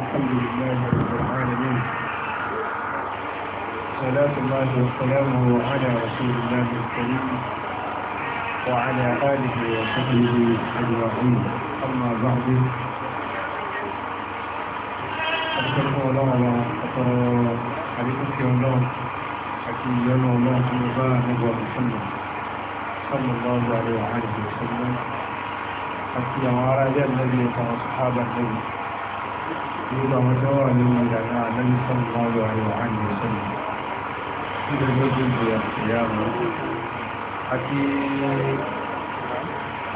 الحمد لله رب العالمين صلاة الله وسلامه على رسول الله الكريم وعلى آله وصحبه أجمعين أما بعد أشكره الله وأشكره عليكم الله أكيد لنا الله سبحانه وتعالى صلى الله عليه وآله وسلم أكيد وعلى النبي وأصحاب النبي nígbà wọn tó wà nínú yàrá àlẹ́yìn sọ́lọ́wọ́ àríwá àyè sọ́lọ́ nígbà tó ti di àṣìyá mọ́ àti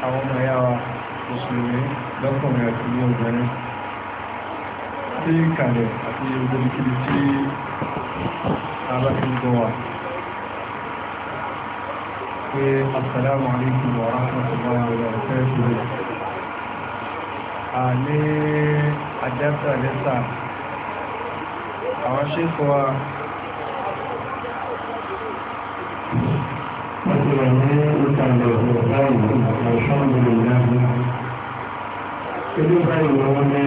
àwọn ọmọ ẹ̀yà wa mùsùlùmí lọ́kùnrin àti ní obìnrin tí ìkàlẹ̀ àti ogunlẹ̀kìlì tí alákìlẹ̀ wà pé assalamu alaikum wa rahmatullahi wa barakatuh àjẹ́sà lẹ́sà àwọn ṣékò wa Ilé báyìí wọ́n ní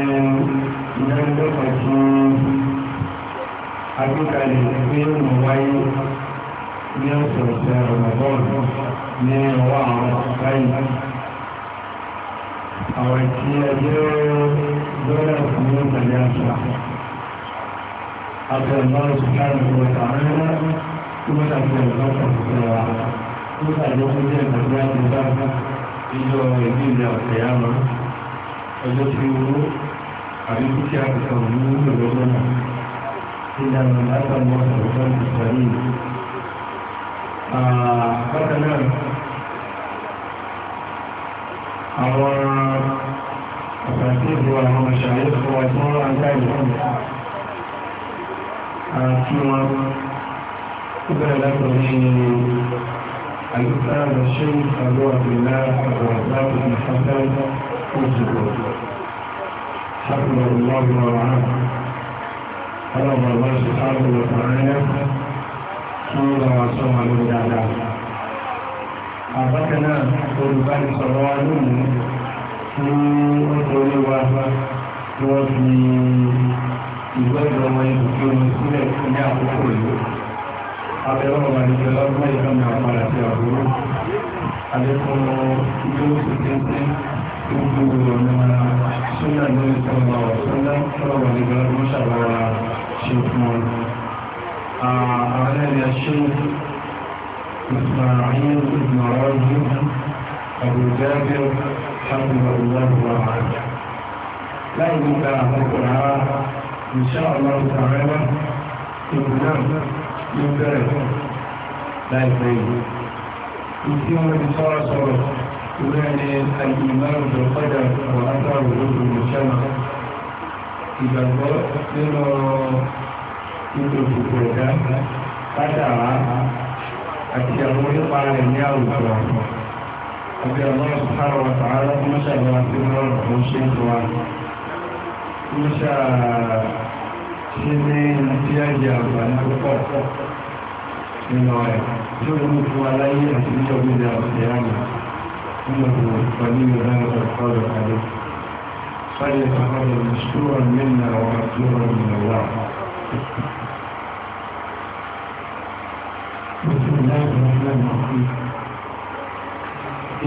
ìdánilẹ́kọ̀ọ́ tí agbékalẹ̀ ẹgbẹ́ ìmọ̀ wáyé ní ọ̀sọ̀ọ̀sẹ̀ ọ̀gbọ̀n ní ọwọ́ àwọn báyìí. Àwọn tí ẹgbẹ́ dole musulunta ya sha abu Allah subhanahu wa ta'ala kuma ta fi albarka fitowa mutane sun je da ya fi barka ijo ẹbí ilẹ̀ ọ̀sẹ̀ yá lọ ọjọ́ tí ó wó àbí kúkí àkùkọ òní nílò lọ́wọ́ náà tí ìdáná àwọn àtàkùn àwọn ọ̀ṣàyẹ́ fún wa tí wọ́n wá ń dáìlú ọ̀nà àti wọn ó bẹ̀rẹ̀ látọ̀ ní àyíká ṣe ìfàlọ́ àbẹ̀lá àwọn àbábọ̀ ìfàlọ́ òjòkó sábà lọ́wọ́ ọ̀rọ̀ ọlọ́wọ́ ọlọ́wọ́ sí sábà lọ́wọ́ rẹ̀ kí lọ́wọ́ sọ́wọ́ lórí dáadáa tí ó torí wa tí wọ́n fi ìgbẹ́jọ wọn ibùdó wọn sílẹ̀ ní àkókò yìí abẹ́rẹ́ wọn ní ìjọba fún ìkan ní àpàdà sí àbúrò adékùn ilé oṣù rahimahullahu wa rahmatulah láì ní ká àwọn ọkùnrin ara insha Allah ta'ala ìlú náà ló bẹ̀rẹ̀ láìpẹ́ yìí ìdí wọn ti sọ́ra sọ̀rọ̀ ìwé ẹni àìyímáàrún tó kọjá ọ̀rọ̀ látàrí olóògùn ìṣẹ́wọ̀n ìgbàgbọ́ nínú ìlú òkùnkùn ẹ̀dá látàrá àti àwọn onípa rẹ̀ ní àwùjọ ibi Allah subhanahu wa ta'ala kuma sha ba fi rawar haushin ruwa kuma sha shi ne na fiya ji amfani púpọ̀ nínú rẹ̀ tí ó mú fún aláyé àti ní ọdún ìdá ọ̀sẹ̀ yàmù nínú ọdún pẹ̀lú ìlànà ọ̀pọ̀lọpọ̀ adé fáyé pàpàdé mùsùlùmọ̀ nínú àwọn àtúrọ̀ nínú wà Thank you.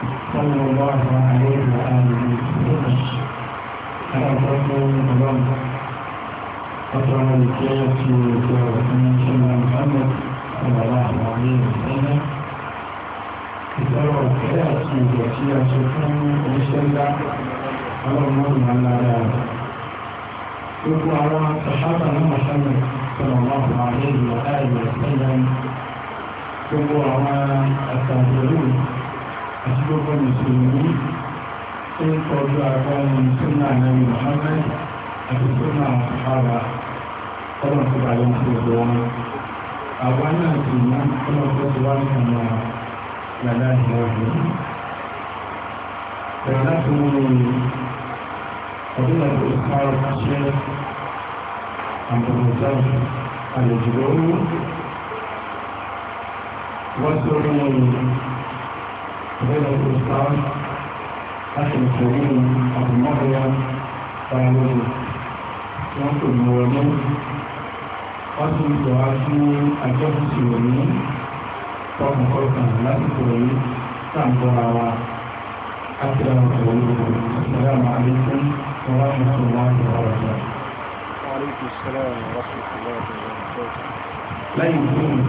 صلى gbogbo àwọn sàṣàbà náà àti gbogbo mùsùlùmí tó ń tọ́jú agbáwọn sọ́nà ànábì Muhammad àti sọ́nà àbá ọlọ́run tó bá lọ́n tó lọ́wọ́ àwa náà sì ní ọlọ́run tó ti wá ní ọ̀nà yàrá ìlọ́ọ̀dù. Bẹ̀rẹ̀ láti mú ọdún ọdún ìpárọ̀ ṣe àbùrùdá àlejò lọ́wọ́ wọ́n tó rí بين الإسلام أخي الكريم أبو مريم فيروز وأنت المولين وأنت الدعاسي أجاب السيوني فهم خلقا لا تقولي تنظر على السلام عليكم ورحمة الله وبركاته وعليكم السلام ورحمة الله وبركاته لا يمكن أن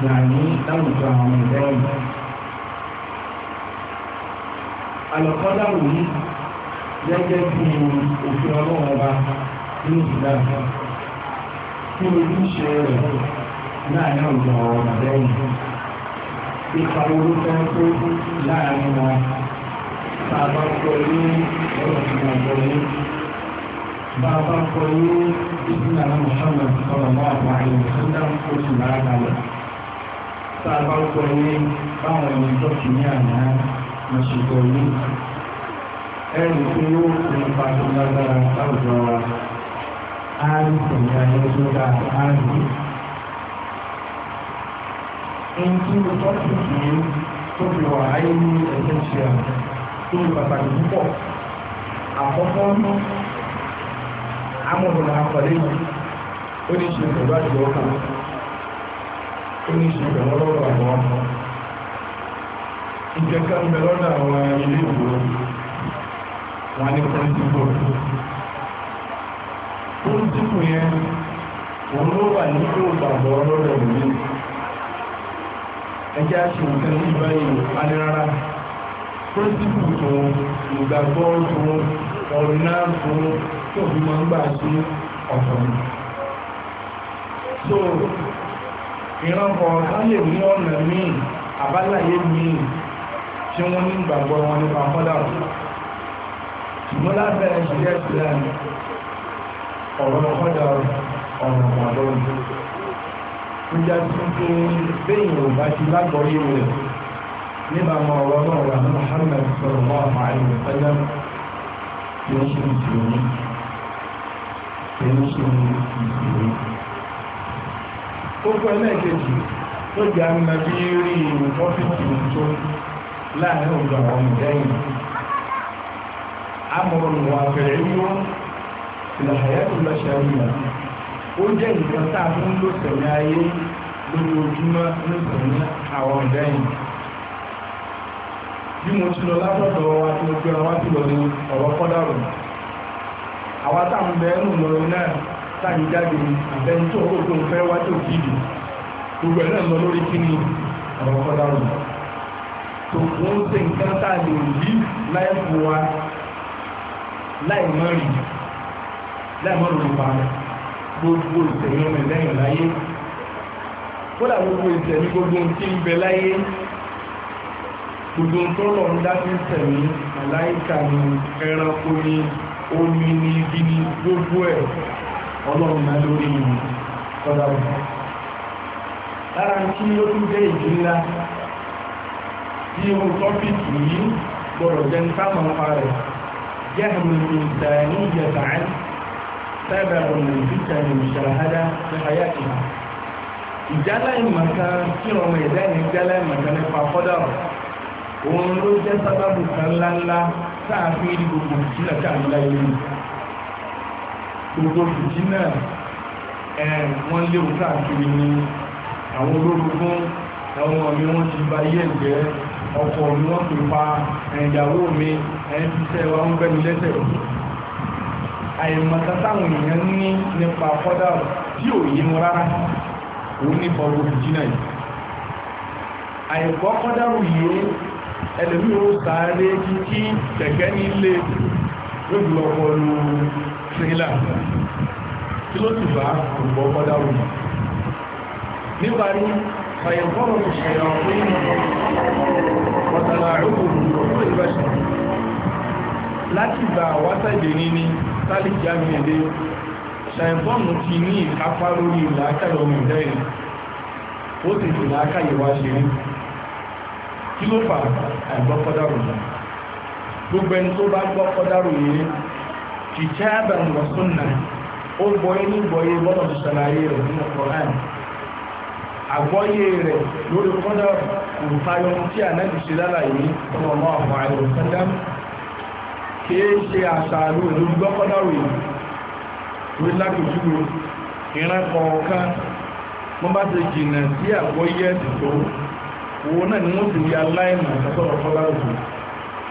ní láwùjọ àwọn ìrẹ́yìn alọ́kọ́dáwò yìí gẹ́gẹ́ bí òfin ọlọ́run ọba nínú ìdájọ́ tí ojúṣe rẹ̀ láàrin àwùjọ àwọn ìrẹ́yìn ipa owó fẹ́ tó láàrin wọn tá a bá kọ ní ọ̀rọ̀ ìgbàgbọ́ yìí bàbá kọ ní ìdílé àwọn mọ̀ṣọ́nà sọ̀rọ̀ mọ́ àwọn àyè ìṣúná oṣù lára kalẹ̀ tá a bá ń sọ yé báwọn ẹni tó kì ní àná mo ṣe sọ yé ẹrù tí yóò fi ń pa tó lágbára láwùjọ wa á rí tẹ̀lé ayé tó dáa á rí. Nti tọ́sí kìí tó fi wà ayé ní ẹ̀jẹ̀ ṣe à tó fi pàtàkì púpọ̀. Àkọ́kọ́ ní amọ̀bọ̀nà àkọ́lé yìí ó ní ṣe pẹ̀lú àjọ ọkàn ó ní ṣe pẹ̀lú ọlọ́rọ̀ àwọn ọmọ ìjẹka ń bẹ lọ́dọ̀ àwọn ilé ìwò wọn ní pọ́ńtíbù pọ́ńtíbù yẹn òun ló wà ní yóò gbàgbọ́ lọ́dọ̀ ìlú ẹjẹ́ àti nǹkan ní báyìí alẹ́rárá pọ́ńtíbù tó ìgbàgbọ́ tó ọ̀rìnà tó tó fi máa ń gbà sí ọ̀tọ̀ so ìran kọ̀ọ̀kan lè ní ọ̀nà míì àbáláyé míì tí wọ́n ní ìgbàgbọ́ wọn nípa fọ́dàrù ṣùgbọ́n lábẹ́rẹ̀ ṣílẹ̀ sílẹ̀ ọ̀rọ̀ fọ́dàrù ọ̀rọ̀ pàdánù ń já sí pé bẹ́yìn ò bá rẹ̀ kókó ẹlẹ́ẹ̀kejì tó jẹ́ àmàbí rí ìwò fọ́fíìsì tó láàrin ọ̀gbà àwọn ìdẹ́yìn amọ̀rùn wà fẹ̀rẹ̀ yíó ìlàhàyàtò lọ́ṣàríyà ó jẹ́ nǹkan táà fún ló tẹ̀lé àwọn ìdẹ́yìn táyìjáde àbẹ́ntó òkú fẹ́ wá tó kìdì gbogbo ẹ̀ náà lọ lórí kíni ọ̀rọ̀ kọ́dáwù tó wọ́n ṣe nǹkan tá a lè rí láì fún wa láì mọ́ rí láì mọ́ lórí pa gbogbo ìtẹ̀mí ọmọ ẹ̀lẹ́yìn láyé kódà gbogbo ìtẹ̀mí gbogbo tí ń bẹ láyé gbogbo tó lọ ń dá sí ìtẹ̀mí àláìka ni ẹranko ni omi ni igi ni gbogbo ọlọ́run máa lórí ọ̀dàwọ̀ lára tí ó tún jẹ́ ìjìnlá tí ohun tọ́pìkì yìí gbọ́dọ̀ jẹ́ ń sáàmà ń pa rẹ̀ jẹ́ àmì ìdáyẹ̀ní ìjẹta ẹ̀ sábà ọ̀nà ìbíkà ní ìṣàlàhádá ní hayati ìjálá ìmọ̀ta tí ọmọ ẹ̀dá ìjálá ìmọ̀ta nípa kọ́dàrọ̀ òun ló jẹ́ sábàbù ńláńlá sáà fi rí gbogbo ìjìnlá káàmì gbogbo fìdí náà wọ́n léwu káàkiri ni àwọn olórogún àwọn ọmọ mi wọ́n ti ba iye ẹ̀jẹ̀ ọkọ mi wọ́n ti pa ìyàwó mi ẹni tí sẹ́ wa ń gbẹ́mi lẹ́sẹ̀ àìmọ̀ta táwọn èèyàn ní nípa kọ́dà tí ò yé wọn rárá òun nípa ọgbọ̀ fìdí náà yìí àìkọ́ kọ́dà yìí ẹlẹ́mí ó sáré kí kẹ̀kẹ́ ní ilé lójú sílá tí ló ti bá gbogbo ọkọ̀dá wù nígbà ní ṣàyẹ̀kọ́rọ̀ ti ṣẹ̀yà fún ọ̀tàlà àrókòrò ọ̀tọ́ ìbẹ̀ṣẹ̀ láti gbà wátàdé níní tálíkì àmìlẹ̀ ṣàyẹ̀kọ́rọ̀ ti ní ìkápá lórí ìlàákàlọ̀ mìíràn ó sì sì láákàyèwá ṣe rí kí ló fà àìgbọ́kọ́dá wù gbogbo ẹni tó bá gbọ́kọ́dá yìí kìtàbà wa sunna ó gbọ́yé ní gbọ́yé bọ́lọ̀ ṣàlàyé rẹ̀ nínú Qur'an àgbọ́yé rẹ̀ lórí kọ́dọ̀ olùfayọ tí a náà ti ṣe lálàyé ọmọ ọmọ àwọn àìrò sọ́dá kìí ṣe àṣàrò olùgbọ́ kọ́dọ̀ rẹ̀ lórí lápẹ̀jú ìran kọ̀ọ̀kan wọ́n bá ti jìnnà sí àgbọ́yé ẹ̀sìn tó owó náà ni wọ́n ti di aláìmọ̀ àtọ́sọ̀rọ̀ kọ́dọ̀ rẹ̀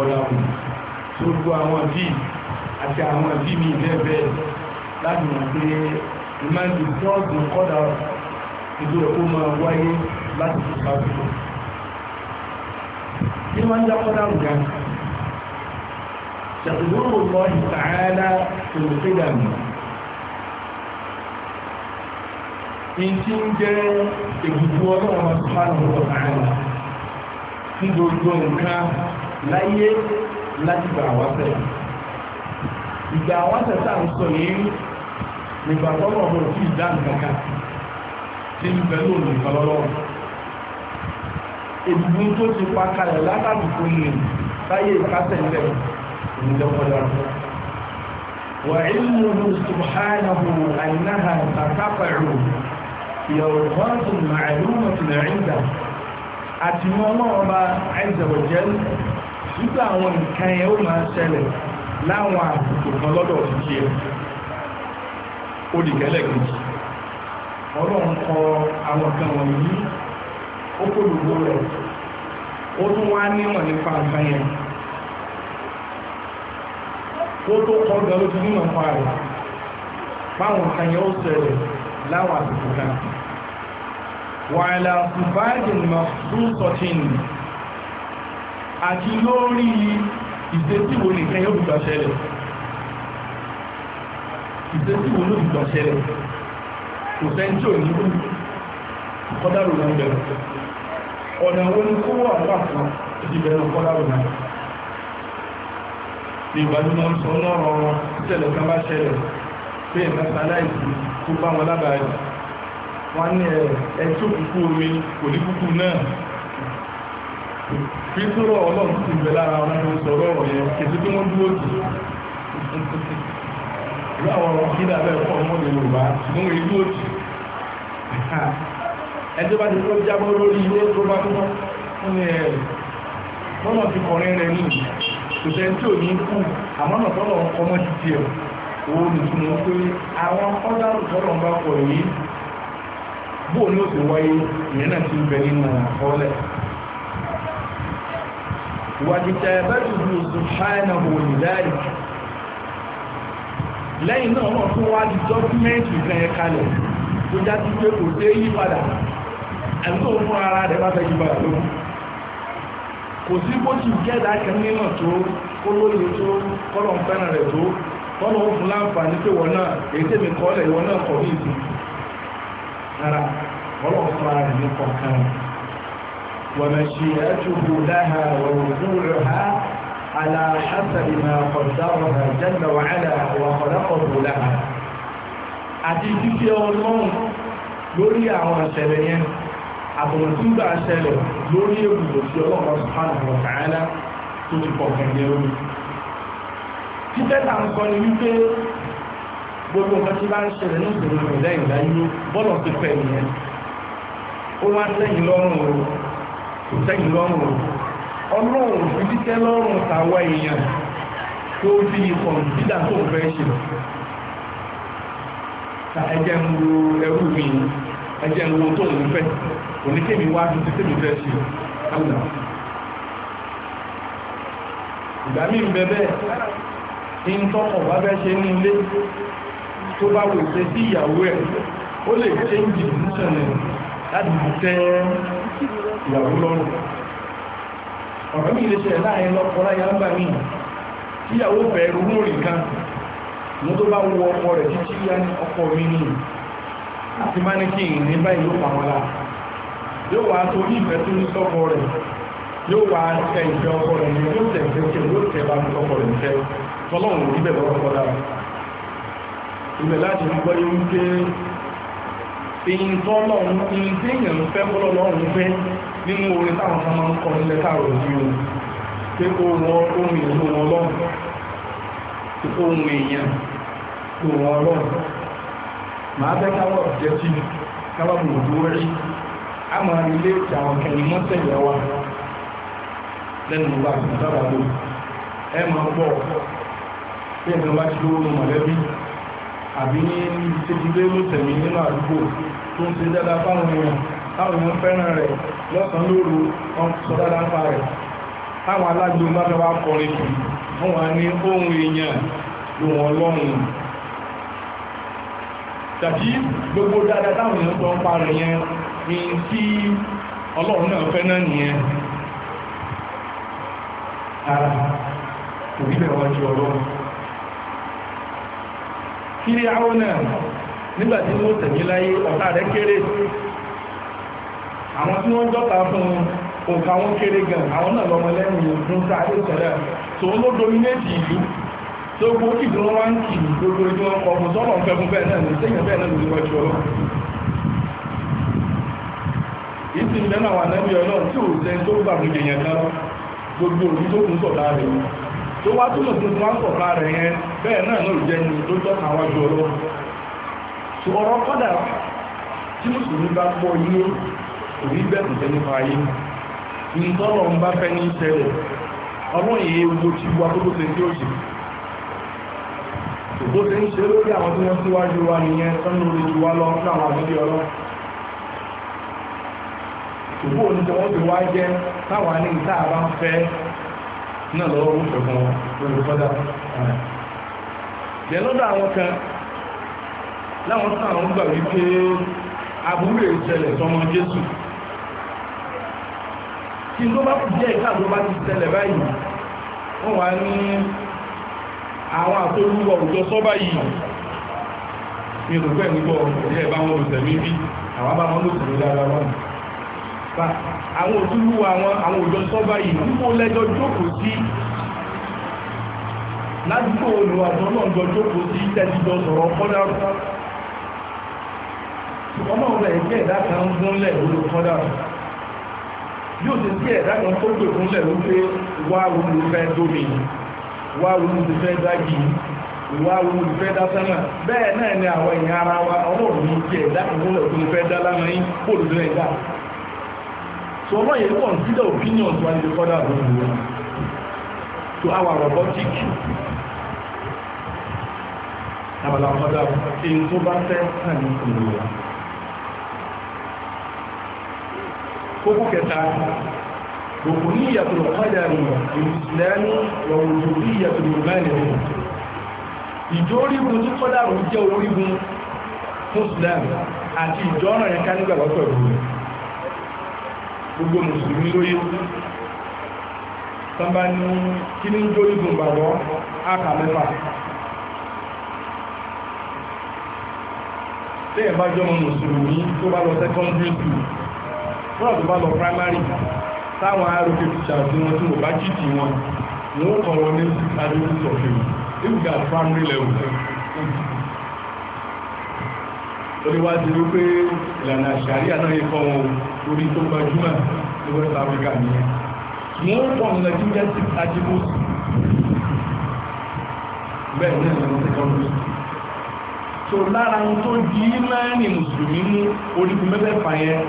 ọ̀làwùn tó gbọ́ àwọn bí àti àwọn bí mi bẹ́ẹ̀bẹ́ láti mọ̀ pé ìmáàdì fọ́ọ̀dù kọ́dà ìlú ẹ̀kọ́ máa wáyé láti fi pàtó kí wọ́n já kọ́dà rùgá ṣàtìlúrò lọ ìtààlà tòlùfẹ́dàmù ìtí ń jẹ́ ègbùgbù ọlọ́run ọmọ sọ́nà ọ̀tààlà nígbògbò nǹkan láyé láti gbà wáṣẹ̀ ìgbà wáṣẹ̀ tá à ń sọ yìí nígbà tọ́lọ̀ ọ̀rọ̀ tí ìdá nǹkan tí ń bẹ lónìí nǹkan lọ́wọ́ ìdùnnú tó ti pa kalẹ̀ látàbí tó láyé ìkásẹ̀ ńlẹ̀ ìjọpọ̀lọ́ وعلمه سبحانه أنها تقطع في أوقات معلومة عنده أتمنى الله عز wípé àwọn nǹkan yẹn ó máa ṣẹlẹ̀ láwọn àbùkù kan lọ́dọ̀ títí ẹ̀ ó di kẹlẹ̀ kejì ọlọ́run kọ àwọn kan wọ̀nyí ó kó lùgbò rẹ̀ ó tún wá nímọ̀ nípa nǹkan yẹn ó tó kọ́ gan ló ti nímọ̀ nípa rẹ̀ báwọn nǹkan yẹn ó ṣẹlẹ̀ láwọn àbùkù kan wàhálà kùbáàdì mọ̀ fún sọ̀tìnì àti lórí ìsẹ́síwò nìkan yóò gbà ṣẹlẹ̀ ìsẹ́síwò ló gbà ṣẹlẹ̀ kò sẹ́ńtì òní kọ́dárò náà bẹ̀rẹ̀ ọ̀nà wo ni kó wà wà fún ìbẹ̀rẹ̀ kọ́dárò náà ní ìbájúmọ́ sọ lọ́rọ̀ ìṣẹ̀lẹ̀ kan bá ṣẹlẹ̀ pé ìmẹ́ta láìsí tó bá wọn lábàáyì wọ́n ní ẹ̀ ẹ̀ tó kúkú omi kò ní kúkú náà pítúrọ̀ ọlọ́run ti bẹ̀ lára wọn tó sọ̀rọ̀ ọ̀yẹn kìí tí wọ́n dúró jù ìlú àwọn ọ̀rọ̀ kí dàbẹ̀ pọ̀ mọ́ ní Yorùbá mú ìlú òjì ẹjọ́ bá ti tó jábọ́ lórí ilé tó bá tó ní ẹ̀ lọ́nà ti kọrin rẹ̀ ní kò tẹ́ tí ò ní kú àmọ́nà tọ́lọ̀ ọkọ̀ mọ́ ti tiẹ̀ owó nìtúmọ̀ pé àwọn ọ̀dàrú tọ́lọ̀ ń bá pọ̀ yìí bóò ní ó wáyé ìrìnà ti ń bẹ nínú àkọọ́lẹ̀ وكتابته سبحانه لذلك lẹ́yìn náà wọ́n fún wá di dọ́kúmẹ́ntì kan ẹ kalẹ̀ tó já sí pé kò dé yí padà ẹ̀mọ́ fún ara rẹ̀ bá fẹ́ yí padà lóhun kò sí bó ti gẹ́dà kan nínà tó kó lóye tó kọ́lọ̀ ń fẹ́ràn rẹ̀ tó kọ́lọ̀ ó fún láǹfààní pé wọ́n náà èyí tèmi kọ́lẹ̀ ìwọ náà kọ̀ ní ìsìn rárá kọ́lọ̀ fún ara rẹ̀ ومشيئته لها ووضوعها على حسب ما قدرها جل وعلا وخلقه لها àti títí ọlọ́run lórí àwọn àṣẹlẹ̀ yẹn àtọ̀mọ̀túgbà àṣẹlẹ̀ lórí èbùdó sí ọlọ́run subhanahu wa ta'ala tó ti pọ̀ kẹ̀kẹ́ omi títẹ́ta ń kọ́ ni wípé gbogbo nǹkan tí bá ń ṣẹlẹ̀ ní ìṣòro ìrìnlẹ́yìn láyé bọ́lọ̀ ti pẹ̀ nìyẹn ó wá sẹ́yìn lọ́rùn kò tẹ́yìn lọ́rùn ọlọ́run fi títẹ́ lọ́rùn èèyàn tó fi kọ̀ǹpútà tó fẹ́ ṣe ta ẹjẹ́ ń wo ẹrú mi ẹjẹ́ ń tó ń fẹ́ oníkèmí wá títẹ́ mi fẹ́ ṣe àwùjọ ìgbà mi ń bẹ́ẹ̀ ń tọ́kọ̀ bá fẹ́ ṣe ní ilé tó bá wò sí ìyàwó ẹ̀ ìyàwó lọ́rùn ọ̀rọ̀ mi lè ṣẹlẹ̀ láàrin lọ́kọ́lá ya ń bà mí ìyàwó bẹ̀rù lórí kan mú tó bá wọ ọkọ rẹ̀ títí yá ní ọkọ mi ní àti má ní kí n ní báyìí ló pa wọn lá yóò wá tó ní ìfẹ́ tó ní sọ́kọ rẹ̀ yóò wá tẹ ìfẹ́ ọkọ rẹ̀ ní yóò tẹ̀ fẹ́ kí yóò tẹ̀ bá mi sọ́kọ rẹ̀ nífẹ́ tọ́lọ́run ò níbẹ̀ lọ́rọ̀ kọ́ dára ibẹ̀ láti gbọ́ yóò ń pé ìyìn tọ́lọ́run ìyìn tí èèyàn fẹ́ kọ́lọ́run fẹ́ nínú orin táwọn kan máa ń kọ nílẹ̀ káàrọ̀ sí o pé kó wọn ohun ìlú wọn lọ́wọ́ pé kó ohun èèyàn tó wọn lọ́wọ́ máa bẹ́ káwọ̀ jẹ́ sí káwọ̀ gbogbo rí a máa rí lé ìjà àwọn kẹrin mọ́tẹ̀lẹ̀ wa lẹ́nu bá ti sábà lò ẹ máa bọ̀ bí ẹ̀sán bá ti lówó mọ̀lẹ́bí àbí ní ìṣèjìlélótẹ̀mí nínú àdúgbò tó ń ṣe dáadáa fáwọn èèyàn táwọn èèyàn fẹ́ràn rẹ̀ lọ́sàn lóru wọn sọ dáadáa ń pa rẹ̀ táwọn alágbó bá fẹ́ wá kọrin jù wọn wà ní ohun èèyàn ló wọn lọ́rùn tàbí gbogbo dáadáa táwọn èèyàn sọ ń pa rẹ̀ yẹn ní tí ọlọ́run náà fẹ́ náà nìyẹn ara òbí bẹ̀rẹ̀ wájú ọlọ́run kí ni àwọn náà nígbàtí wọ́n tẹ̀mí láyé ọ̀tá rẹ̀ kéré àwọn tí wọ́n jọ́ta fún òkà wọn kéré gan àwọn náà lọ́mọ lẹ́yìn ọdún tá a lè tó ló dominate ìlú tó gbó kí tí wá ń kì í gbogbo ojú wọn kọ fún sọ́nà ọ̀fẹ́ bẹ́ẹ̀ náà ní bẹ́ẹ̀ náà lórí wájú ọlọ́ ìsìn lẹ́nu àwọn anẹ́bí ọlọ́run tí ò sẹ́ni tó gbà mí yẹn kan gbogbo òbí tó kún sọ̀tà rẹ̀ tó wá tó lòdì tó wá ń sọ̀tà rẹ̀ yẹn bẹ́ẹ̀ náà ló jẹ́ ni tó tọ́ àwọn àjọ ọlọ́run ṣùgbọ́n ọ̀rọ̀ kọ́dà tí mùsùlùmí bá pọ̀ yé òbí bẹ̀rù tẹ́ nípa ayé ní tọ́rọ̀ ń bá fẹ́ ní ìṣẹ̀lẹ̀ ọlọ́run yìí wo ti wá tó ṣe tí ó ṣe òbó ṣe ń ṣe lórí àwọn tí wọ́n síwájú wa nìyẹn sọ́nà orí ju wa lọ ní àwọn àdúgbò ọlọ́ òbó òní tí wọ́n ti wá jẹ́ táwa ní ìta àbá ń fẹ́ náà lọ́wọ́ ó láwọn sáà ń gbà wípé sọmọ Jésù tí ló bá kù jẹ́ ìgbà ló bá ti tẹ́lẹ̀ báyìí wọ́n wá ní àwọn àtolúwọ̀ òjò sọ́bá yìí ní ìrùgbẹ́ nígbọ́ ilé ẹ̀bá wọn lòtẹ̀mí bí àwọn bá wọn lòtẹ̀mí dára wọn àwọn òtúlúwọ̀ àwọn òjò sọ́bá yìí nígbò lẹ́jọ́ jókòó sí ládùúgbò olùwàjọ́ náà jọ jókòó sí tẹ́jíjọ sọ̀rọ̀ kọ́dárù ọmọ ọ̀rẹ́ ẹgbẹ́ ìdá kan gúnlẹ̀ olùkọ́dárù yóò ṣe sí ẹ̀dá kan tó gbè fúnlẹ̀ wípé wá ronú fẹ́ dómi wá ronú ti fẹ́ dági wá ronú ti fẹ́ dá sánà bẹ́ẹ̀ náà ni àwọn èèyàn ara wa ọlọ́run ní ti ẹ̀dá kan fúnlẹ̀ tó fẹ́ dá lánàá yín kó lè dúró ẹ̀dá so ọlọ́run yẹn consider opinions wa ní ti fọ́dà lórí wọn to our robotic abala ọmọdé àwọn ẹni tó bá fẹ́ náà ní ìlú wa kókó kẹta ركنية القدر الإسلام ووجودية المبالغ ìjórígun tí kọ́dàrù jẹ́ orígun muslim àti ìjọ́ràn ẹ̀ká nígbà lọ́pọ̀ ìrùn gbogbo mùsùlùmí lóyé tán fún ọ̀tún bá lọ primary táwọn arúgbó teacher tí wọ́n tí mo bá jíjì wọn wọ́n kọ́ wọn ní adults of you if you got primary level oríwájú wípé ìlànà àṣàrí àtàrí kọ́ wọn orí tó gbajúmọ̀ ní West Africa nìyẹn wọ́n pọ̀ ní Nigeria six adigun bẹ́ẹ̀ ní ìlànà secondary so lára ohun tó di mẹ́rin mùsùlùmí mú orígun mẹ́fẹ̀ẹ́fà yẹn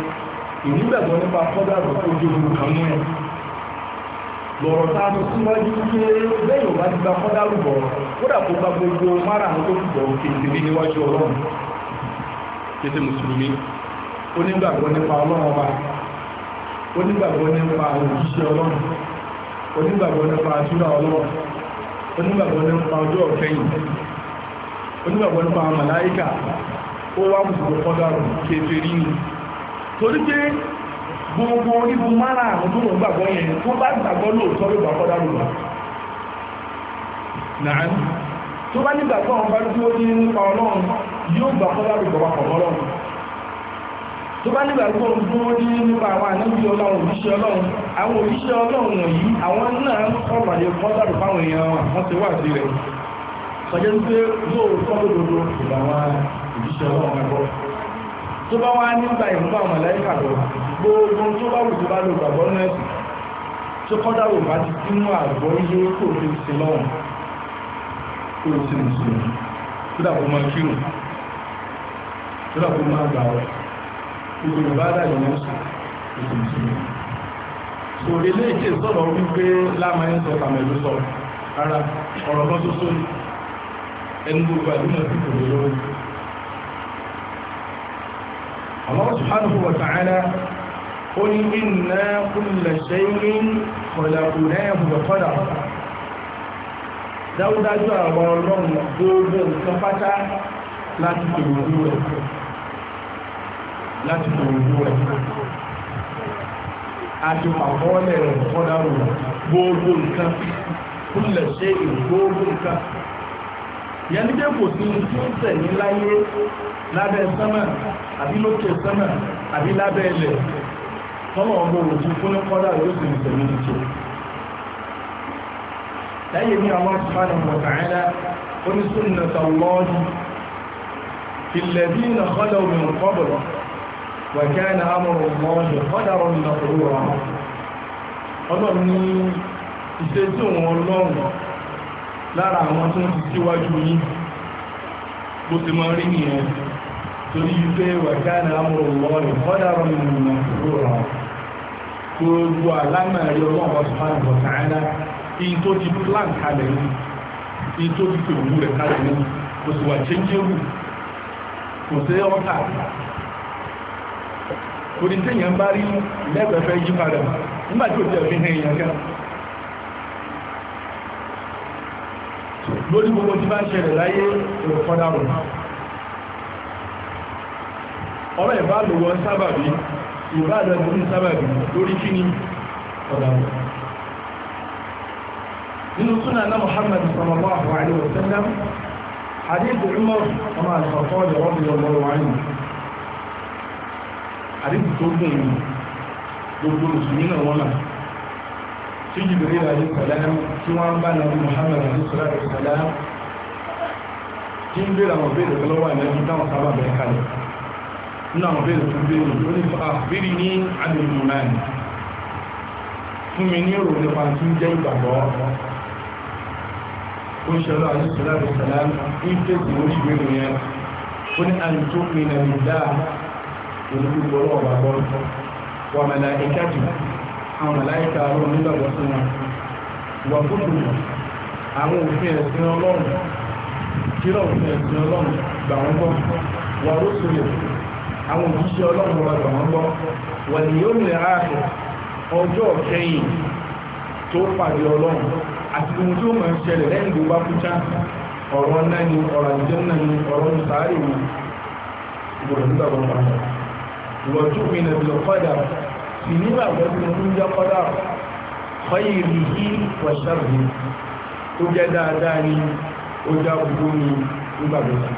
ìnígbàgbọ́ nípa fọ́dàrọ̀ tó jẹ́ ohun kan mú ẹ̀ lọ̀rọ̀ tá a sọ síwájú pé lẹ́yìn ọba ti gba fọ́dàrọ̀ bọ̀ kódà kó gba gbogbo mara tó fi bọ̀ kéde níwájú ọlọ́run kéde mùsùlùmí onígbàgbọ́ nípa ọlọ́run ọba onígbàgbọ́ nípa òjíṣẹ́ ọlọ́run onígbàgbọ́ nípa àtúrà ọlọ́run onígbàgbọ́ nípa ọjọ́ ọ̀fẹ́yìn onígbàgbọ́ nípa màláíkà ó wá mùsùlùmí fọ́dàrọ̀ kéde rí ni torí pé gbogbo orígun mara àwọn tó wọ́n gbàgbọ́ yẹn tó bá gbàgbọ́ lóòótọ́ ló bá kọ́dá lòlá náà tó bá nígbàgbọ́ àwọn bá dúró ní nípa ọlọ́run yóò gbà kọ́dá lòlá papọ̀ ọlọ́run tó bá nígbàgbọ́ dúró ní nípa àwọn ànábì ọlọ́run òjíṣẹ́ ọlọ́run àwọn òjíṣẹ́ ọlọ́run wọ̀nyí àwọn náà kọ̀ọ̀bàdé kọ́dá lòlá fáwọn èèyàn wọn ti wà sí rẹ̀ sọjẹ́ pé lóòótọ́ lòdòdó ìgbà wọn òjíṣẹ́ ọlọ́run ẹgbọ́ tó bá wá nígbà ìmúbà màláíkà lọ gbogbo tó bá wù tó bá lò gbàgbọ́ nẹ́ẹ̀sì tó kọ́dá wò bá ti sínú àgbọ̀ yé kò fi ṣe lọ́wọ́ kò sí mùsùlùmí tó dàbò máa kírun tó dàbò máa gbà ọ́ gbogbo bá dàbò máa sùn kò sí mùsùlùmí so ilé ìṣe sọ̀rọ̀ wípé láàmà ń sọ kàmẹ̀lú sọ rárá ọ̀rọ̀ kan tó sóni ẹnu gbogbo àdúgbò Allah subhanahu wa ta'ala ó ní inna kulla shay'in khalaqnahu bi qadar dáúdájú àwọn ọlọ́run gbogbo nǹkan pátá láti tòròdú rẹ̀ láti tòròdú rẹ̀ àti pàkọ́ọ́lẹ̀ rẹ̀ kọ́dárò gbogbo nǹkan kulla shay'in gbogbo nǹkan yẹn ní pé kò sí ní tí ó tẹ̀ ní láyé lábẹ́ sánmà àbí lókè sẹ́nà àbí lábẹ́ ilẹ̀ tọ́lọ̀ ọgbọ̀ òjò fún ní kọ́dà yóò sì ní tẹ̀lé ìjọ lẹ́yìn ní àwọn sùpánà wọ̀tàrẹ́lá ó ní súnnà tàwọ́ọ̀dù ìlẹ̀bí na kọ́dà omi kọ́bọ̀lọ̀ wà kẹ́ na amọ̀rọ̀ mọ́ọ̀dù kọ́dà ọ̀rọ̀ na lára àwọn tó ti síwájú yìí bó ti máa rí nìyẹn torí pé wàkánà amúrùwọ́rì kọ́dàrọ̀ nínú ìrora gbogbo àlámà ẹ̀rí ọlọ́run bá sọ́kàn bọ̀ sàánà in tó ti plan kalẹ̀ ní in tó ti pèwú rẹ̀ kalẹ̀ ní kò sì wà chéńjéwù kò sí ọ́tà kò ní téèyàn bá rí lẹ́gbẹ̀ẹ́fẹ́ yí padà nígbà tí ò jẹ́ fi hàn èèyàn kan lórí gbogbo tí bá ń ṣẹlẹ̀ láyé èrò ọ̀rọ̀ ìbá lò wọ́n sábàbí ìbá àdọ́gbọ́n ní sábàbí lórí kí ni ọ̀dàwọ̀ nínú súnà náà Muhammad sallallahu alaihi wa sallam hadith Umar ọmọ àlùfàfọ́ ọ̀dọ̀ ọ̀dọ̀ ọ̀dọ̀ ọ̀dọ̀ wáyé hadith tó gùn ní gbogbo mùsùlùmí náà wọ́n náà tí Jibril alayhi ń bèèrè àwọn bèèrè lọ́wọ́ àmì táwọn sábà kalẹ̀ nínú àwọn bẹ́ẹ̀rẹ̀ tó bẹ́ẹ̀rẹ̀ tó ní àbírí ní àdìmù náà fún mi ní ọ̀rọ̀ nípa tí ń jẹ́ ìgbàgbọ́ ó ń ṣẹlọ àyíṣẹ́lá rẹ̀ sẹ́lá ń fèsì orí ìwé yẹn ó ní àyíṣó mi nà lè dá òní gbogbo ọlọ́ ọ̀bà wà mẹ́lá ẹ̀ka jù àwọn mẹ́lá ẹ̀ka ọlọ́run nígbàgbọ́ sí wọn wà fúnfún àwọn òfin ẹ̀sìn ọlọ́run kí lọ́ọ̀fin ẹ̀sìn ọlọ́run gbà wọ́n gbọ́ wà ó sọ àwọn òjíṣẹ́ ọlọ́run ọ̀rọ̀ wọn gbọ́ wà ní yóò mẹ́ ààrẹ ọjọ́ kẹyìn tó pàdé ọlọ́run àti ohun tí ó mọ̀ ṣẹlẹ̀ lẹ́yìn tó bá kúta ọ̀rọ̀ náà ni ọ̀rọ̀ àjẹ́ náà ni ọ̀rọ̀ ní sàárè ni ìgbọ̀dọ̀ nígbà wọn pàdé ìwọ̀jú mi nà bìlọ̀ kọ́dà sì nígbà wọn tí mo ń jẹ́ kọ́dà kọ́yì rí i wọ̀ṣẹ́ rẹ̀ tó jẹ́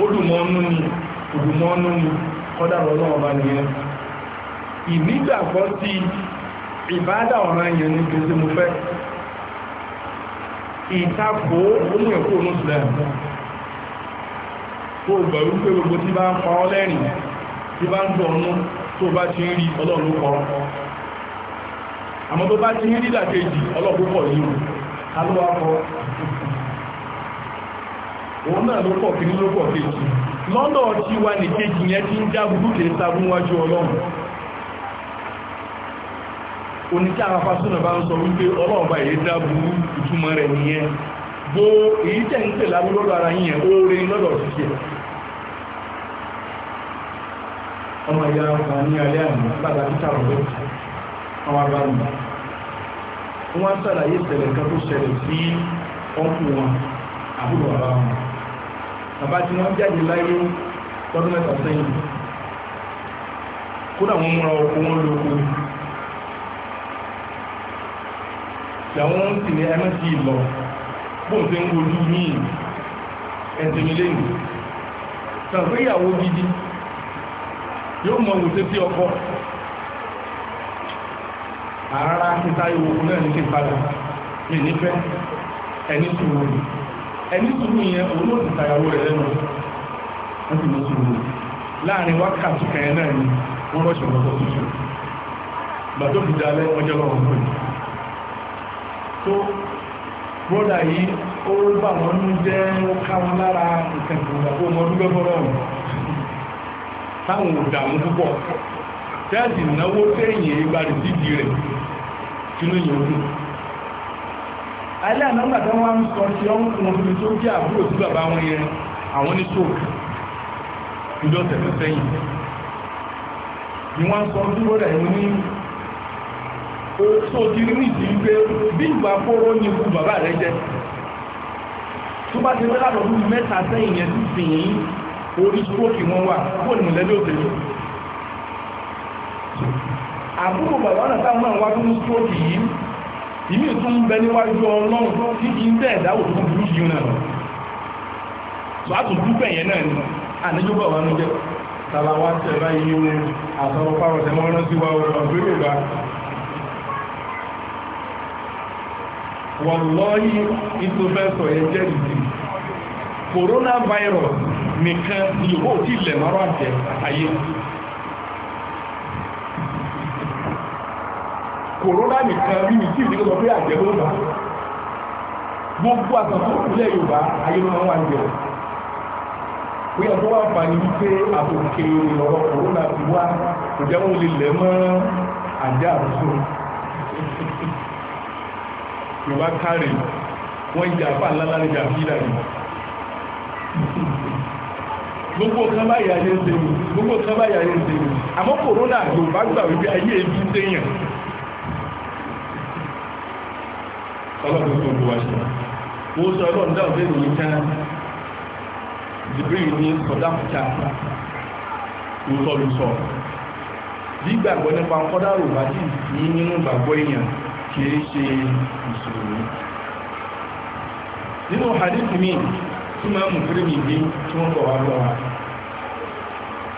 olùmọ́nú ni olùmọ́nú ni kọ́dàrọ̀ ọlọ́wọ́ bá nìyẹn ìnígbàgbọ́ sí ìbádà ọ̀ràn yẹn ní gbèsè mo fẹ́ ìtakò ohun ẹ̀kọ́ onúsùlẹ̀ tó gbà wípé gbogbo tí bá ń pa ọ́ lẹ́rìn tí bá ń gbọ̀nú tó bá ti ń rí ọlọ́run kọ́ àmọ́ tó bá ti ń rí làkejì ọlọ́run kọ̀ yìí òun náà ló pọ̀ kí ní ló pọ̀ kejì lọ́nà ọtí wa ní kejì yẹn tí ń já burú kìí sabún wájú ọlọ́run oníkẹ́ àràfà súnà bá ń sọ wípé ọlọ́run bá èyí dá burú ìtumọ̀ rẹ̀ nìyẹn bó èyí tẹ̀ ń tẹ̀ lábú lọ́dọ̀ ara yìnyẹn ó rí lọ́dọ̀ ṣiṣẹ́ ọmọ ìyá ọmọ ní alẹ́ àmì bàbá títà ọ̀rọ̀ àwọn abáyé wọ́n sàlàyé ìṣẹ̀lẹ̀ kan tó ṣẹlẹ̀ sí ọkùnrin àbúrò bàbá wọn bàbá tí wọ́n jáde láyé lọ́dún mẹ́ta sẹ́yìn kódà wọ́n múra ọkọ̀ wọn lóko làwọn ń sì ní ẹmẹ́sì lọ bóun ti ń wojú míì ẹ̀sìnmi lẹ́yìn tàbí ìyàwó gidi yóò mọ òwúté sí ọkọ àárá títa ìwòkú náà ní kí padà ní nífẹ̀ẹ́ ẹni sùúrù ẹni sùúrù yẹn òun ló ti tàyàwó rẹ̀ lẹ́nu wọ́n ti mú sùúrù láàrin wákàtí kẹ̀yẹ náà ni wọ́n rọ́ṣọ̀ lọ́tọ̀ tuntun gbàtó fi dalẹ̀ ọjọ́ lọ́wọ́ pé tó bọ́dà yìí ó bà wọ́n ní jẹ́ ó ká wọn lára nǹkan ìgbà tó mọ dúpẹ́ fọ́rọ̀ ọ̀hún táwọn ò dààmú púpọ̀ tẹ́ẹ̀sì náwó téèyàn ìgbà rẹ̀ sídìí rẹ̀ sínú ìyẹn aláàmọ́gbà tó wọ́n ń sọ tí ọmọ ọmọbìnrin tó jẹ́ àbúrò sí bàbá wọn yẹn àwọn ní stroke ìjọ tẹ̀lú sẹ́yìn ni wọ́n sọ tí ó rẹ̀ ní oṣù tí rí ìdí pé bí ìgbà kóró ní ikú bàbá rẹ̀ jẹ́ tó bá ti rẹ́lá lọ́dún mẹ́ta sẹ́yìn yẹn sí sí yìí orí stroke wọn wà kó ní mọ̀lẹ́bí òṣèlú àbúrò bàbá náà ìmí ò tún bẹ níwájú ọlọ́run tí kí ń bẹ́ ẹ̀dáwò tó burú yìí náà lọ látùn dúpẹ̀ yẹn náà ni àníjọba wa ní jẹ́ tàbáwá tẹ̀ báyìí ní àtọrọ pàrọ̀tẹ̀ mọ́rán sí wa ọ̀gbẹ́rẹ̀ bá wọ̀lọ́yí ìtòfẹ́sọ̀ yẹn jẹ́ ìdí coronavirus nìkan yóò tí ilẹ̀ márùn-ún àjẹ́ kòrónà nìkan rí mi tí ìdíkọ́ pé àjẹ́ ló bá gbogbo àtàkùn ilẹ̀ Yorùbá ayé ló máa wà jẹ pé ẹ̀kọ́ wà fà ní wípé àtòkè ọ̀rọ̀ kòrónà ti wá kò jẹ́ wọn lè lẹ̀ mọ́ àjẹ́ àrùsọ Yorùbá kárì wọ́n ìjà àpá ńláńlá ní ìjà fídà yìí gbogbo kan báyìí ayé ń sèyìn gbogbo kan báyìí ayé ń sèyìn àmọ́ kòrónà Yorùbá gbà wípé ayé ń sèyìn ọlọ́run tó lù wá ṣe mo sọ ọlọ́run dáhùn lẹ́nu yìí tán jibril ní kọ̀dáfíà mo sọ lù sọ gbígbàgbọ́ nípa kọ́dárò bá jì ní nínú gbàgbọ́ èèyàn kìí ṣe ìṣòro nínú hadith mi tí máa mú fírí mi bí tí wọ́n kọ̀ wá lọ́wọ́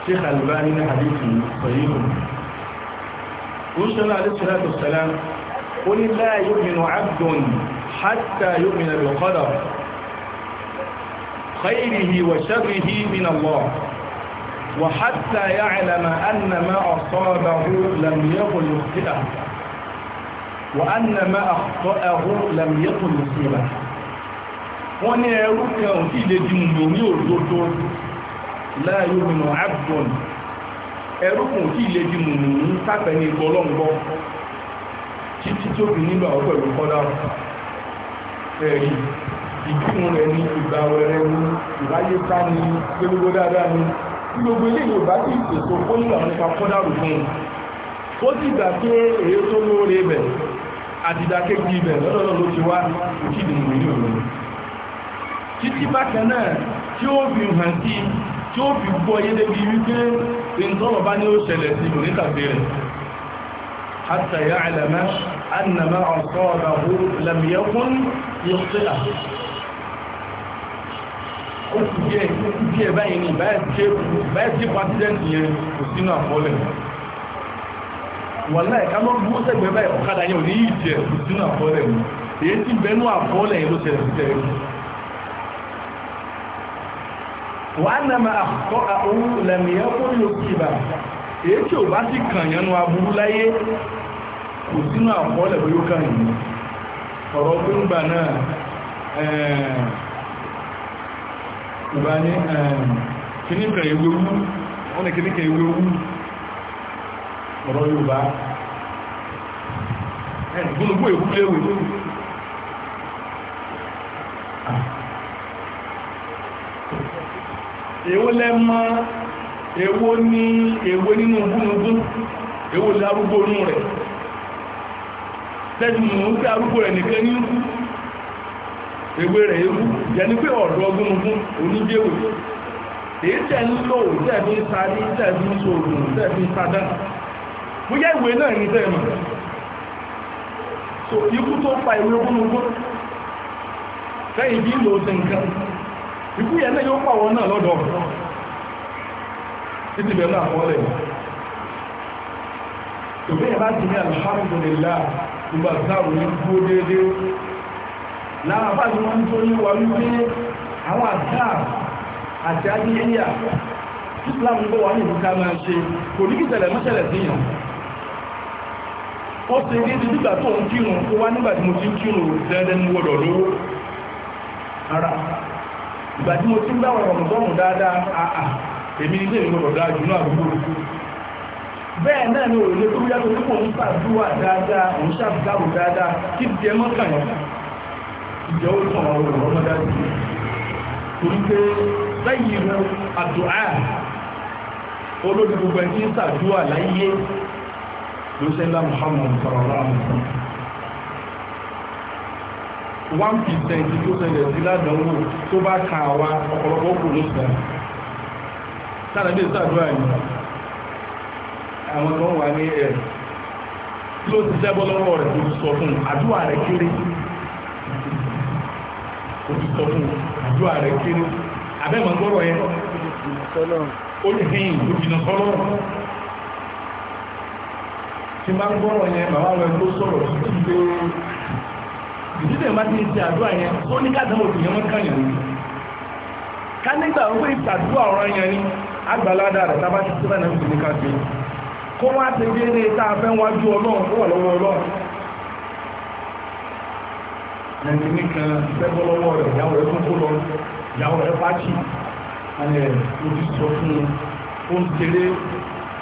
Sheikh Albani ní hadith mi sọ yìí ó ṣẹlẹ̀ alẹ́ sọ́lá قل لا يؤمن عبد حتى يؤمن بالقدر خيره وشره من الله وحتى يعلم أن ما أصابه لم يكن مخطئه وأن ما أخطأه لم يكن مصيبة wọ́n ní ẹrú kan tí ilé di mùlò ní òdodo la yu'minu abdun ẹrú kan títí tó fi nílò àwọn pẹ̀lú kọ́lá ẹ̀rí ìdíhun rẹ̀ ní ìgbà rẹ̀ ní ìráyé ká ní gbogbo dáadáa ní gbogbo ilé Yorùbá sì pèsè ó nílò àwọn nípa kọ́lá rù fún un ó sì gbà pé èyí tó lóore bẹ̀ àdìdákéjì ibẹ̀ lọ́dọ̀lọ́ ló ti wá òkìdì ìrìn òun títí bákan náà tí ó fi hàn sí tí ó fi gbọ́ yé débi wípé ìntọ́lọ̀ bá ní ó ṣẹlẹ̀ sí òní rẹ̀ àtàyà àlàmẹ́ أن ما أصابه لم يكن يخطئه ó kù díẹ̀ ó kù díẹ̀ báyìí ní báyìí tí president yẹn kò sínú àkọọ́lẹ̀ wàlá ẹ̀ká ló gbó sẹ́gbẹ̀ẹ́ báyìí ọ̀kadà yẹn ò ní yìí kò sínú àkọọ́lẹ̀ mu èyí tí bẹnu àkọọ́lẹ̀ yẹn ló ṣẹlẹ̀ sí tẹ̀lé kò sínú àkọọ́lẹ̀ pé yóò kàn yìí ọ̀rọ̀ pé ń gbà náà ìbá ní kìníkà ìwé owó wọ́n ni kìníkà ìwé owó ọ̀rọ̀ Yorùbá gbogbo èkú léwé ah. èwo lẹ́mọ́ èwo ní èwo nínú gúnugún èwo lárúgbónú rẹ̀ tẹ́jùmù ń pẹ́ arúgbó rẹ̀ nìkan ní ewé rẹ̀ ewu yẹni pé ọ̀dọ́ ọgbọ́nugún oníjẹ́wò èyí tẹ́ ń lò tẹ́bí ń sáré tẹ́bí ń sòògùn tẹ́bí ń sádá bóyá ìwé náà ní tẹ́ẹ̀mà so ikú tó pa ìwé ọgbọ́nugún fẹ́yìn bí lò sí nǹkan ikú yẹn náà yóò pàwọ́ náà lọ́dọ̀ ọ̀rọ̀ ṣùgbọ́n ìbá ti ní alhamdulillah ìgbà sáwò ní gbó déédé lára bá ti wọ́n tó yíwa wípé àwọn àdá àti adíyẹ́yà islam ń bọ́ wà ní ìbúká máa ṣe kò ní kìtẹ̀lẹ̀ mọ́ṣẹ̀lẹ̀ sí yàn ó ṣe déédé nígbà tó ń kírun ó wá nígbà tí mo ti ń kírun dẹ́dẹ́ ní wọ́dọ̀ lówó ara ìgbà tí mo ti ń bá wọn rọ̀mùdọ́rùn dáadáa àà èmi ní bẹ́ẹ̀ náà ni òrùlé tó yá lórí kò ń pàdúwà dáadáa òun ṣàbùdáwò dáadáa kí jẹ mọ́kànlá ìjọ ó tàn àwọn olùrọ̀ dájú torí pé lẹ́yìn ìrọ̀ àdúrà olóòdì gbogbo ẹni ń ṣàdúrà láyé ló ṣe ńlá Muhammad sọ̀rọ̀ one percent tó ṣẹlẹ̀ sí ládàáwò tó bá ka àwa ọ̀pọ̀lọpọ̀ kò ní sàn sára bí ìṣàdúrà yìí àwọn tó wà ní ẹ̀ tí ó ti sẹ́bọ́ lọ́wọ́ rẹ̀ kò sọ fún àdúrà rẹ̀ kéré kò sọ fún àdúrà rẹ̀ kéré abẹ́mọ̀ gbọ́rọ̀ yẹn ó lè fi ìlú jìnnà sọ́lọ́ tí bá ń gbọ́rọ̀ yẹn bàbá rẹ̀ tó sọ̀rọ̀ títí pé ìdílé bá ti ń ṣe àdúrà yẹn ó ní káàdà òkú yẹn wọ́n kàn yẹn ká nígbà wọ́n pé ìtàdúrà ọ̀rọ̀ yẹn ti síbẹ̀ náà ń kó wá ti rí ní ìta afẹ́ wájú ọlọ́run tó wà lọ́wọ́ ọlọ́run ẹni nìkan fẹ́gbọ́ lọ́wọ́ rẹ̀ ìyàwó rẹ̀ tó kó lọ ìyàwó rẹ̀ bá kì ẹni ojú sọ fún un ó ń kéré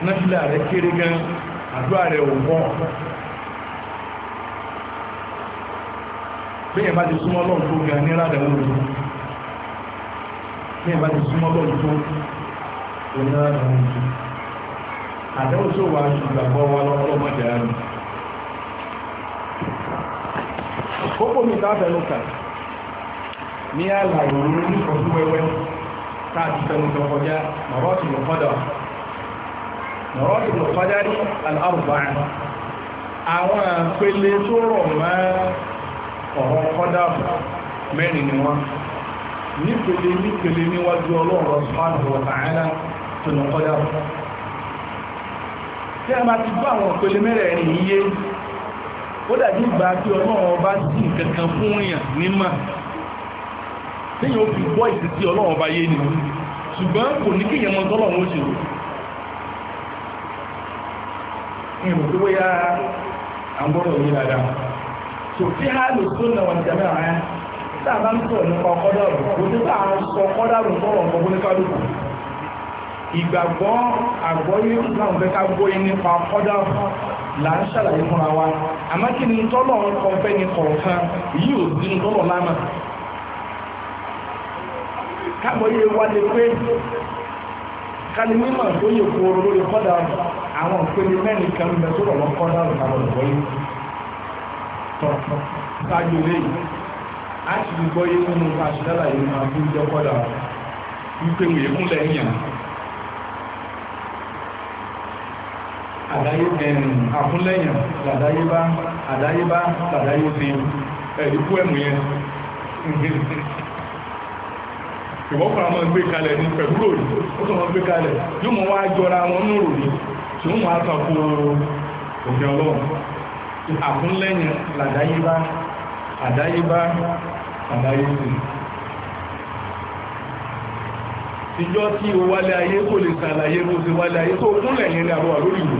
náfìlà rẹ̀ kéré gan àdúrà rẹ̀ ò wọ́n bẹ́yẹn bá ti súnmọ́ lọ́run tó gan ní ládàá lóru bẹ́yẹn bá ti súnmọ́ lọ́run tó gan ní ládàá lóru àdéhùn tó wà ìgbàgbọ́ wa lọ́pọ̀lọpọ̀ jẹ́rù kókó mi tábẹ̀ ló kà ní àlàyé orí ọdún wẹ́wẹ́ káàkiri fẹ́nu tó kọjá mọ̀rọ́tì ló kọjá mọ̀rọ́tì ló ní alárùbá àwọn àpẹẹlẹ tó rọ̀ mọ́ ọ̀rọ̀ kọjá mẹ́rin ni wọ́n nípele nípele níwájú ọlọ́run subhanahu wa tó lọ kọjá tí a máa ti gbọ́ àwọn òpele mẹ́rẹ̀ẹ̀rin yíyé ó dàbí ìgbà tí ọlọ́run ọba sí nǹkankan fún èèyàn nímọ̀ téèyàn ó fi gbọ́ ìsìsí ọlọ́run ọba yé ni ṣùgbọ́n kò ní kí ìyẹn mọ ó ṣe ìrò há lò tó nà wọn jẹ́ mẹ́rin tá a bá ń sọ̀rọ̀ nípa ọkọ́dọ̀rùn kò tó bá a sọ ọkọ́dọ̀rùn tọ́rọ̀ ìgbàgbọ́ àgbọ́yé láwọn fẹ́ ká gbóyé nípa ọdá la ń ṣàlàyé fúnra wa àmọ́ kí ni tọ́lọ̀ ọ̀fẹ́ ni kọ̀ọ̀kan yìí ò sí tọ́lọ̀ lánàá kágbọ́yé wá lè pé kálí mímọ̀ tó yẹ kóró lórí kọ́dà àwọn ìpele mẹ́rin kan ń bẹ tó rọ̀ wọ́n kọ́dà àwọn ìgbọ́yé tọ̀tọ̀ ṣáájú lẹ́yìn á sì gbọ́yé nínú aṣíṣẹ́ àlàyé máa fi ń jẹ́ kọ́dà wípé wèé kúnlẹ̀ yàn àfúnlẹ́yìn làdáyébá àdáyébá làdáyébí ẹ̀díkú ẹ̀mù yẹn ìwọ́pàá mọ́ gbé kalẹ̀ ní pẹ̀lú òní ó tọ́ mọ́ gbé kalẹ̀ yóò mọ́ wá jọra wọn ní òní tí ó mọ́ àtàkù òfin ọlọ́run àkúnlẹ́yìn làdáyébá àdáyébá àdáyébí ìjọ tí o wálé ayé kò lè sàlàyé bó ti wálé ayé tó kúnlẹ̀ yẹn ni àbúwà lórí ìlú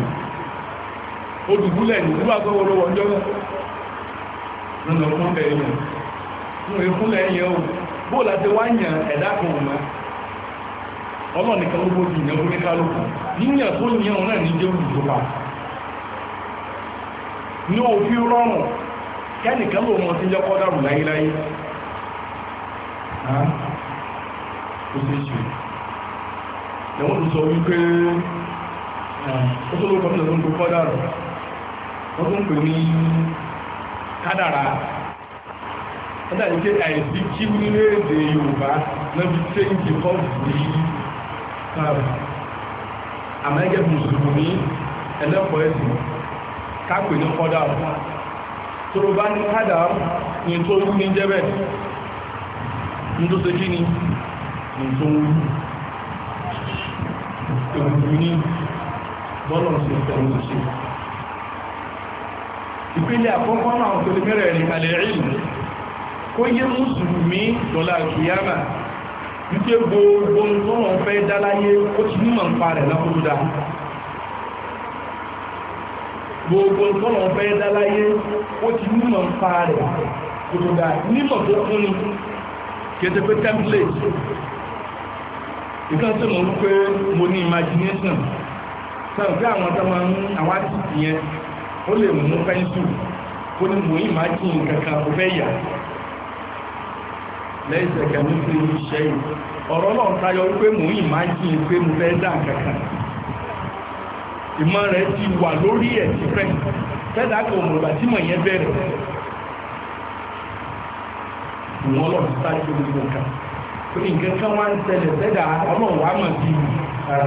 odùbúlẹ̀ nígbà tó wọ́n lọ́wọ́ ọjọ́ lọ́nà fún ẹ̀yìn fún ìfúnlẹ̀ ẹ̀yẹ o bó láti wá yàn ẹ̀dá kan ọ̀nà ọlọ́nìkan gbogbo ti yàn fún kálùkù yíyàn tó yàn náà ní jẹ́ olùjọba ní òfin rọrùn kẹ́nìkan ló mọ́ sí jẹ́ kọ́dàrù láyéláyé ẹ̀wọ́n tó sọ wípé ó tó lókọ́ wọ́n tún pè ní kádàrà ọ̀dà ìké àìsí kí nínú èdè Yorùbá lọ́bí tẹ́ǹkì kọ́ọ̀tù ní kààrù àmẹ́gẹ́ mùsùlùmí ẹlẹ́kọ̀ọ́ ẹ̀sìn kápẹ̀ ní kọ́dà tó bá ní kádà ní tó wú ní jẹ́bẹ̀ ní tó ṣe kí ni ní tó wú ìrùn ní bọ́lọ̀ sí ìfẹ́ ìpele àkọ́kọ́ náà tó lè mẹ́rẹ̀ ní alẹ́rìn kó yé mùsùlùmí lọ́la kìyàmà wípé gbogbo tó wọ́n fẹ́ dáláyé ó ti nímọ̀ ń pa rẹ̀ lọ́kúrúdá gbogbo tó wọ́n fẹ́ dáláyé ó ti nímọ̀ ń pa rẹ̀ lọ́kúrúdá nímọ̀ tó kún ní kéde pé template ìkan tí mo ń pé mo ní imagination sọ̀rọ̀ pé àwọn tó máa ń àwọn àti ìyẹn ó lè mú fẹ́ntù kó ní mú ìmájìn kankan kò fẹ́ yà lẹ́ẹ̀sẹ̀ kẹ̀mí sí iṣẹ́ yìí ọ̀rọ̀ náà tayọ wípé mú ìmájìn pé mú fẹ́ dà kankan ìmọ̀ rẹ̀ ti wà lórí ẹ̀ ti fẹ́ fẹ́dà kò mọ̀ ìgbà tí mọ̀ yẹn bẹ̀rẹ̀ ìwọ́n lọ sí sáájú gbogbo kan nǹkan kan wá ń tẹ̀lẹ̀ fẹ́dà ọlọ́run wá mọ̀ sí ara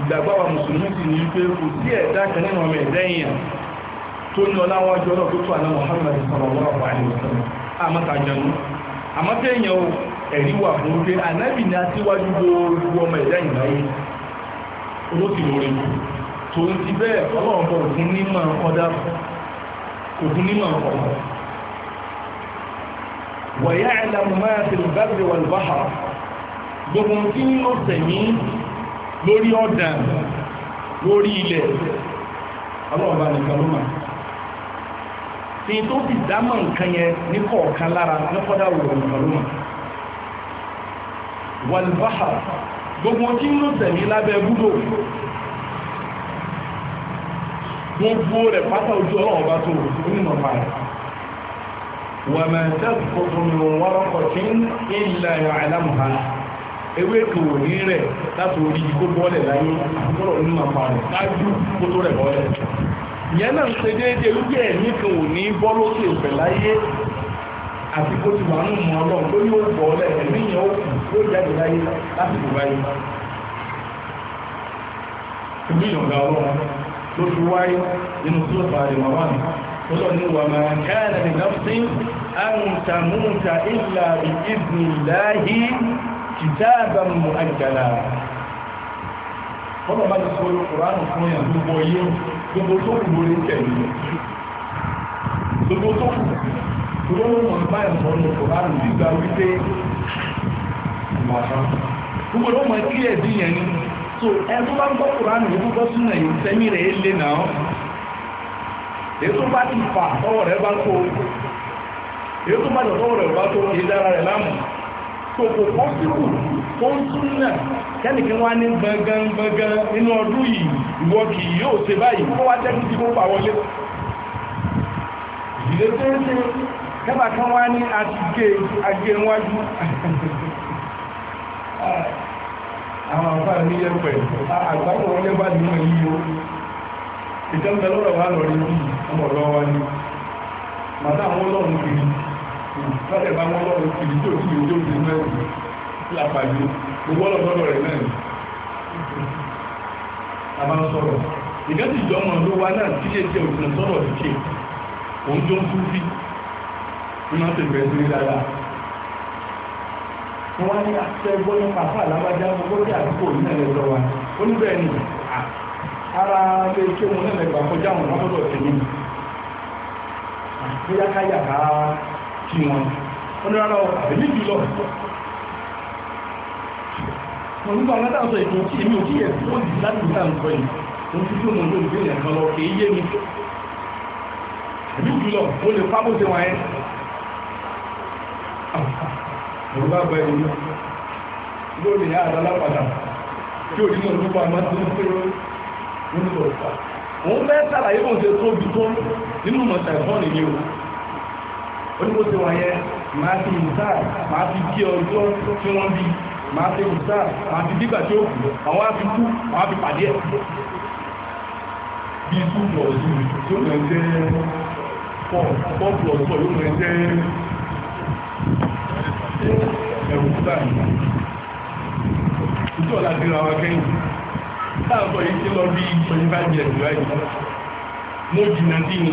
ìgbàgbọ́wà mùsùlùmí sì ní pé kò sí ẹ̀dá kan nínú ọmọ ẹ̀dẹ́yìn tó ní ọlá wọn jọ náà tó tó àná Muhammad sallallahu alaihi wasallam àmọ́tàjẹnu àmọ́tẹ̀yàn ẹ̀rí wà fún pé ànábì ní aṣíwájú gbogbo ọmọ ẹ̀dẹ́yìn láyé owó ti lórí lórí ọ̀dàn lórí ilẹ̀ ọlọ́ọ̀bá nìkan ló máa tí tó fi dámọ̀ nǹkan yẹn ní kọ̀ọ̀kan lára lọ́kọ́dá òwò nìkan ló máa wàlbáhà gbogbo tí ń lò tẹ̀mí lábẹ́ búdò gbogbo rẹ̀ pátá ojú ọlọ́ọ̀bá tó onímọ̀ pa ewé kan ò ní rẹ̀ láti orí kó bọ́ọ̀lẹ̀ láyé àkọ́lọ̀ nínú àpá rẹ̀ lájú kó tó rẹ̀ bọ́ọ̀lẹ̀ ìyẹn náà ṣe déédéé wípé ẹ̀mí kan ò ní bọ́ lókè láyé àti kó ti wà ń mọ ọlọ́run tó yóò bọ́ọ̀lẹ̀ ẹ̀mí yẹn ó kù yóò jáde láyé láti kò báyé ìlú ìyọ̀ǹda ọlọ́run ló fi wáyé nínú tí ó fàájì wà wà ní wà máa kẹ́rẹ̀ nìkan sí àrùn tàmúta ìlà ìdìbò láyé kìtàbà mú àjàlá wọ́n bá ti sọ orí kùránù fún yà gbogbo yé gbogbo tó kù lórí tẹ̀lé gbogbo tó kù gbogbo mọ̀ bá ẹ̀sọ́ ní kùránù gbígbà wípé ìmọ̀ràn gbogbo ló mọ̀ kí ẹ̀dí yẹn ni so ẹ̀sọ́ bá ń gbọ́ kùránù gbogbo súnà yìí sẹ́mi rẹ̀ lé náà èso bá ti fà ọwọ́ rẹ̀ bá tó èso bá tọ̀ ọwọ́ rẹ̀ bá tó ìdára rẹ̀ láàmù tòkò pọ́síkù tó ń tún náà kẹ́nìkan wá ní gbọ̀ngàn gbọ̀ngàn nínú ọdún yìí ìwọ kì yóò ṣe báyìí kó wá tẹ́kù tí kó pa wọlé ìdílé tó ń ṣe kẹ́bà kan wá ní àti gé agé wájú àwọn àfáà ní ẹgbẹ̀ àgbàmọ̀ wọn lẹ́bà nínú yíyó ìjọba lọ́rọ̀ wá lọ rí ọmọ lọ́wọ́ ni màdá àwọn ọlọ́run kiri lọ́dẹ̀ bá wọ́n lọ́dọ̀ sí ìdí òsì ìdí òsì mẹ́rin lápàdé gbogbo ọlọ́dọ̀ rẹ̀ mẹ́rin àbáwọn sọ̀rọ̀ ìgbẹ́sì ìjọmọ̀ ló wá náà tí kéèké òsì sọ̀rọ̀ sí ké òun tó ń kú sí iná ti bẹ̀rẹ̀ sí dáadáa wọ́n wá ní àtẹ́gbọ́n ní pàpà alábájá gbogbo tí àdúgbò ní ẹ̀lẹ́dọ̀ wa ó ní bẹ́ẹ̀ ni ara lè ké wọn lẹ́lẹ́gbà kọjá wọn lọ́dọ̀ tẹ̀lé bóyá ká yàrá kí wọn onírárá àbẹ̀lẹ̀ jùlọ wọn nígbà wọn dáàsọ ètò tí èmi ò kíyẹ̀ tó dì láti ìta nǹkan yìí wọn tí ó mọ̀ lórí ìgbé ìyàn kan lọ kì yé mi àbí jùlọ mo lè pábó sí wọn yẹn ọ̀rọ̀ ah, bá gba ẹ̀rọ lórí ìyá àdá lápàdà tí ò ní mọ̀ nípa àmọ́ tí ó ń pè ó ń òun fẹ́ sàlàyé bọ̀ ṣe tóbi tó nínú mọ̀ṣà onígbòsí wọ̀nyẹ máa fi ìsáà máa fi kí ọjọ́ tí wọ́n bí máa fi ìsáà máa fi dígbà tí ó kù àwọn á fi kú àwọn á fi pàdé ẹ̀ bí two plus two yóò rẹ̀ jẹ́ four four plus four yóò rẹ̀ jẹ́ ẹ̀rù sáà ìjọ́ láti ra wa kẹ́yìn láàbọ̀ yìí tí lọ bí 25 years right mo jìnà dínú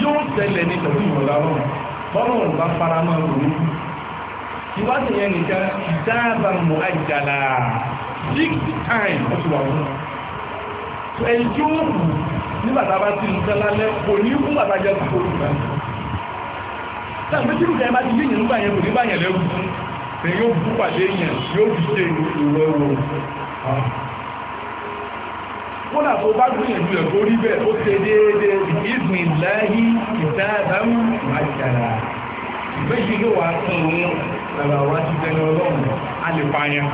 yóò tẹ̀lẹ̀ ní pẹ̀lú ìwọ̀lá náà bọ́nà òun bá fara mọ́ òun ìwádìí yẹn nìkan ìdáàbà mọ́ àjàlá six times ó ti wà fún un so ẹni tí ó wù nígbàtà bá ti nǹkan lálẹ́ kò ní fún bàbá jẹ́ kó lù bá sáà pé tìrù kẹ́yìn bá ti yíyìn nígbà yẹn kò ní bá yẹn lẹ́wù fún yóò bú pàdé yẹn yóò fi ṣe ìwọ̀ ẹ̀wọ̀ ah kódà tó bá gbìyànjú ẹ̀ lórí bẹ́ẹ̀ ó ṣe déédéé ìgbìn ìlàhí ìdáàbámú àjàrà méjì ló wà fún un bàbá wa ti jẹni ọlọ́run a lè pààyàn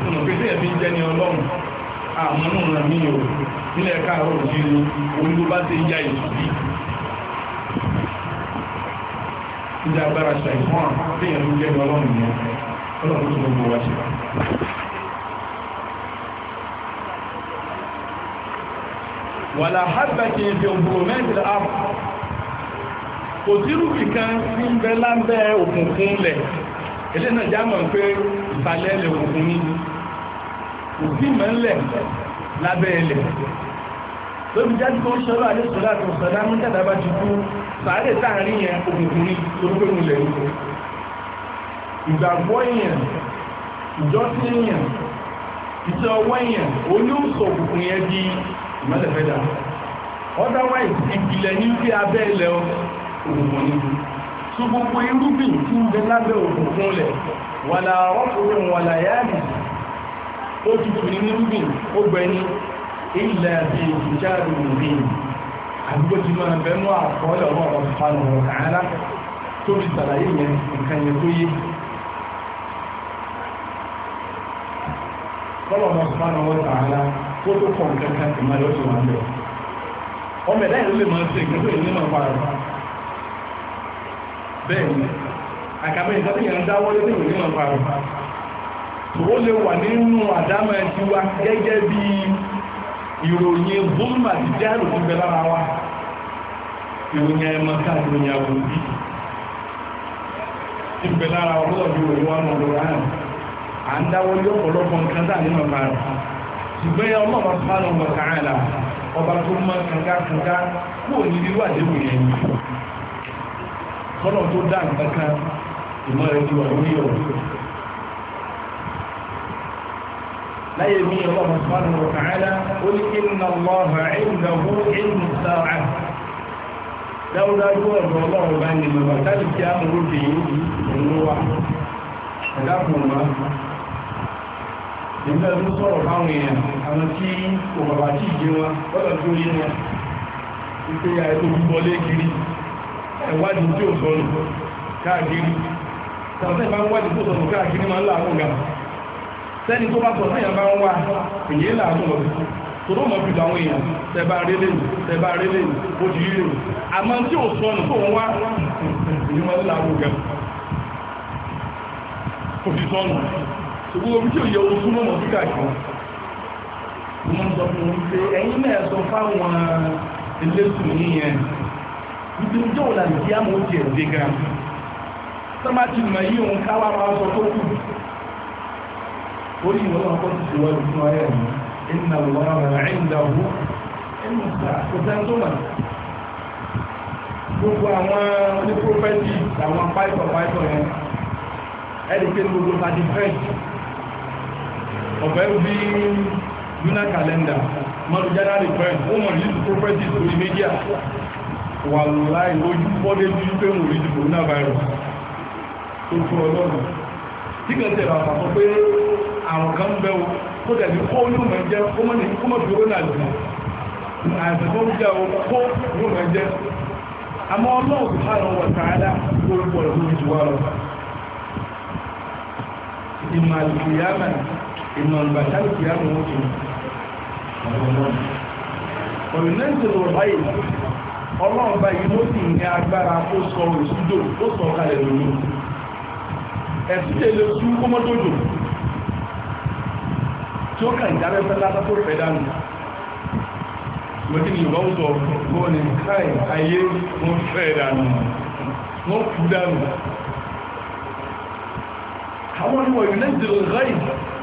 nínú pé tẹ́ẹ̀ fi jẹni ọlọ́run àmúnú mí wàlá hábàkì ìfẹ́ òbúròmẹ́tì àpù kò sí rúbì kan ní bẹ lábẹ́ òkùnkùn lẹ̀ ilé náà já mọ̀ pé ìbàlẹ̀ lè òkùnkùn ní òbí mẹ́lẹ̀ lábẹ́ ilẹ̀ lóbi jáde kó ń ṣọ́rọ̀ àdéṣọ́lá àti òṣèlá mú jáde bá ti kú sàárè táàrin yẹn òkùnkùn ní lórúkọ̀rùn lẹ̀ ìgbàgbọ́ èèyàn ìjọ́sí èèyàn ìṣẹ́ ọwọ́ èèyàn oní òṣòkùnkùn yẹn di mẹ́lẹ̀fẹ́dà otherwise ìpìlẹ̀ ní pé abẹ́ ilẹ̀ òògùn ni tó gbogbo irúgbìn tí ń bẹ lábẹ́ òògùn fúnlẹ̀ wàlà ọkùnrin wàlà yáàdì ó tutù ní irúgbìn ó gbẹni ilẹ̀ àti ìjáàrù òògùn àdúgbò ti máa bẹnu àkọọ́lẹ̀ ọmọ ọ̀rọ̀ fanu ọ̀kàrá tó kó tó kọ̀ nǹkan kan sì máa lọ́sọ̀ wọn bẹ̀rẹ̀ ọmọ ẹ̀dá ìlú lè máa ṣe nǹkan tó ìlú náà fara pa bẹ́ẹ̀ ni àkàbẹ̀ nǹkan tó yẹn ń dáwọ́ lé nínú náà fara pa tó lè wà nínú àdámọ̀ ẹ̀jú wa gẹ́gẹ́ bí ìròyìn búrúmà ti jáàrò tó bẹ lára wa ìròyìn ẹ̀mọ́ káàkiri ìròyìn àwọn òbí ti bẹ lára ọlọ́ọ̀dún ìròyìn wọn lọ́rọ̀ àrùn à ń dáwọ́ lé ọ̀pọ̀lọpọ̀ nǹkan dáà nínú ṣùgbọ́n ọlọ́ọ̀bá sọ́nà wọ̀ tààlà ọba tó mọ́ kankankanká kúrò ní irú àdéhùn yẹn kọ́nà tó dá nǹkan kan ìmọ̀ rẹ̀ ti wà lórí ọ̀rọ̀ láyé bí ọlọ́ọ̀bá sọ́nà wọ̀ tààlà ó ní kí nà lọ́ọ̀hà ìlúdàwó ìlú sáà dáúdájú ọ̀rọ̀ ọlọ́ọ̀bá ni mọ̀bàtálì kí á mú ìgbẹ́ tó sọ̀rọ̀ fáwọn èèyàn àwọn tí kò bàbá tí ìgbé wọn lọ́dọ̀ tó yé wọn ìpé àìkò bíbọlé kiri ẹ̀wádìí tí ó sọ̀rọ̀ káàkiri tàbí ìbá wádìí tó sọ̀rọ̀ káàkiri máa ń láàrùn ga sẹ́ni tó bá sọ̀rọ̀ èèyàn bá ń wá èyí láàrùn lọ tòró mọ̀ fi àwọn èèyàn tẹ́bà rélé tẹ́bà rélé ó ti rí rèé àmọ́ tí ò sọnù tó ń wá èyí máa ń láàrùn ga kò fi sọnù ṣùgbọ́n orí tí ó yẹ ogun mọ́mọ́ bí kàkiri wọ́n sọ fún un pé ẹ̀yin náà sọ fáwọn elétò yíyẹn nítorí jọ́ òun àti ìyá mọ́ jẹ́ ẹ̀dẹ́ gan sọ́mà ti mọ̀ yí òun káwá máa sọ tó kù orí ìwọ́n kọ́ ti ṣèwádìí fún ayé ẹ̀mí ìnà wọ́n rẹ̀ ẹ̀ńdà wú ẹ̀mí ìgbà kò sẹ́ni tó mọ̀ gbogbo àwọn oníprófẹ́tì àwọn of every lunar calendar mọ́lù january 1 ó mọ̀ nílùú property lórí media wà láì ojú fọ́dé lójú pé mò rí coronavirus tó tó ọlọ́run tí kẹ́ tẹ̀rọ àpapọ̀ pé àwọn kan bẹ́ o kó tẹ̀lé kó yóò mọ̀ jẹ́ kó mọ̀ fi corona jù àìsàn tó jẹ́ o kó yóò mọ̀ jẹ́ àmọ́ ọlọ́run ti hàn wọ̀ tààdá lórúkọ ìlú ìjùwà lọ ìmàlùkìyàmẹ̀ ìmọ̀ ìgbà sáré kìí àmì wọ́n ti ọ̀rọ̀ náà ti lọ báyìí ọlọ́run báyìí ló sì ní agbára kó sọ òṣìdò ó sọ kalẹ̀ lónìí ẹ̀sílẹ̀ lè sú kọ́mọ́dọ́dọ̀ tí ó kà ìdábẹ́fẹ́ látà tó fẹ́ dánù lókè ní ìwọ́n sọ ọ̀pọ̀ ní káì ayé wọ́n fẹ́ dánù wọ́n kú dánù àwọn ìwọ̀n yìí lẹ́sìn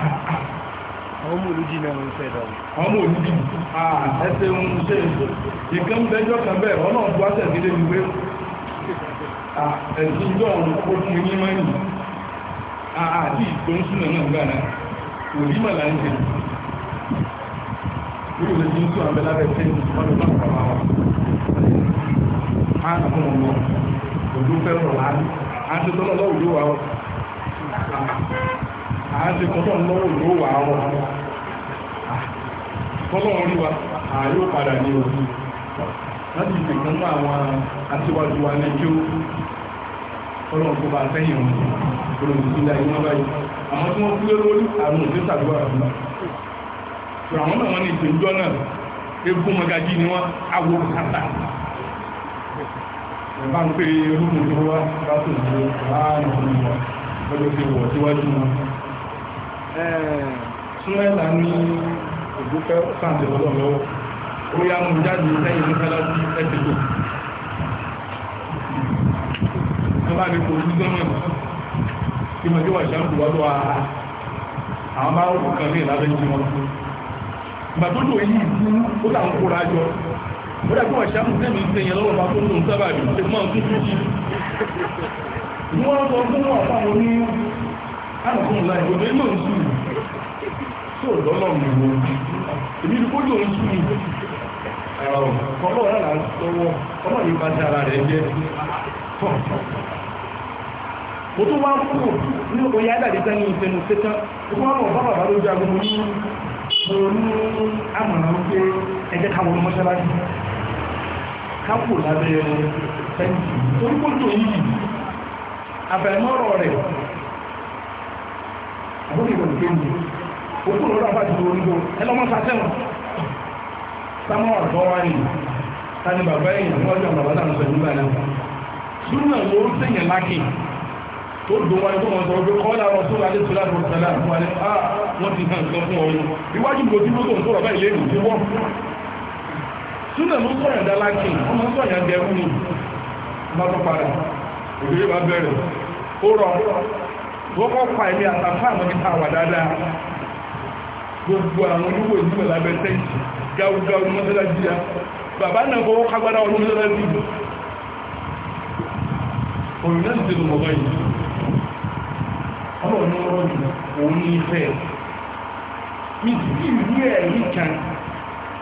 àwọn ọmọ olùjì náà ń fẹ́ dọ̀rọ̀. àwọn ọmọ olùjì ẹsẹ̀ ń ṣe ìkan bẹjọ́ kan bẹ́ẹ̀ ọ̀nà ọ̀dọ́ àtẹ̀gídé mi pé ẹ̀sìn ìjọ ọ̀run ó ti ní mẹ́rin àti ìtòǹsùnà náà gbà náà kò rí màlá ń jẹ lórí ìwé tí ń tún àbẹ́lá rẹ̀ tẹ́lẹ̀ ọdún bá kàwá wa á nà fún ọmọ òdú fẹ́ràn láàrín á ti tọ́lọ́ lọ́wọ́ àáṣe tọ́tọ̀ lọ́wọ́ ló wà áwọ̀ ah, tọ́lọ́wọ́ rí wa ààyò padà ní òbí láti fi kan mọ́ àwọn aṣíwájú wa ní kí ó ọlọ́run kó bá sẹ́yìn wọn olóòtú sí ilẹ̀ ìwọ̀n báyìí àwọn tí wọ́n kú lé lórí àrùn òṣè sàdúrà fún wa ni wọ́n awo kàtà bá ń pè é rúkùn tó wá bá tó ń lò láàrín ọdún lọ́dọ̀ tí wọ́n síwájú wọn súnmẹ́là ní ìdúpẹ́ sáàtì lọ́lọ́lọ́wọ́ ó yá mú jáde lẹ́yìn mọ́sálásí ẹ̀tìkò ọba ní kò rúgbọ́n mọ̀ tí mọ̀ tí wà ṣàǹkù wọ́n wà àwọn bá rò kan ní ìlàbẹ́ jí wọn ìgbà tó lò yìí fún ó là ń kóra jọ ó dàbí tó lò ń ń tún fún àrùn ọ̀la ìwọ̀dé náà ń sùn tó lọ́lọ́ mi wò èmi ni kójú òun sùn ọlọ́run là ń sọ́wọ́ ọlọ́run yìí bá ti ara rẹ̀ jẹ́ mo tún wá kúrò ní oyè àdàdé tán ní ìfẹnu sétán ó wá lọ bá bàbá lójú agbó mo ní mo ní àmọ̀nà wípé ẹjẹ́ ká wọnú mọ́ṣáláṣí ká kò lábẹ́ ẹ̀rọ fẹ́ǹtì torí àbúrò ìròyìn tó ń bì òkú lọ́dọ̀ bá ti orí bó ẹlọ́mọ sátẹ́wọ̀n sámọ́ ọ̀dọ́ wa ni ta ni bàbá èèyàn fún ọjọ́ bàbá náà sọ nígbà náà súnmọ̀ ló ń sèyàn lákì tó dùn wọn tó wọn sọ pé kọ́lá wọn tó lálé sọlá tó sọlá fún wa ní à ah, wọ́n ti hàn sọ fún ọ̀run iwájú gbòdì ló tó ń sọ̀rọ̀ wọ́n kọ́ pa ẹ̀mí àtàfà àwọn nípa àwà dáadáa gbogbo àwọn olúwo ìdúgbò lábẹ́ tẹ́ǹtì gáúgáú mọ́sálásí ya bàbá náà fọwọ́ kágbára ọdún mọ́sálásí ìlú òun náà ti lọ mọ̀gá yìí ọlọ́run ọ̀rọ̀ yìí òun ní ìfẹ́ mi sì rí ẹ̀rí kan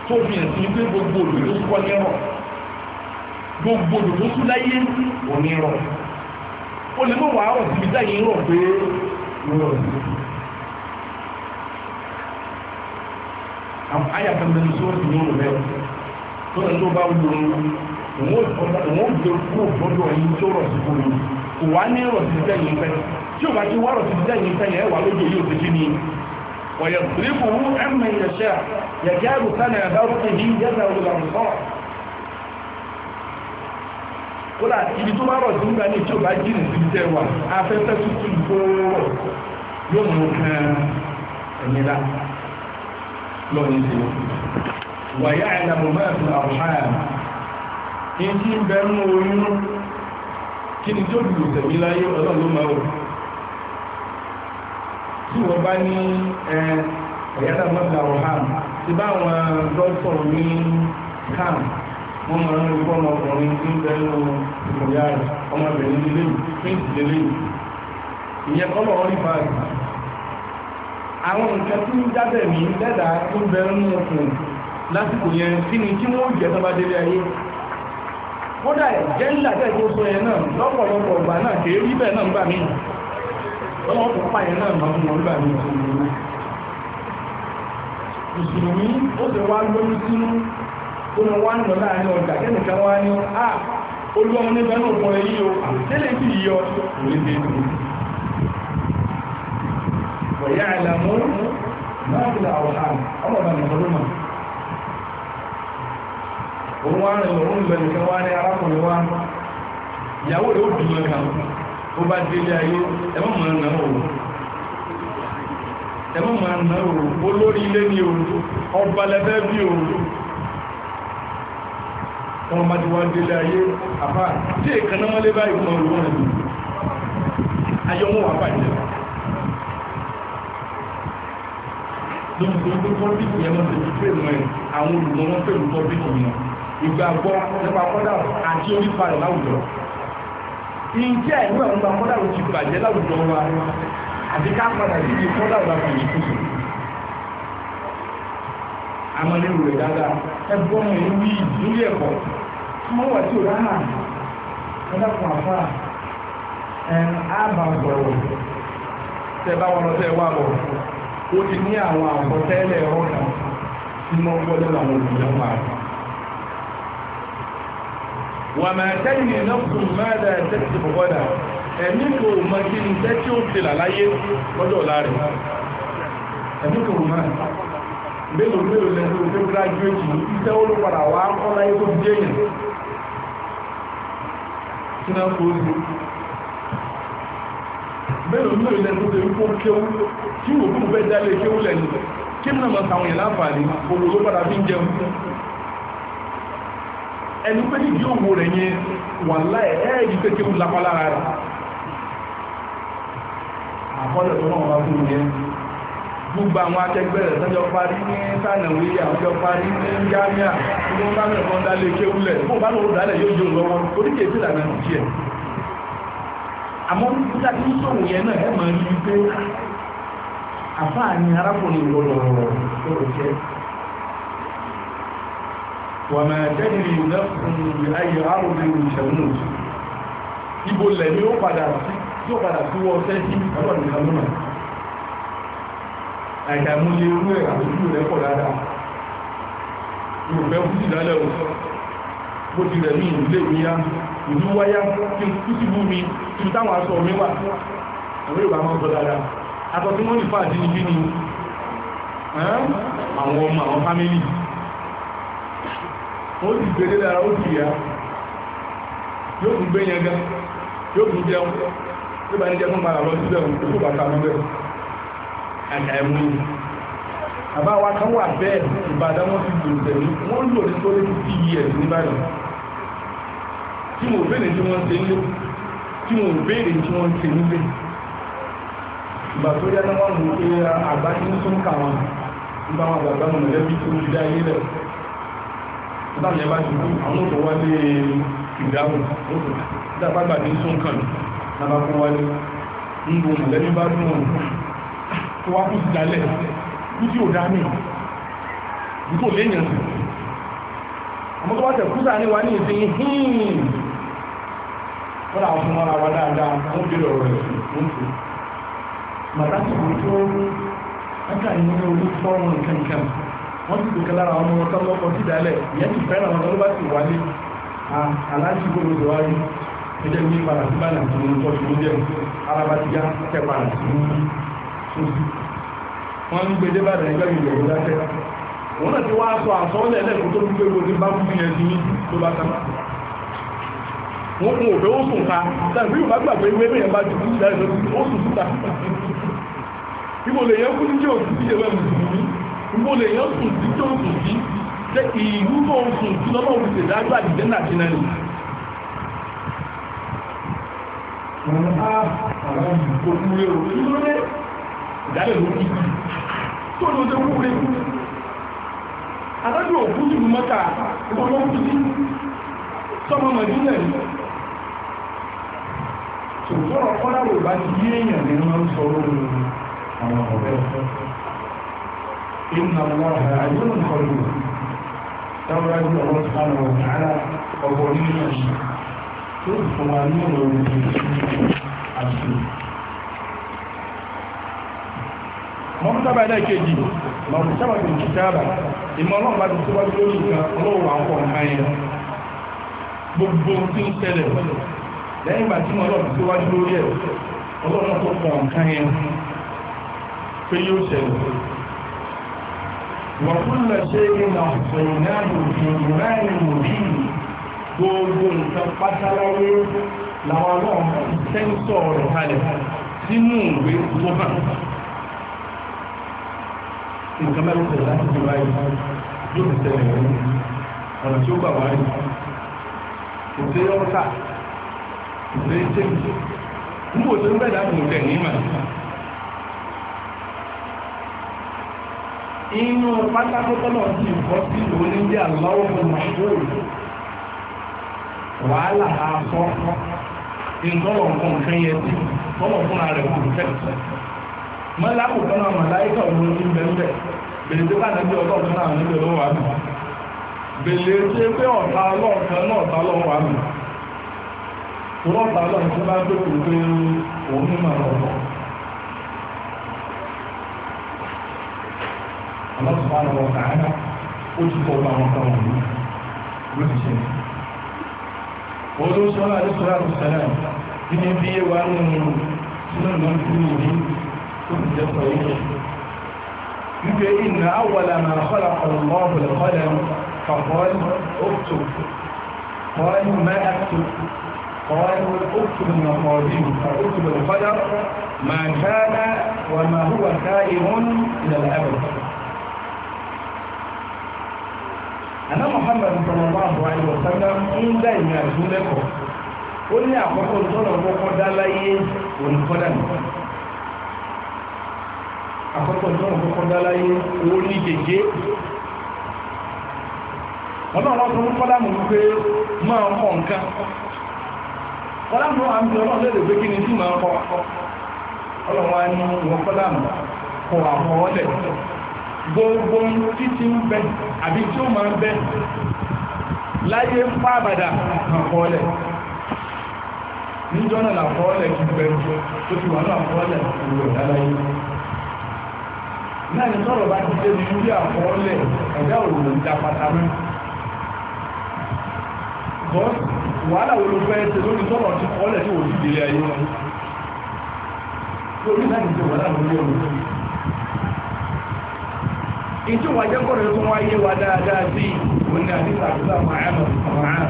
tó fi ẹ̀sìn pé gbogbo olùdókòó ní rọ̀ gbogbo olùdókòó láyé òní rọ̀ o lè mọ̀ wà rọ̀ síbi tẹ́yìn rọ̀ pé rọ̀ sí àwọn ayàtọ̀ mẹ́rin sọ́rọ̀ sí yóò rẹ̀ tó rẹ̀ tó bá wù wọ́n gbé kúrò gbọ́dọ̀ yìí tó rọ̀ sí kúrò kò wá ní rọ̀ sí tẹ́yìn fẹ́ tí ò bá ti wá rọ̀ sí tẹ́yìn fẹ́ yẹ wà lójú yóò ti kí ni ويضربه عمن يشاء يكاد سنة برقه يذهب الأمصار kódà ibi tó bá rọ̀ tó ń gbà ní tí ò bá jìnnà síbi tẹ́ wà afẹ́fẹ́ tuntun gbòòrò yóò mú kan ẹ̀yìn lá lọ́yìn sí wàyá ìlànà mẹ́rin àwòrán yìí tí ń bẹ mú oyún kí ni tó lù tẹ̀mí láyé ọlọ́run ló máa wò tí wọ́n bá ní ẹ ẹ̀yà ìlànà mẹ́rin àwòrán ti bá àwọn dọ́tọ̀ ní kàn wọ́n máa ń rí fọ́nà ọkùnrin tí ń bẹ̀rẹ̀ ìkọ̀yà rẹ̀ ọmọbìnrin lélẹ̀ pínkì lélẹ̀ ìyẹn kọ́lọ̀ ọrí bá rẹ̀ àwọn nǹkan tí ń jábẹ̀ mí lẹ́dà tó ń bẹ̀rẹ̀ nínú ọkùnrin lásìkò yẹn kí ni kí wọ́n jẹ́ tọ́ba délé ayé kódà jẹ́ ńlá tẹ́ tó sọ yẹn náà lọ́pọ̀lọpọ̀ ọgbà náà kèé rí bẹ́ẹ̀ náà ń wọ́n mí ìṣòro tó lọ wá nà láàrin ọjà kẹ́nìkan wá ní à olú ọmọ níbẹ̀ náà pọ̀ èyí o tẹ́lẹ̀ sí yíyọ orílẹ̀ èdè wọ̀yá ìlàmú láàrin àwọn ọmọdé ọmọdé òun wá rìn lọ́rùn ìgbẹ̀lẹ̀ kan wá ní arákùnrin wá ìyàwó rẹ̀ mọ̀ náà olórí ilé ní òun ọba bí òun wọn bá ti wá délé ayé àfá tí èkánná mọ́lé báyìí fún ọrùn wọn ni ayọ́ wọn wà bàjẹ́ lóògbé tọ́pìkì yẹn wọ́n ti fi pè mọ́ ẹ̀ àwọn olùgbọ́n wọn pẹ̀lú tọ́pìkì yẹn ìgbàgbọ́ nípa kọ́dà àti orípa rẹ̀ láwùjọ ìjẹ́ ìwé àwọn akọ́dà ti bàjẹ́ láwùjọ wa àti ká padà sí ti kọ́dà wa fi yìí kùsù àmọ́ nínú rẹ̀ dáadáa ẹgbọ́n mi ń wí ìdílé ẹ̀kọ́ mọ́ wà tí ò rá hàn ẹ̀dá kan àfà ẹ̀n àbà bọ̀rọ̀ tẹ bá wọn lọ tẹ wà bọ̀ ó ti ní àwọn àkọsẹ́lẹ̀ ọ̀rọ̀ kan tí wọ́n gbọ́dọ̀ làwọn olùyàn máa rẹ̀ wàmà tẹ́lẹ̀ lọ́kùn mẹ́rẹ̀ tẹ́lẹ̀ bọ̀bọ̀dà ẹ̀mí kò mọ̀ kí ní tẹ́ tí ó ti làláyé lọ́dọ̀ láàrin ẹ̀mí kò mọ̀ mélòó mélòó lẹ́gbẹ̀ẹ́ graduate ìtẹ́ olùpadà wà á kọ́ láyé tó jẹ́yìn tí náà kó ojú mẹ́rin ní ilẹ̀ tó tẹ̀wé kó kéwú tí wò fún bẹ́ẹ̀ dálé kéwú lẹ́nu kí mọ́ mọ́ sàwọn yẹn láǹfààní owó ló padà fi ń jẹun ẹni pé nídìí òwò rẹ̀ yẹn wà láì ẹ́ẹ̀dì pé kéwú lápá lára rẹ̀ àkọọ́lẹ̀ tó náà wà fún yẹn gbogbo àwọn akẹgbẹ́ rẹ̀ tọ́jọ́ parí ní sànàwé àwùjọ parí ní yámíà tí wọ́n bá mẹ́rin kan dálé kéwúlẹ̀ fún bá lóòrùn dálẹ̀ yóò jẹun lọ́wọ́ oríkèé sí ìlànà ìjẹ́ àmọ́ nígbà tí ń sòwò yẹn náà ẹ̀ máa ń rí pé àfáà ni arákùnrin lọ́lọ́rọ̀ lọ́rọ̀ jẹ́ wọ́n máa tẹ́lẹ̀ ìlẹ́kùn ayé arúgbìn ìṣẹ̀lú ibo lẹ̀ ni ó padà sí wọ́n tẹ́ sí ọlọ́run àìkà ìmúlé irú ẹ̀ àbójú rẹ̀ pọ̀ dáadáa yóò fẹ́ lálẹ́ o bó ti rẹ̀ ní ìdílé ìyá ìlú wáyá tí ó sì bú mi tí táwọn aṣọ mi wà àwọn Yorùbá máa ń sọ dáadáa aṣọ tí wọ́n nípa àti níbí ni àwọn ọmọ àwọn fámílì ó sì gbélé lára ó sì yá yóò tún gbé yẹn gan yóò tún jẹun àkàìmú àbá wa kan wà bẹ́ẹ̀ Ìbàdàn wọn ti lò tẹ̀lé wọ́n lò ní tó lé ní tí yíẹ̀ níbàdàn tí mo béèrè tí wọ́n ṣe nílé tí mo béèrè tí wọ́n ṣe nílé ìgbà tó yá náà wọ́n mú pé àgbá tí ń sún kà wọn nígbà wọn àgbàgbà mọ̀ lẹ́bí tó ti dá ayé lẹ̀ nígbàmí ẹ bá ti kú àwọn òtò wálé ìdáhùn òtò dábàgbà tí ń sún kàn ní abá fún wálé ń bo mọ̀lẹ́bí bá dùn ọ̀hún tó wá kú sí jálẹ̀ kú tí ò dá mi bí kò léèyàn sí àmọ́ tó wá tẹ̀ kú sáàrin wa ní ìsìn hìn wọ́n àwọn ọmọ ara wa dáadáa wọ́n bèèrè ọ̀rọ̀ rẹ̀ wọ́n tó màtá sì kò tó ẹ̀ka ìmúlẹ̀ orí fọ́ọ̀rùn kankan wọ́n ti dùkẹ́ lára ọmọ ọ̀tọ́ lọ́kọ̀ sí jálẹ̀ ìyẹn ti fẹ́ràn ọ̀tọ́ ló bá sì wálé aláàjì gbogbo tó wáyé ẹjẹ́ ní padà sí bá nàìjíríà tó ti ń jẹun alábàtíyá tẹ́ padà sí wọ́n ń gbé débàdà ẹgbẹ́ ìyẹ̀wò láṣẹ́ wọ́n náà ti wá sọ àsọ́ọ́lẹ̀ lẹ́kùn tó ń gbé ogun bá fún ìyẹn sí tó bá sábà wọ́n kún òfẹ́ ká tàbí yóò bá gbàgbé ìwé bá ti kú láìsọ́ sí ìdálẹ̀ lórí tó ló ṣe wúre adájọ́ òkú sí mọ́ta ìwọ̀lọ́kú sí sọmọ mọ̀dínlẹ̀ ṣùgbọ́n ọ̀pọ̀lọpọ̀ bá ti yé èèyàn ní wọ́n ń sọ lórí àwọn ọ̀rẹ́ إن الله عزيز خلوه تبرأ الله سبحانه وتعالى وقولين الشيء tó fún wa ní ọ̀rọ̀ ìrìn àti mọ́kútàbà ẹlẹ́kejì mọ̀kútàbà tó kìtàbà ìmọ̀ ọlọ́run bá ti síwájú lórí nǹkan ọlọ́run àwọn ọ̀kan yẹn gbogbo tí ń tẹ́lẹ̀ lẹ́yìn ìgbà tí mọ̀ ọlọ́run síwájú lórí ẹ̀ ọlọ́run tó kọ̀ nǹkan yẹn pé yóò ṣẹlẹ̀ wàkúlẹ̀ ṣe ìlànà ọ̀sẹ̀yìn náà lòdì láàrin òbí gbogbo nǹkan pátáláyé làwọn ọlọ́run sẹ́ńsọ̀ rẹ̀ kalẹ̀ sínú ìwé tó nǹkan mẹ́rin tẹ̀lé láti fi wáyé yóò fi tẹ̀lé rẹ̀ ọ̀nà tí ó gbà wáyé kò sí ọ́ta kò sí tẹ́lẹ̀ nígbò tó ń bẹ̀rẹ̀ láti mú tẹ̀lé mà inú pátákótó náà ti bọ́ sí oníjẹ́ àlọ́wọ́ mọ̀ṣúrù wàhálà àkọ́kọ́ ìgbọ́lọ̀ nǹkan yẹn tí bọ́lọ̀ fúnra rẹ̀ kò fẹ́ẹ̀ mọ́láwù kan náà màláíkà òun ní bẹ́ẹ̀ bèèrè tí báyìí bí ọlọ́run náà níbi ọlọ́run wà nù bèèrè tí pé ọ̀tá ọlọ́run kan náà ọ̀tá ọlọ́run wà nù ọlọ́ta ọlọ́run tí bá gbé kù pé òun ní màá lọ́wọ́ ọlọ́run bá lọ́wọ́ kàánà ó ti kọ́ àwọn kan sínú ìlú ìlú wípé inna awwala ma khalaqa Allahu al-qalam faqala uktub qala قال اكتب المقادير فاكتب القدر ما كان وما هو كائن الى الابد انا محمد صلى الله عليه وسلم ان دائما يعزو لكم قل يا اخوكم صلى الله لي وسلم àkọ́kọ́ ìjọ́nà kọ́kọ́ dáláyé owó ní gègé ọlọ́run tó ń kọ́lámù wípé máa ń kọ́ nǹkan kọ́lámù àmì ọlọ́run lè gbé kí ni tí máa ń kọ́ ọlọ́run wá ní ìwọ̀n kọ́lámù kọ àwọn ọlẹ̀ gbogbo títí ń bẹ àbí tí ó máa ń bẹ láyé ń pàbàdà àkọọ́lẹ̀ níjọ́nà làkọọ́lẹ̀ ti bẹ̀rù tó ti wà náà àkọọ́lẹ̀ náà ní sọ̀rọ̀ bá ti débi lórí àkọọ́lẹ̀ ẹ̀dá òwò ìjà pàtàkì bọ́ wàhálà wo ló fẹ́ ṣe lórí sọ̀rọ̀ ti kọ́lẹ̀ tí wò sí ilé ayé wọn lórí láti ṣe wàhálà lórí ọ̀rọ̀ ìjọ wà jẹ́ kọ́rọ̀ tó wáyé wa dáadáa sí òní àdíkà àdúrà màáyàmà màáyàmà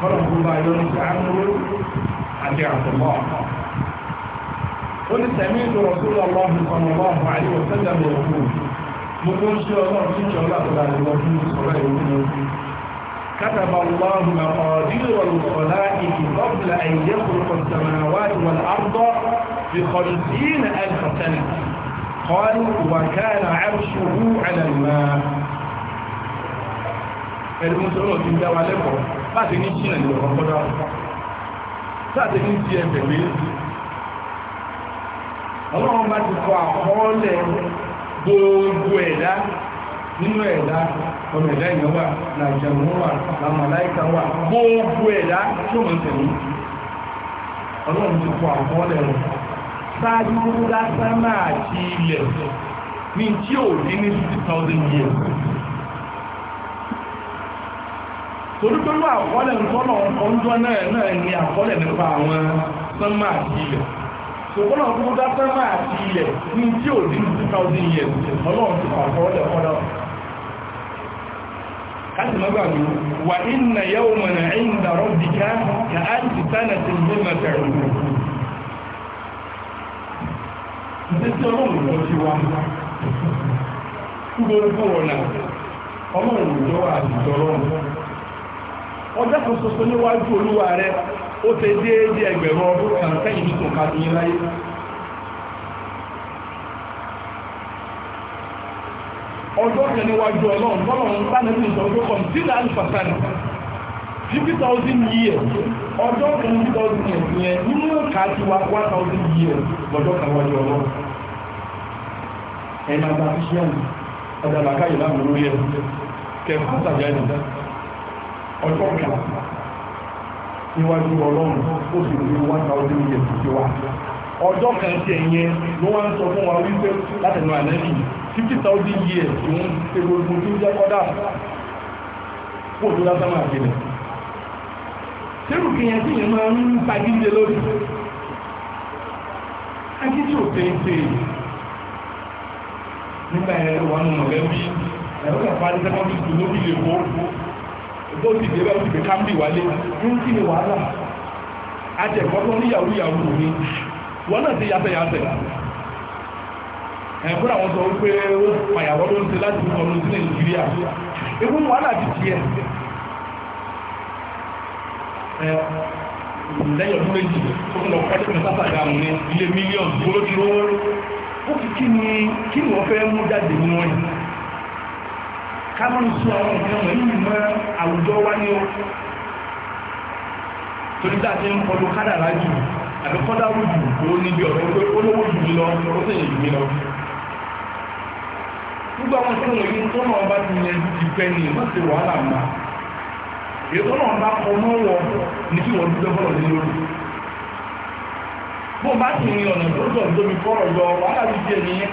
kọ́lọ̀ kó bá yọ ní sí àmúrú àti àtọ̀mọ́ ọ̀pọ̀ قل سمعت رسول الله صلى الله عليه وسلم يقول مقول شاء الله إن شاء الله تعالى الوكيل صلى الله كتب الله مقادير الخلائق قبل أن يخلق السماوات والأرض بخمسين ألف سنة قال وكان عرشه على الماء المسلمون ti ń dá wa lẹ́kọ̀ọ́ láti ní ṣínà ìlú ọlọ́run bá ti fọ àkọọ́lẹ̀ gbogbo ẹ̀dá nínú ẹ̀dá ọmọ ẹ̀dá ìyàn wà làjẹ̀mú wà làmàláìka wà gbogbo ẹ̀dá tí ó mọ̀ tẹ̀lú ọlọ́run ti fọ àkọọ́lẹ̀ rẹ̀ sáájú lásánà àti ilẹ̀ ní tí ò ní ní 60,000 years torí pẹ̀lú àkọọ́lẹ̀ ń tọ́nà ọjọ́ náà náà ní àkọọ́lẹ̀ nípa àwọn sánmà àti ilẹ̀ ṣùgbọ́n àwọn ọmọdé sẹ́mà àti ilẹ̀ ní tí ò ní 2000 years ọlọ́run ti pàkọ́ọ́lẹ̀ ọ̀dọ́ káàkiri mọ́gbàgbé wà ìnà yẹ́wò mọ̀nà ẹ̀yìn dàrọ́ dìkà kà á ti sánà ti ní ọjọ́ kan ṣoṣo níwájú olúwa rẹ̀ ó ṣe déédé ẹgbẹ̀rún ọdún kan sẹ́yìn ní tòun káàdì yín ọjọ́ kan níwájú ọlọ́run tọ́lọ́run sánẹ́bí ìsọ̀rọ̀ kan tí náà ń fàtàlì years ọjọ́ years yẹn níwájú ọlọ́run ó sì rí one thousand years ti wá ọjọ́ kan tí ẹ̀yẹ ló wá ń sọ fún wa wípé látẹ̀nu ànẹ́bì fifty thousand years tí wọ́n ṣe tí ó jẹ́ kọ́dà kó tó lásán máa gbẹ̀lẹ̀ sẹ́rù kìyàn tí yẹn máa ń pagídé lórí akíkí ò téńté nígbà ẹ̀rọ wà nù mọ̀lẹ́bí ẹ̀rọ kàfà ní sẹ́kọ́ndì tó lóbi lè kó tó ti dé bẹ́ẹ̀ ti kámbì wálé ń kí ni wàhálà àtẹ̀kọ́ níyàwó ìyàwó mi wọ́n náà ti yàtẹ̀ yàtẹ̀ ẹ̀fún àwọn sọ wípé ó pàyàwó ló ń ṣe láti mú ọdún sí nàìjíríà ikú wàhálà ti tiẹ̀ lẹ́yìn ọdún méjì tó lọ kọ́ tẹ́lẹ̀ sásàgà mú ní ilé mílíọ̀nù kí ni wọ́n fẹ́ mú jáde nínú ọ̀yìn kámọ́ ń sọ ọ̀rọ̀ ìjọ wọ̀nyí mọ́ àwùjọ wá ní o torí dáa ti ń kọlu kádàrá jù àbí kọ́dáwù jù tó níbi ọ̀rọ̀ pé olówó jù mí lọ ó sì yìn mí lọ gbogbo àwọn tó wọ̀nyí tó náà bá ti yẹn ti pẹ́ ni wọ́n ti wàhálà mà ètò náà bá kọ mọ́ wọ ní kí wọ́n dúdú bọ́ọ̀lù ní lórí bó bá ti rìn ọ̀nà tó tọ̀ tóbi fọ́rọ̀ lọ wàhálà ti di ẹ̀nìyẹn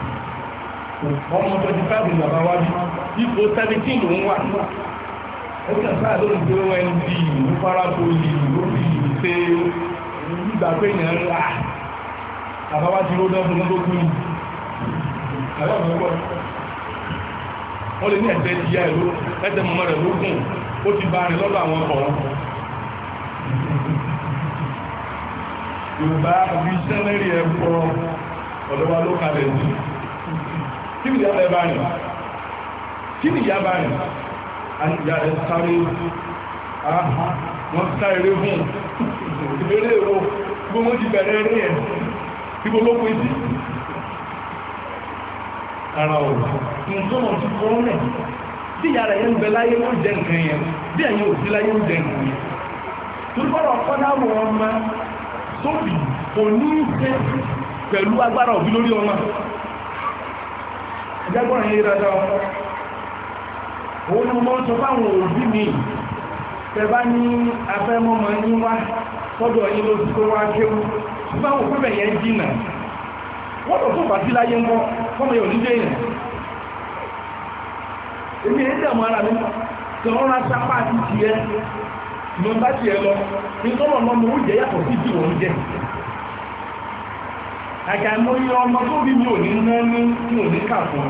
ọmọ twenty five ní bàbá wa bí ipò seventeen ló ń wà ó kàn sáà lórí pé wọn di ìlú farako yìí ló fi ṣe ìgbà pé èèyàn ń ra ah, bàbá wa ti ròdán fún lógún yìí àbá mi wọ wọn lè ní ẹsẹ̀ ti yá ìlú ẹsẹ̀ mọmọ rẹ lógún ó ti bá rìn lọ́dọ̀ àwọn ọkọ wọn. Yorùbá àbí sẹ́lẹ̀rì ẹ̀kọ́ ọ̀dọ́wà ló kalẹ̀ yìí tí ìyá bẹ bá rìn tí ìyá bá rìn àyà rẹ̀ sáré ah, wọ́n sá eré fún ìbéèrè èrò gbogbo ti bẹ̀rẹ̀ eré ẹ̀ tí gbogbo pé sí ara ọ̀ nǹkan ti kọ́ mẹ́ tí ìyá rẹ̀ yẹn bẹ láyé wọ́n jẹ nǹkan yẹn bí ẹ̀yìn ò sí láyé ń jẹ nǹkan yẹn tó gbọ́dọ̀ kọ́ dáwọ̀ ọmọ sóbì kò jágbọ́n yìí dáadáa òun mọ́ sọ fáwọn òbí mi tẹba ní afẹ́mọ́mọ́ yí wá sọ́dọ̀ yí ló tó wá kéwú fáwọn pẹ́bẹ̀ yẹn jìnà wọ́n tó tó bàtí láyé ń bọ́ fọ́mọ yóò dídé yẹn èmi èdè àmọ́ ara mi tẹ ọ́nà sápá àti tiẹ̀ lọ́nà tiẹ̀ lọ nítorí ọ̀nà mi ó jẹ́ yàtọ̀ sí ti wọ́n jẹ́ àkàìmọye ọmọ tó bí mi ò ní ná ní mi ò ní kà fún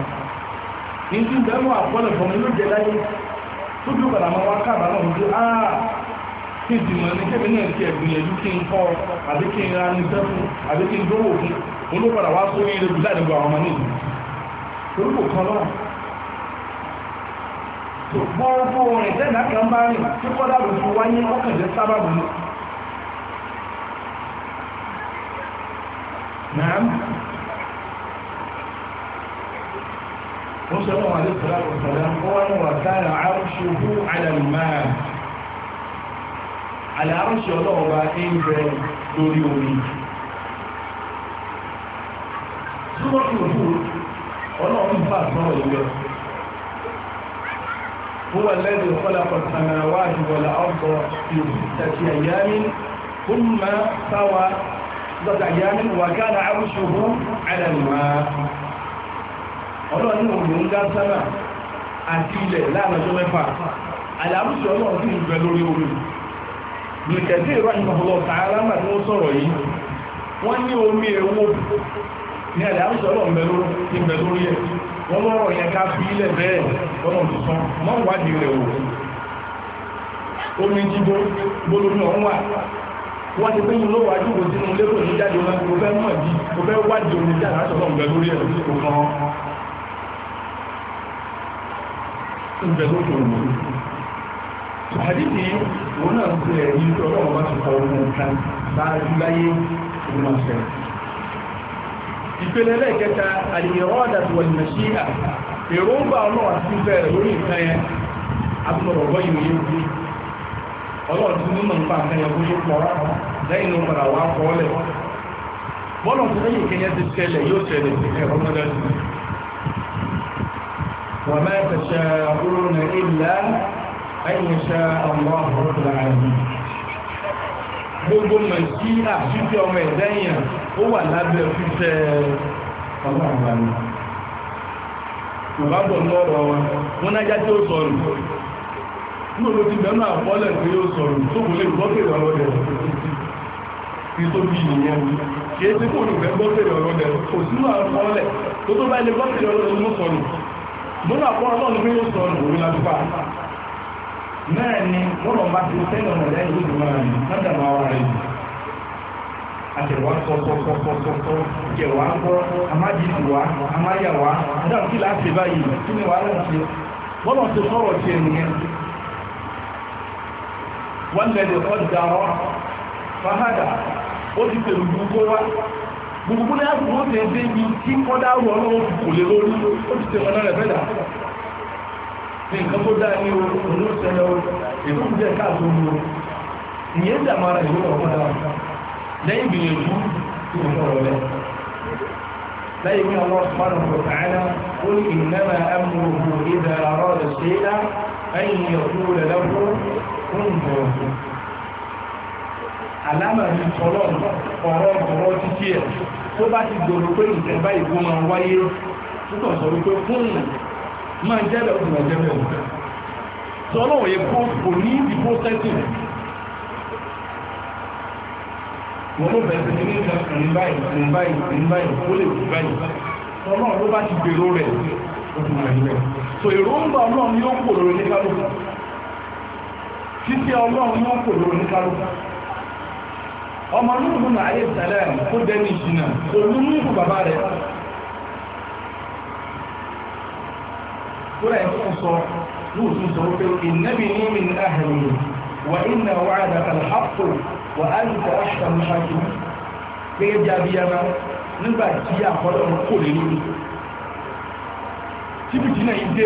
ní tí ń bẹ̀rù àpọ́lẹ̀ fún mi ló jẹ láyé tó bí padà máa wá kábà náà wípé áà kí n dìmọ̀ ní kébì náà ti ẹ̀gbìyànjú kí n kọ́ àbí kí n ra ní sẹ́fún àbí kí n dówó fún mo ló padà wá sórí ilé bùdá ìdìbò àwọn ọmọ nílùú torí kò kan náà gbogbo orin tẹ́lá kan bá rìn tí kọ́dà ló fi wáyé ọkàn jẹ́ sábàbù نعم وصلى الله عليه الصلاة والسلام هو وكان عرشه على الماء على عرش الله باقين دوري ومي سورة الوجود الله من فاس هو الذي خلق السماوات والأرض في ستة أيام ثم سوى ستة أيام وكان عرشه على الماء ọlọ́run ní òun dá sábà àti ilẹ̀ láàrín ọjọ́ mẹ́fà àlàáfíì ọlọ́run sí ìgbẹ̀ lórí orí nìkẹ̀sí ìrọ̀yìn ọ̀pọ̀lọ̀ tààrà mà tí ó sọ̀rọ̀ yìí wọ́n ní omi èwo ní ọlọ́run lórí ẹ̀ wọ́n lọ́rọ̀ ká fi ilẹ̀ bẹ́ẹ̀ wọ́n ti pé yìí ló wà jùlọ sínú lérò ní jáde wọn kò fẹ́ mọ̀ bí kò fẹ́ wádìí omi jáde látọ̀lọ́ ń bẹ lórí ẹ̀rọ sí kò kan ń bẹ lókè òmù àdìsí òun náà ti ẹ̀ tó ọlọ́run bá ti kọ ohun nǹkan sáájú láyé òun máa sí èròǹgbà ọlọ́run àti fífẹ́ rẹ̀ lórí nǹkan yẹn ọlọ́run ti mímọ̀ nípa nǹkan yẹn bó ṣe pọ̀ wá lẹ́yìn ló padà wá kọ́ ọ́lẹ̀ bọ́lọ̀ ti tẹ́lẹ̀ yóò tẹ́lẹ̀ ẹ̀rọ mọ́lẹ̀ sí wà máa tẹ̀ṣẹ̀ àbúrò ní ilẹ̀ ayẹ̀ṣẹ̀ ọmọ àbúrò gbogbo nàìjíríà fífẹ́ ọmọ ẹ̀dẹ́yìn ní olóò ti bẹ̀rún àpọ́lẹ̀ tí ó sọ̀rọ̀ tó kò lè gbọ́kèrè ọlọ́dẹ̀ tí tó bí ìyẹn kí é tí kò lè gbọ́kèrè ọlọ́dẹ̀ kò sínú àpọ́lẹ̀ tó tó bá ilé gbọ́kèrè ọlọ́dẹ̀ ló sọ̀rọ̀ mọ́nà àpọ́lẹ̀ ọlọ́dẹ̀ ló sọ̀rọ̀ òun lágbà náà ni wọ́n lọ bá ti tẹ́lẹ̀ ọmọ lẹ́yìn lójú máa rìn lọ́dà máa wà rìn àtẹ̀wá sọ́sọ́sọ́sọ́sọ́ jẹ̀wá gbọ́ amájìdìwá amáyàwá adáàkí láti báyìí kí ni wàhálà ti bọ́lọ̀ ti sọ̀rọ̀ ti ẹ̀nìyàn wọ́n lẹ́dẹ̀ ọ̀dàrọ̀ fahada ó ti pẹ̀lú gbogbo wá gbogbo náà fún ó tẹ́ dé ní kí kọ́dá wọ́n lọ́wọ́ kò lè lórí ó ti tẹ́ wọn náà rẹ̀ ní nǹkan tó dá ní òun ó tẹ́lẹ̀ ó ètò ń jẹ́ káàtó ní o ìyẹn dà máa ra ìwé fún ìgbọ̀ọ̀gbọ̀ àlámà ní ọ̀rọ̀ ọ̀rọ̀ títí ẹ̀ tó bá ti gbòòrò pé nǹkan báyìí kó máa wáyé túbọ̀ sọ wípé fún máa jẹ́bẹ̀ òkú máa jẹ́bẹ̀ òkú sọ́lọ́ òye kó kò ní ìdí processing wọ́n ló bẹ̀rẹ̀ sí ní nǹkan ní báyìí ní báyìí ní báyìí ó lè kú báyìí sọ́lọ́ ló bá ti gbèrò rẹ̀ òkú máa jẹ́bẹ̀ so títí ọlọ́run yóò kò lórí kálùkù ọmọ lóòrùn náà ayé ìtàlẹ̀ kó dẹ́ni ìṣìnà olúmú ìkù bàbá rẹ̀ kúrẹ̀ ìfún sọ lóòtún sọ wípé ìnẹ́bì ní mi ní ahẹ̀rẹ̀ wà iná wà á dàkà láàpù wà á ní tàrà ṣàmù ṣáàkì gẹ́gẹ́ bí abiyama nígbà tí àkọlọ́run kò lè lórí tíbìtì náà yìí dé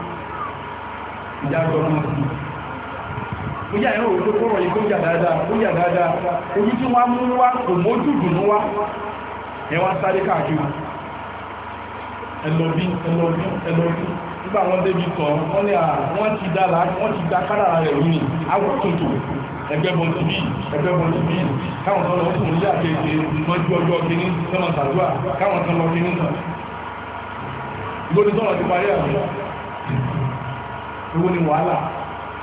ìjájọ́ ọmọ sí ó yà ẹ̀rọ òjò kọ́rọ̀ yìí tó yà dáadáa ó yà dáadáa ojú tí wọ́n mú wá kò mójú dùn wá ẹwà sáré káàkiri ẹlọ́bí ẹlọ́bí ẹlọ́bí nígbà wọn débi tọ̀ wọ́n ní àwọn ti dá wọ́n ti dá kádàrà rẹ̀ rú ni àwọn tòtò ẹgbẹ́bọn ti bí ẹgbẹ́bọn ti bí káwọn tọ́lọ ó fún ilé àkẹ́kẹ́ ìtọ́jú ọjọ́ kìíní tọ́nà tàdúrà káwọn tọ́lọ kìíní tàn ìgbóni tọ́nà ti parí àwọn èwo ni wàhálà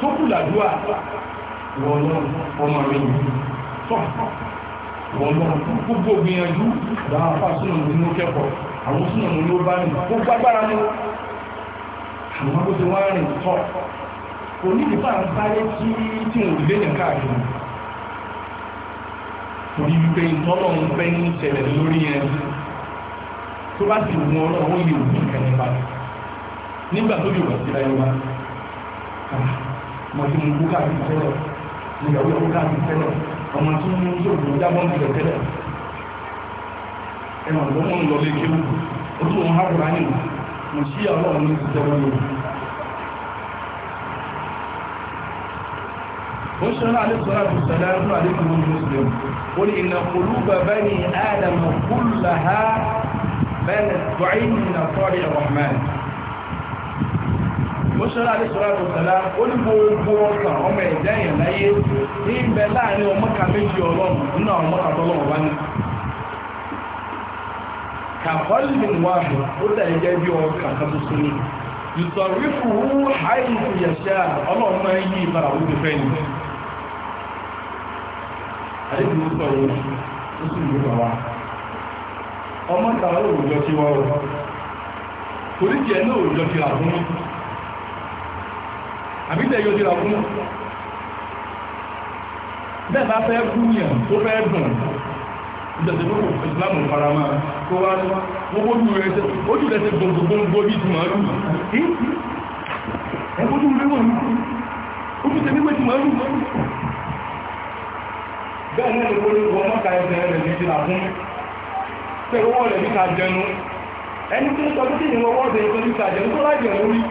tó kù làdúrà wọ̀ọ́lọ́ ọmọ rẹ̀ yìí tọ́ wọ̀ọ́lọ́ gbogbo gbìyànjú dáhà fà sínú ìlú kẹ́kọ̀ọ́ àwọn sínú ìlú bá ní gbogbo agbára ní àwọn tó ti wá rìn tọ́ onídìbà ń sáré tí tí wọn ò lé ní káàkiri torí wípé ìtọ́lọ̀ ń pẹ́ ní ìṣẹ̀lẹ̀ lórí yẹn tó bá sì wọ́n ọlọ́run yìí ò ní ìkànnì bá nígbà tó yóò wá sí láyé wá mọ̀ ah, tí mo kú káàkiri tẹ́lẹ̀ mo yàwó yàwó káàkiri tẹ́lẹ̀ ọmọ tí mo ń sòrò jábọ́ ń bẹ̀rẹ̀ tẹ́lẹ̀ ẹ̀rọ ìgbọ́n mọ̀ ń lọ lé kéwù ó tún wọn hábùrá nìyí mo sí ọlọ́run ní ìtẹ́wọ́ lórí mọ́ṣọ́lá àdìsọ́láàtò sàlá ó ní gbogbo ọkà ọmọ ẹ̀dá èèyàn láyé ní ibẹ̀ láàrin ọmọkà méjì ọlọ́run nínú àwọn ọmọkà tọ́lọ́run wá ní kàfọ́lìn wáhùn ó dàí jẹ́ bí ọkà kan tó sún ní ìtọ̀rífù àìsù yẹ̀ṣẹ́ ọlọ́run máa ń yí ìbára ó ti fẹ́ ni àdìsọ́láàtò sọ̀rọ̀ ó sì ń gbé wa ọmọkà ló wùjọ sí wọ́n torí tiẹ̀ náà àbílẹ̀ yóò dìra fún bẹ́ẹ̀ bá fẹ́ kú yẹn tó fẹ́ dùn ìjọsẹ̀gbọ́n ìsìlámù farama tó wá gbogbo ojú rẹ̀ ṣe gbogbogbò bí ti màálù ẹgbójú ojú tẹ́ nígbé ti bẹ́ẹ̀ náà lè kórè wọ́n mọ́ta ẹsẹ̀ rẹ̀ ní ìdílà fún pẹ̀lú wọ́n rẹ̀ níta jẹnu ẹni tí ó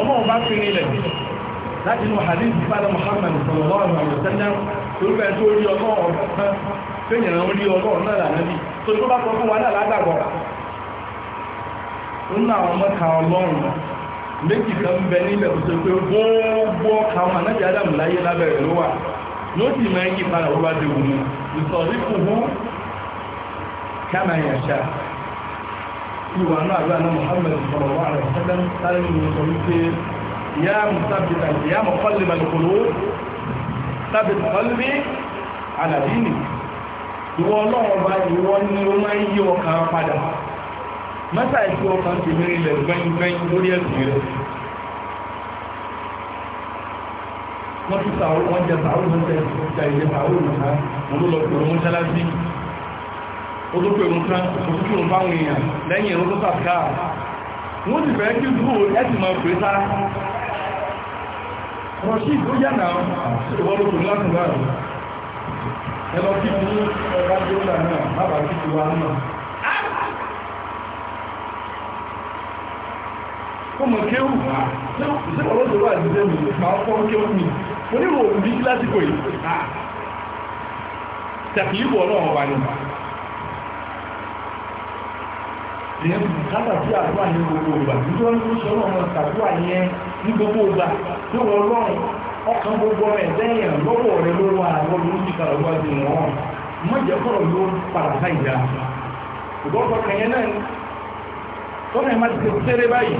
ọmọ ọba fi nílẹ̀ láti inú hadith ìbára Muhammad sallallahu alaihi wasallam torí bẹ́ẹ̀ tó rí ọlọ́run ọ̀pẹ́ fẹ́yìn rí ọlọ́run náà lànàbí tó tó bá sọ fún wa náà ládàgbọ̀ nínú àwọn mọ́ta ọlọ́run méjì kan bẹ nílẹ̀ tó pé gbogbo ọkà wọn anábì Adam láyé lábẹ́rẹ̀ ló wà ló sì máa ń yí padà wọ́n bá dé òun ìsọ̀rí fún kama ìwà náà àgbà náà Muhammad sallallahu alaihi wasallam sáré ní sọ wípé ya musabita ya mọ̀kọ́lì balùkùlù sábẹ̀ mọ̀kọ́lì alàdínì ìwọ ọlọ́run bá ìwọ ni ó máa ń yí ọkàn padà mẹ́ta ìfẹ́ ọkàn ti mẹ́rin lẹ̀ gbẹ́ngbẹ́ng lórí ẹ̀sìn rẹ̀ wọ́n ti sàwọn jẹ sàwọn mẹ́ta ìfẹ́ ìjẹ sàwọn olóko ìrun kan òkúkú ìrun báwọn èèyàn lẹ́yìn ìrun tó sàkà wọ́n ti fẹ́ kí gbúrò ẹ̀sìn máa pè sá rọ̀ṣí tó yà náà ìwọ́lókò láti láàrín ẹlọ kí ní ọba tó là náà bàbá kí ti wá náà ó mọ̀ kéwù ìṣẹ́wọ̀lókò wà ní ẹ̀mí máa fọ́ kéwù mi oníwò òbí lásìkò yìí tẹ̀kì ìwọ̀ náà wà ní lè ń bùkátà sí àdúrà ní gbogbo ìgbà nítorí wọn ní sọ́nà ọmọ ìsàdúrà yẹn ní gbogbo ìgbà tó wọ́n lọ́rùn ọkàn gbogbo ẹ̀ lẹ́yìn lọ́wọ́ rẹ ló wà àwọn olùsìkà lọ́wọ́ ti wọ́n mọ́jẹ́ kọ́rọ̀ ló padà ká ìjà ìgbọ́kọ̀ kẹyẹ náà tọ́nà ẹ̀ má ti tẹ́rẹ́ báyìí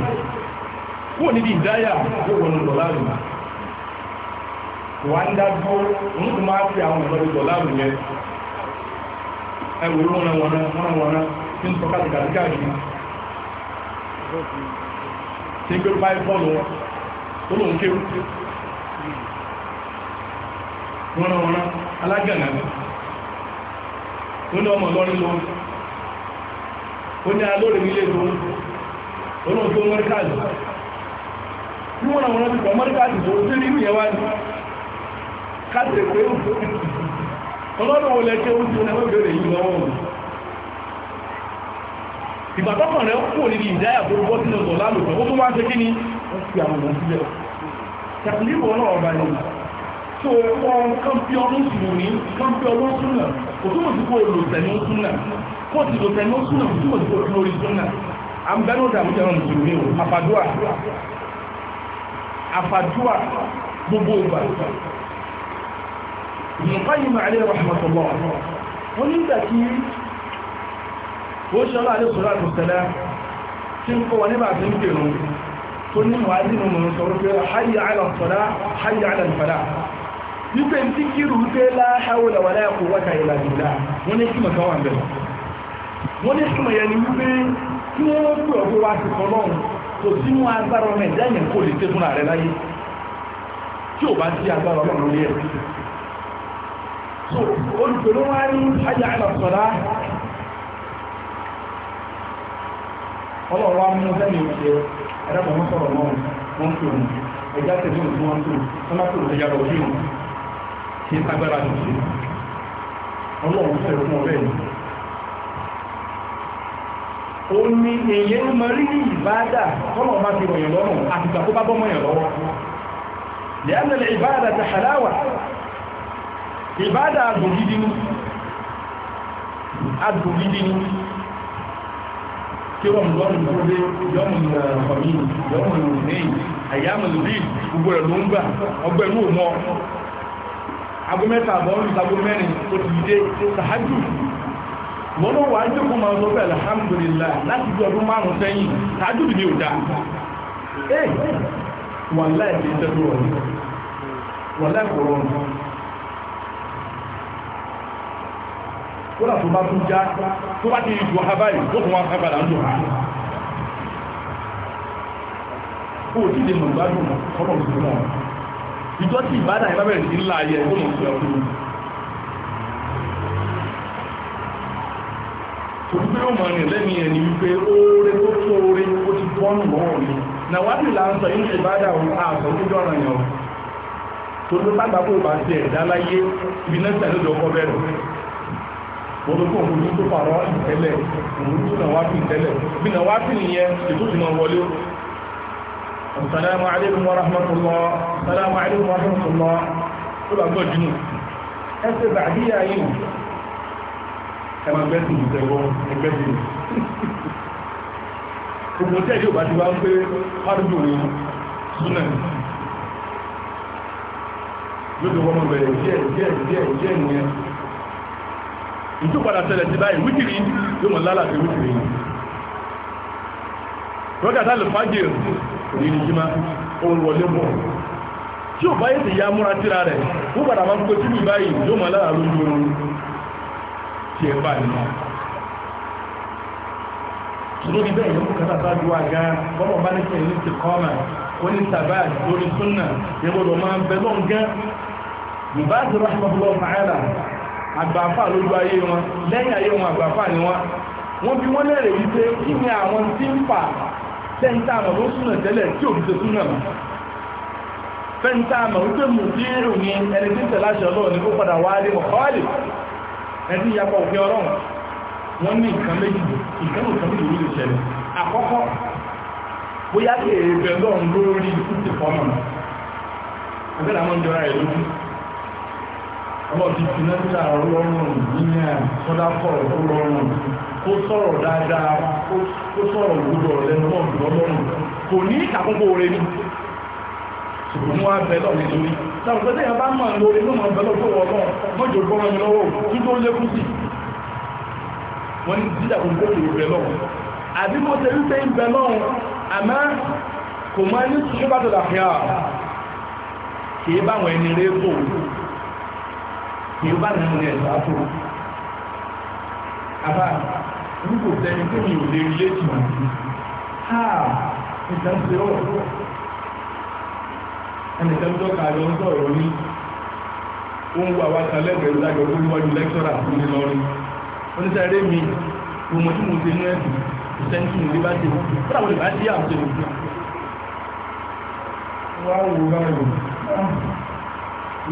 kúrò níbi ìdáyà yóò wọ́n lọ ń dájú ń kú máa tí ń sọ kàtìkàtìkà yìí tí ń gbé báyìí bọ́ọ̀lù wọn tó lóun kéwù wọ́nàwọ́nà alágànà ní ó ní ọmọ lọ́rin lọ́wọ́ ó ní alóòrè nílé lọ́wọ́ ó ní ọjọ́ mọ́ríkàlì ní wọ́nàwọ́nà ti pọ̀ mọ́ríkàlì tó tí ní ìyẹwà ní káàkiri pé ó ọlọ́rọ̀ wọlé kí ó ti ẹwọ́ ìgbàtọ́kàn rẹ̀ kò níbi ìdáyà gbogbo sínú ọ̀tọ̀ lálùpẹ̀ ó tó wá ń ṣe kí ni ó fi àwọn ọmọ sílẹ̀ tẹ̀kùlípọ̀ náà ọba ẹ̀yìn tó wọ́n kọ́mpí ọdún sùnù ní kọ́mpí ọdún sùnà kò túnmọ̀ sí kó lò tẹ̀lé ó sùnà kó ti lò tẹ̀lé ó sùnà kò túnmọ̀ sí kó ó ṣe ọlá alẹ́ sọ́rọ̀ àtọ̀sẹ̀lá tí ń kọ́ wọn nígbà tí ń pèrún tó ní wà nínú mọ̀ sọ̀rọ̀ pé hayya ala sọ́lá hayya ala fàdá wípé tí kírù pé la hawla wala quwwata illa billah wọ́n ní kíma kan wà bẹ̀rẹ̀ wọ́n ní kíma yẹn ni wípé kí wọ́n pè ọkọ̀ wá sí kọlọ́n kò ọlọ́run wa mú sẹ́yìn ìṣe ẹ̀dàpọ̀ wọn sọ̀rọ̀ náà wọ́n tó ní ẹja tẹ̀lé òun tí wọ́n tó wọ́n bá tó ẹja lọ sí òun kí agbára ti ṣe ọlọ́run sọ̀rọ̀ fún ọ̀rẹ́ yìí. ó ní èyí ń mọ rírì ìbáadà tọ́lọ̀ bá ti rọ̀yàn lọ́rùn àtìgbà tó bá bọ́ mọ́yàn lọ́wọ́ lẹ́yìn ìbáadà ti hàláwà ìbáadà àgbògidinu àgbògidinu kí rọmọdọ́nù tó dé yọmù ọ̀mí yọmù ìrìnlẹ́yìn àyàmù ìbí gbogbo ẹ̀ ló ń gbà ọgbẹ́ ìlú mọ́ ago mẹ́ta àbọ̀rún ìsago mẹ́rin tó ti dé sàájú wọ́n ló wà jókòó máa lọ bẹ́ẹ̀ láti bí ọdún márùn-ún sẹ́yìn sàájú ni ò dá eh, wàláì kìí tẹ́tù rọrùn kódà tó bá tún já tó bá ti ìjọ àbáyé tó tún wá kápadà ń dùn kó o tíde mọ̀ gbádùn ọmọ òṣèlú náà ìjọ tí ìbádà ìbábẹ̀rẹ̀ sí ńlá ayẹ tó mọ̀ sí ọdún torí pé ó mọ̀ ní lẹ́mí ẹni wípé oore tó tó oore ó ti bọ́nù lọ́wọ́ mi na wá sí láńsọ inú ìbádà òun ààbọ̀ tó jọ́ ọ̀ràn yẹn o torí pé bàbá kò bá ti ẹ̀dá láyé ibi náà sàlẹ̀ lọ́kọ́ bẹ̀rẹ̀ olóko òun tó pàrọ̀ ìtẹ́lẹ̀ òun tó nà wá sí ìtẹ́lẹ̀ bí nà wá sí nìyẹn ètò ìmọ̀ wọlé assalamu alaikum wa rahmatullah assalamu alaikum wa rahmatullah tó bá gbọ́ jùlọ ẹsẹ̀ bàdíyà yìí ẹmà bẹ́sìn ìtẹ́gbọ́ ẹgbẹ́sìn gbogbo tẹ́ yóò bẹ̀rẹ̀ díẹ̀ díẹ̀ díẹ̀ díẹ̀ nìyẹn ìtò padà tẹ́lẹ̀ sí báyìí wítìrí yóò mọ̀ lálàfẹ́ wítìrí rọ́gàtà lè fàájìr ní ìjímá ohun wọlé mọ̀ tí ò báyìí ti ya múra tíra rẹ̀ ó padà máa kó síbí báyìí yóò mọ̀ lálàfẹ́ lójú oorun tí ẹ bá nínú lórí bẹ́ẹ̀ yóò kọ́ta sáájú àga bọ́bọ̀ bá ní kí ẹ̀yìn ti kọ́mà ó ní sàbá lórí súnà ìwọ̀n lọ máa ń bẹ lọ́ngán ìbáàdì rahmatullahi ta'ala àgbàfà lójú ayé wọn lẹ́yìn ayé wọn àgbàfà ni wọn wọ́n bí wọ́n lẹ́rẹ̀ wípé kí ni àwọn tí ń fà fẹ́ntà àmọ̀ ló súnà tẹ́lẹ̀ tí òbí ṣe súnà mọ́ fẹ́ntà àmọ̀ wípé mú sí èrò ẹni tí ń tẹ̀lá ṣe ọlọ́run ní kó padà wá rí mọ̀kọ́wálì ẹni ìyapa òfin ọlọ́run wọ́n ní nǹkan méjì nǹkan nǹkan méjì ló lè ṣẹlẹ̀ àkọ́kọ́ bóyá kèrè bẹ̀rẹ̀ lọ́run lórí ikú ti fọ́nà ọlọ́ọ̀dì sinẹ́tà ọlọ́run yíyan sọ́dápọ̀ ọlọ́run kó sọ̀rọ̀ dáadáa kó sọ̀rọ̀ gbogbo ọ̀lẹ́nu ọlọ́run kò ní àkókò rẹ̀ ní ṣùgbọ́n wá bẹ̀lọ̀ nítorí tàbùkọ́tẹ́ yà bá mọ̀ lórí ló mọ̀ bẹ̀lọ̀ tó wọ́n mọ́jọ gbọ́rọ̀ mi lọ́wọ́ kí tó lékún sí wọ́n ní dídà kò kó lè bẹ̀lọ̀ àbí mo ṣe wípé ń bẹ̀lọ̀ àmọ́ kò mọ́ ní ṣúgbàtọ̀ dàfíà kì í báwọn ẹni rẹ̀ kò yorùbá náà ń lẹ̀ ẹ̀sọ́ àtò àbá ní kò sẹ́ni tó mi ò lè rí létí wọn sí ha nǹkan ṣe ọ̀ ẹnìkan tó kà lọ sọ̀rọ̀ ní ó ń wà wá kan lẹ́gbẹ̀ẹ́ ìdájọ́ tó wájú lẹ́kítọ́rà fún mi lọ́rí oníṣẹ́rẹ́ mi kò mọ̀ tí mo ṣe inú ẹ̀sìn ìṣẹ́ntì ìlú bá ṣe fúnra wọlé bá ṣe àwùjọ ìlú wá wò báyìí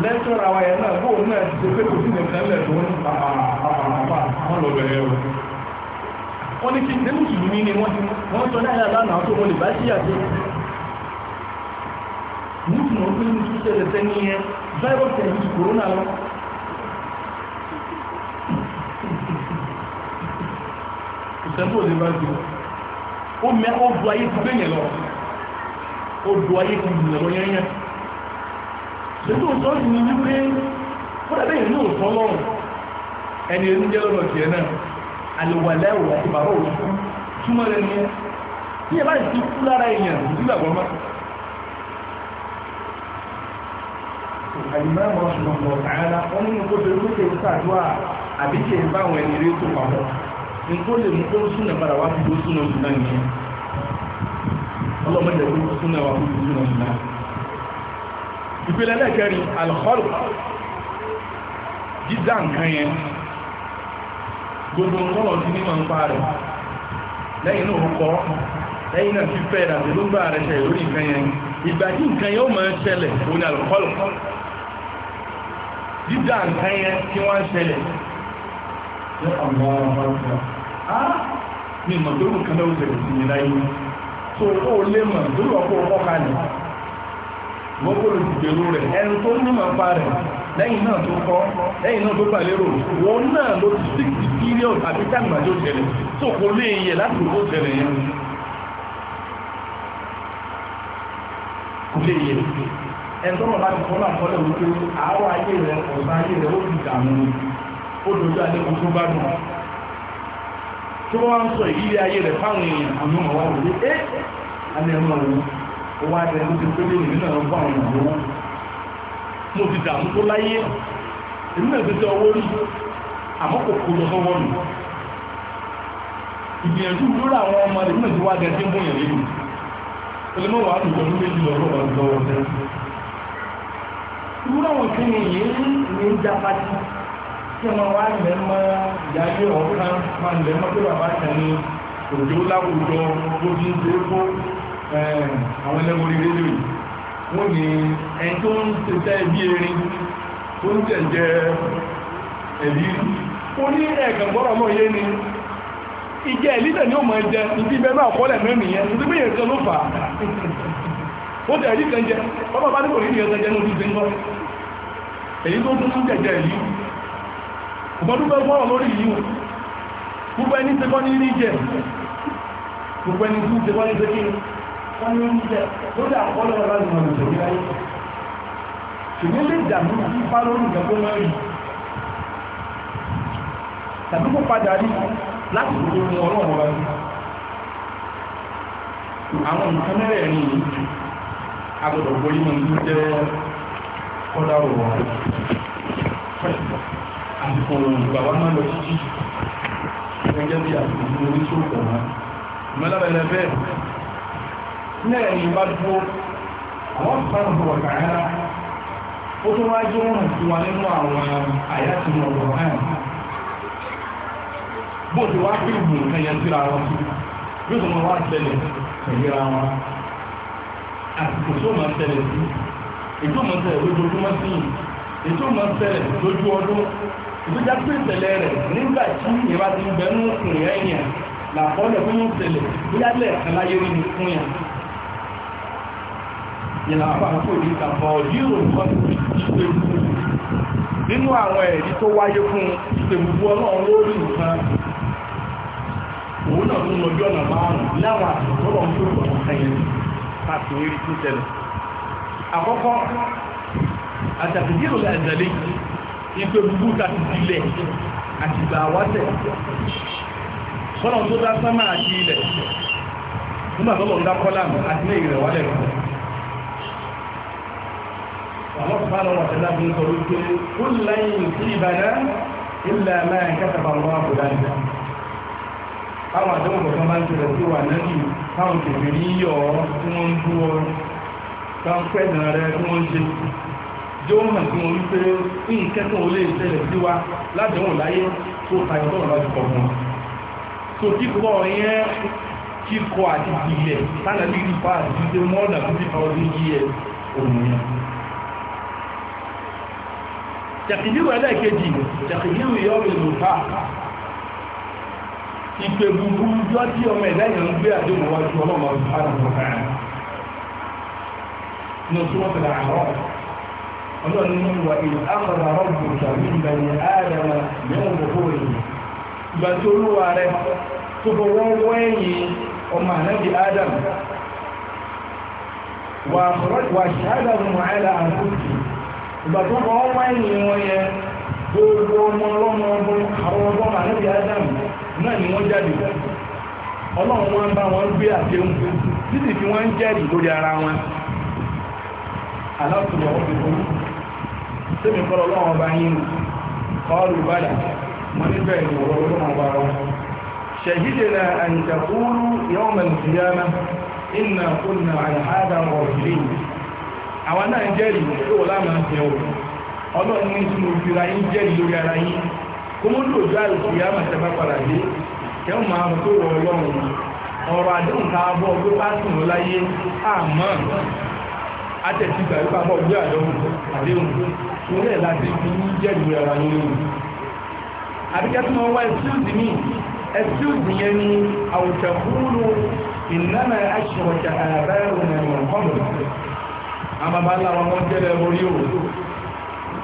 lẹ́tọ́ra wa yẹn náà bóun náà ti pé kò sí nìkan lẹ̀ tó ń pàpàpàpà wọn lọ bẹ̀rẹ̀ o wọ́n ní kí ní mùsùlùmí ni wọ́n sọ náà lánàá tó wọ́n lè bá sí àti mùsùlùmí ọdún ní kí ṣẹlẹ̀ sẹ́ni yẹn virus ẹ̀ yìí corona lọ ìṣẹ́bù òde bá ti ó mẹ́ ó bu ayé ti gbé yẹn lọ ó bu ayé ti gbé yẹn lọ yẹn yẹn títí òtọ́ ìlú wípé fọ́lẹ́bẹ̀ ìlú òtọ́ lọ́rùn ẹni ẹni jẹ́ lọ́rọ̀ jẹ́ náà àlèwàlẹ́wò àti bàbá òtún túmọ̀ rẹ̀ ní ẹ tí ẹ bá kú lára èèyàn nígbàgbọ́ ọlọ́mọdé ló súnà wá fi tó súnà súnà ìpele lẹ́kẹrin alkhọ́lù dídá nǹkan yẹn gbogbo ọlọ́rọ̀ ti nímọ̀ ń pa rẹ̀ lẹ́yìn náà kọ́ lẹ́yìn náà fífẹ́ ìdàtí ló bá rẹ̀ ṣe lórí nǹkan yẹn ìgbà tí nǹkan yẹn ó máa ń ṣẹlẹ̀ òun ni alkhọ́lù dídá nǹkan yẹn tí wọ́n ṣẹlẹ̀ ní ọ̀gbọ̀n ọ̀gbọ̀n mọ́kòrò ìgbèrú rẹ̀ ẹnu tó ní ma pa rẹ̀ lẹ́yìn náà tó kọ́ lẹ́yìn náà tó gbàlérò wọn náà ló ti six billion àbí táìmà tó ṣẹlẹ̀ tó kò lè yẹ láti kó ṣẹlẹ̀ yẹn kò lè yẹ ẹnu tó bá ti fọ́nà fọ́lẹ̀ wípé àárọ̀ ayé rẹ̀ ọ̀sán ayé rẹ̀ ó fi dààmú ó dojú alẹ́ kókó bá dùn tí wọ́n wá ń sọ ìrírí ayé rẹ̀ fáwọn èèyàn àmì ọ̀wá wòlé wọ́n á tẹ̀lé ti pé lẹ́yìn nínú ẹ̀rọ fún àwọn ìlú mo ti dààmú tó láyé èmi náà ti tẹ ọwọ́ rí àmọ́ kò kó lọ sọ́wọ́ nù ìgbìyànjú lórí àwọn ọmọ rẹ̀ náà ti wá jẹ tí ń bóyàn lẹ́nu ẹlẹ́mọ̀ wà á lù ọdún méjì lọ́wọ́ lọ́wọ́ lọ́wọ́ irú àwọn tí mi yìí ní ń japa tí kí ọmọ wa lẹ́ mọ́ ìyáyé ọ̀hún náà máa lẹ́ mọ́ pé bàbá kan ní òjò láwùjọ ló ti ń ṣe é fún Eh, àwọn ẹlẹ́gbọ̀n rédíò wọ́n ní ẹni tó ń tẹ́tẹ́ ẹbí erin tó ń tẹ̀jẹ́ ẹbí ó ní ẹ̀kàn gbọ́rọ̀ mọ́ yé ni ìjẹ́ ìlítẹ̀ ni ó mọ̀ jẹ ibi ibẹ̀ náà kọ́lẹ̀ mẹ́rin yẹn tó bí yẹn kan ló fà ó tẹ̀ ẹ̀lí kan jẹ ọmọ bá nípò nínú ẹ̀kan jẹ ní ojú ti ń kọ́ èyí tó tún ń tẹ̀jẹ́ ìlú ọmọ dúpẹ́ gbọ́rọ̀ lórí yìí gbogbo ẹni tẹ́kọ́ ní ilé jẹ gbogbo ẹni tún tẹ́kọ́ ní tẹ́kọ́ wọ́n ní oúnjẹ lórí àkọọ́lẹ̀ ọ̀rọ̀ ìmọ̀ ìjọba ayé ṣùgbọ́n lè dàbí ipá lórí ìjọba mẹ́rin tàbí kó padà rí láti kó ní ọlọ́run wa àwọn nǹkan mẹ́rẹ̀ ní agbọ̀dọ̀ borí mọ̀ ní jẹ́ kọ́dá ọ̀rọ̀ àsìkò bàbá máa lọ títí gẹ́gẹ́ bí àsìkò ní orí tó kọ̀ wọn mẹ́lẹ́bẹ̀ẹ́lẹ́ bẹ́ẹ̀ náà ní bá dúró àwọn ìfọwọ́sọ wọ̀ kàrá ó tó wá jẹ́ wọn sí wa nínú àwọn àyà tí wọn wọ̀ hàn bó ti wá fi ìbùn kẹyẹ síra wọn yóò tó wọn wá tẹlẹ kẹyẹra wọn àsìkò tó máa tẹlẹ sí ètò máa tẹlẹ lójoojúmọ́ sí ètò máa tẹlẹ lójú ọdún ìgbéjà pé ìtẹ̀lẹ̀ rẹ̀ nígbà tí ìyẹn ti ń bẹnu òkùnrin ẹ̀yìn fún ìtẹ̀lẹ̀ bóyá lẹ̀ ẹ̀ka láyé rí ni fún yẹn ìlà àpapọ̀ ní ìtàbọ̀ yíò nínú àwọn ẹ̀rí tó wáyé fún ìtẹ̀gbùgbù ọlọ́run lórí nǹkan òun náà tún lọ́jọ́ ọ̀nà márùn-ún láwọn àtọ̀tọ́rọ̀ tó pọ̀ ẹ̀yìn láti rí tún tẹ̀lẹ̀ àkọ́kọ́ àtàkìdírò àwọn sùpánà wà tẹ́lá bí n sọ wípé ó lẹ́yìn sí ìbàdá ilẹ̀ mẹ́rin kẹtàbà wọn àbúdá ní àwọn àdéhùn kọ̀ọ̀kan bá ń tẹ̀lẹ̀ sí wà lẹ́yìn táwọn kèfè ní yọ tí wọ́n ń bú ọ táwọn pẹ̀lẹ̀ rẹ tí wọ́n ń ṣe jẹ́ wọ́n hàn sí wọn wípé nǹkẹ́kọ̀ọ́ ò lè tẹ̀lẹ̀ sí wa láti kọ̀ fún wọn so kíkọ́ yẹn kíkọ́ tẹ̀kìlú ẹlẹ́ẹ̀kejì tẹ̀kìlú ìyọ́rìn lùfà ìpè gbogbo yọ́ tí ọmọ ìlẹ́yìn ń gbé àdéhùn wájú ọlọ́mọ ìfàdùn ọ̀hán ní oṣù wọn fẹ̀lẹ̀ àárọ̀ ọlọ́run ní wà ìlú àmọ̀ràn rọ́bù tàbí ìgbàlẹ̀ ìgbà tó kọ́ ọmọ ẹ̀yìn wọn yẹ gbogbo ọmọ ọlọ́mọ ọdún àwọn ọgbọ́n àlẹ́bí adam náà ni wọ́n jáde ọlọ́run wọn bá wọn gbé àdéhùn títì tí wọ́n ń jẹ́rìí lórí ara wọn aláàtúwọ̀ ọ̀gbìn sẹ́mi kọ́lọ́ ọlọ́run ọba yín kọ́ọ̀lù bàdà wọn níbẹ̀ ìwọ̀rọ̀ ọlọ́run wọn شهدنا أن تقولوا يوم القيامة إنا كنا عن هذا غافلين àwa náà jẹ́rìí tó wọ́n láàmà jẹ́ o ọlọ́run ní tí mo fi ra yín jẹ́rìí lórí ara yín kó mú lòdù àlùkò yá màtẹ́ bá padà dé kẹ́hùn máa mú tó wọ ọlọ́run ọ̀rọ̀ àdéhùn ká bọ́ pé bá sùn lọ láyé àmọ́ àtẹ̀sí ìgbà gbé àdéhùn àmàbá láwọn wọn jẹ́lẹ̀ orí òwò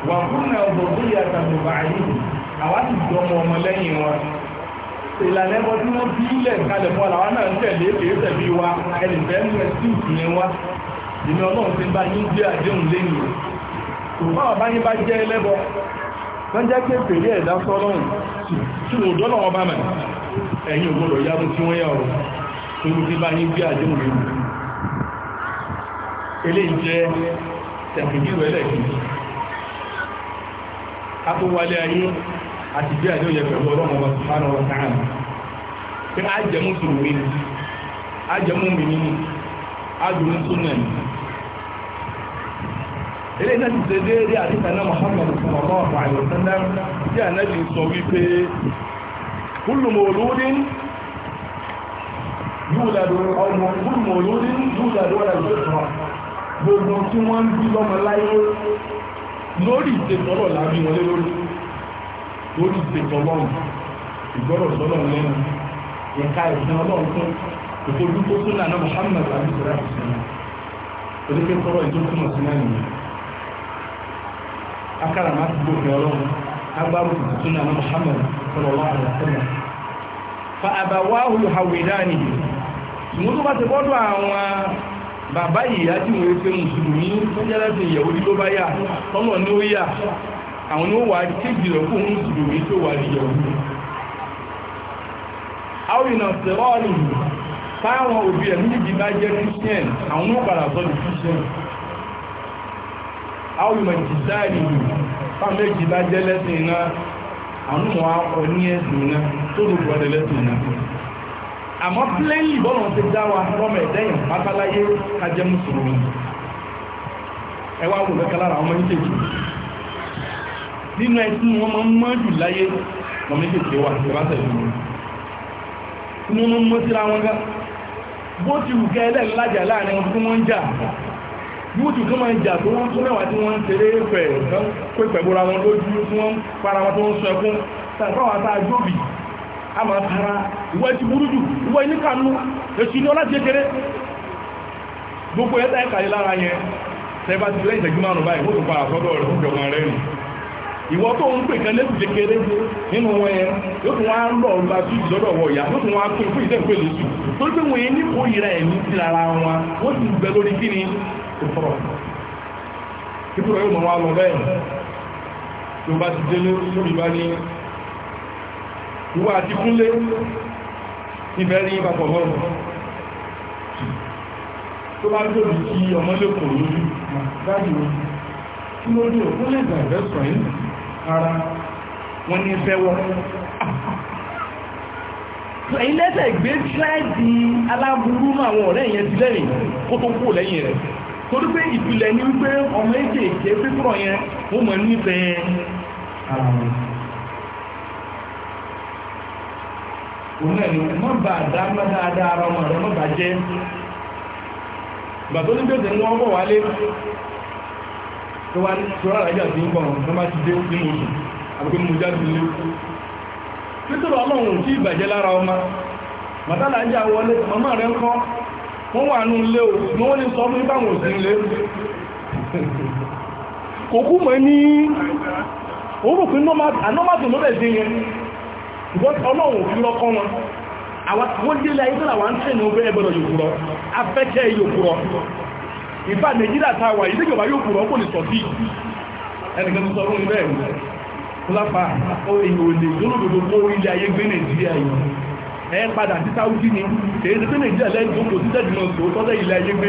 wà fún ẹ̀bùn tó yà tàbùbà yìí àwa ti dọmọ ọmọ lẹ́yìn wọn ìlànà ẹbọ tí wọ́n bí ilẹ̀ kalẹ̀ fún àwọn náà ń tẹ̀lé èké tẹ̀lé wa ẹnìfẹ́ ń rẹ̀ sí ìsìn wa ìní ọlọ́run ti bá yín gbé àdéhùn lẹ́yìn tó bá bàbá yín bá jẹ́ ẹlẹ́bọ wọ́n jẹ́ pé pèlé ẹ̀dá sọ́lọ́run tí wọ́n dọ́nà ọba mẹ́ ẹ̀yìn ògbọ́dọ̀ yá mú tí wọ́n yà ọ̀rọ̀ tó bá yín gbé àdéhùn lẹ́yìn pẹ̀lẹ̀ jẹ́ tẹ̀kìdìrò ẹlẹ́gbẹ̀ẹ́ ká tó wálé ayé àti bí àdé òyẹ pẹ̀lú ọlọ́run wa subhanahu wa ta'ala pé á jẹ mùsùlùmí ni á jẹ mùmí ni á dùn ní súnà ni ilé náà ti ṣe déédé àdíkà náà Muhammad sallallahu alaihi wa sallam gbogbo tí wọ́n ń bí lọ́mọ láyé lórí ìṣètọ́lọ̀ lábí wọlé lórí lórí ìṣètọ́lọ̀ ìgbọ́dọ̀ sọ́lọ̀ lẹ́nu ìka ìsìn ọlọ́run fún ìfojú tó tún lànà Muhammad àbí sọ́lá ìsìn oníkẹ́ sọ́rọ̀ ìjọ túnmọ̀ sí náà nìyẹn akara máa ti gbòkè ọlọ́run agbárò tó tún lànà fa àbáwáhù hàwìdánì ìmúdó bá ti gbọ́dọ̀ àwọn bàbá ìyá tí wọ́n ṣe mùsùlùmí tó jẹ́ láti ìyàwó tí ló bá yà ọmọ ní ó yà àwọn ni ó wà kéjì rẹ̀ fún mùsùlùmí tó wà ìyàwó àwìnà tẹ̀wọ́ọ̀lù táwọn òbí ẹ̀ méjì bá jẹ́ christian àwọn ní ó padà sọ́dù christian àwìnà jìdáàlì táwọn méjì bá jẹ́ lẹ́sìn iná àwọn ọmọ akọ ní ẹ̀sìn iná tó lù àmọ́ plainly bọ́ọ̀lù ti dá wa rọ́mọ̀ ẹ̀dẹ́yìn pátáláyé kájẹ́ mùsùlùmí ẹ wá wò lẹ́kẹ́ lára àwọn méjèèjì nínú ẹ̀sìn wọn máa ń mọ́ jù láyé wọn méjèèjì wà ìbáṣẹ̀ ìlú inú wọn mọ́ síra wọn gá bó ti wù kẹ́ ẹlẹ́ lájà láàrin wọn tí wọ́n ń jà yóò ti kọ́ máa jà tó wọ́n tó mẹ́wàá tí wọ́n ń tẹ̀lé fẹ̀ pé pẹ̀bọ́ra wọn lójú tí wọ́n para wọn tó ń sọ ẹkún tàbí àwọn àtàjọ́bì a máa fara ìwọ ti burú jù ìwọ ní kanú èsì ní ọlá jẹjẹrẹ gbogbo ẹ̀ta ẹ̀ka yìí lára yẹn tẹ́bá ti lẹ́yìn ìṣẹ́jú márùn-ún báyìí wọ́n tó padà sọ́dọ̀ rẹ̀ fún ìjọba rẹ̀ nù ìwọ tó ń pè kan lẹ́sù jẹkẹrẹ nínú wọn yẹn yóò tún wọn ń pè ìwà àti kúnlé ìbẹ̀rí ìbàpọ̀ mọ́rùn tó bá lórí kí ọmọ lẹ́kùn lórí dájú kí ló dé òkú lẹ́gbà ìrẹ́sọ̀ yìí ara wọn ní fẹ́ wọ́n ẹ̀yìn lẹ́sẹ̀ gbé tíláìdì aláburú máa wọn ọ̀rẹ́ ìyẹn ti lẹ́rìn kó tó kú lẹ́yìn rẹ̀ torí pé ìpìlẹ̀ ní wípé ọmọ èdè èké pípọ̀ yẹn wọ́n mọ̀ nífẹ̀ẹ́ ara wọn O ni má ara ọmọ rẹ má bà jẹ́ ìgbà ní gbèsè ní wọ́n bọ̀ wálé tó wá ní ṣọ́rọ̀ àlájà tí ń bá ti dé ní mo sùn àbúkú mo jáde lé nítorí ọlọ́run tí ìbàjẹ́ lára ọmọ màtàlá wọlé màmá rẹ ń kọ́ wà nù lé o ní sọ fún lé kò kú mọ́ ní orúkú ló ọlọ́run fi lọ́kọ́ wọn àwọn délé ayé tọ́lá wọn tẹ́ ní ọgbẹ́ ẹgbẹ̀rọ yòkúrọ afẹ́kẹ́ yòkúrọ ìfà nàìjíríà tàwà ìdíjọba yòkúrọ kò lè sọ sí ẹnìkan tó sọrún ilẹ̀ ẹ̀rù lápá èyí ò lè lóòdòdó kó ilé ayé gbé nàìjíríà yìí ẹ padà sí sáwùjí ni èyí tó nàìjíríà lẹ́yìn tó kò sí tẹ́jìmọ̀ tó tọ́lẹ̀ ilé ayé gbé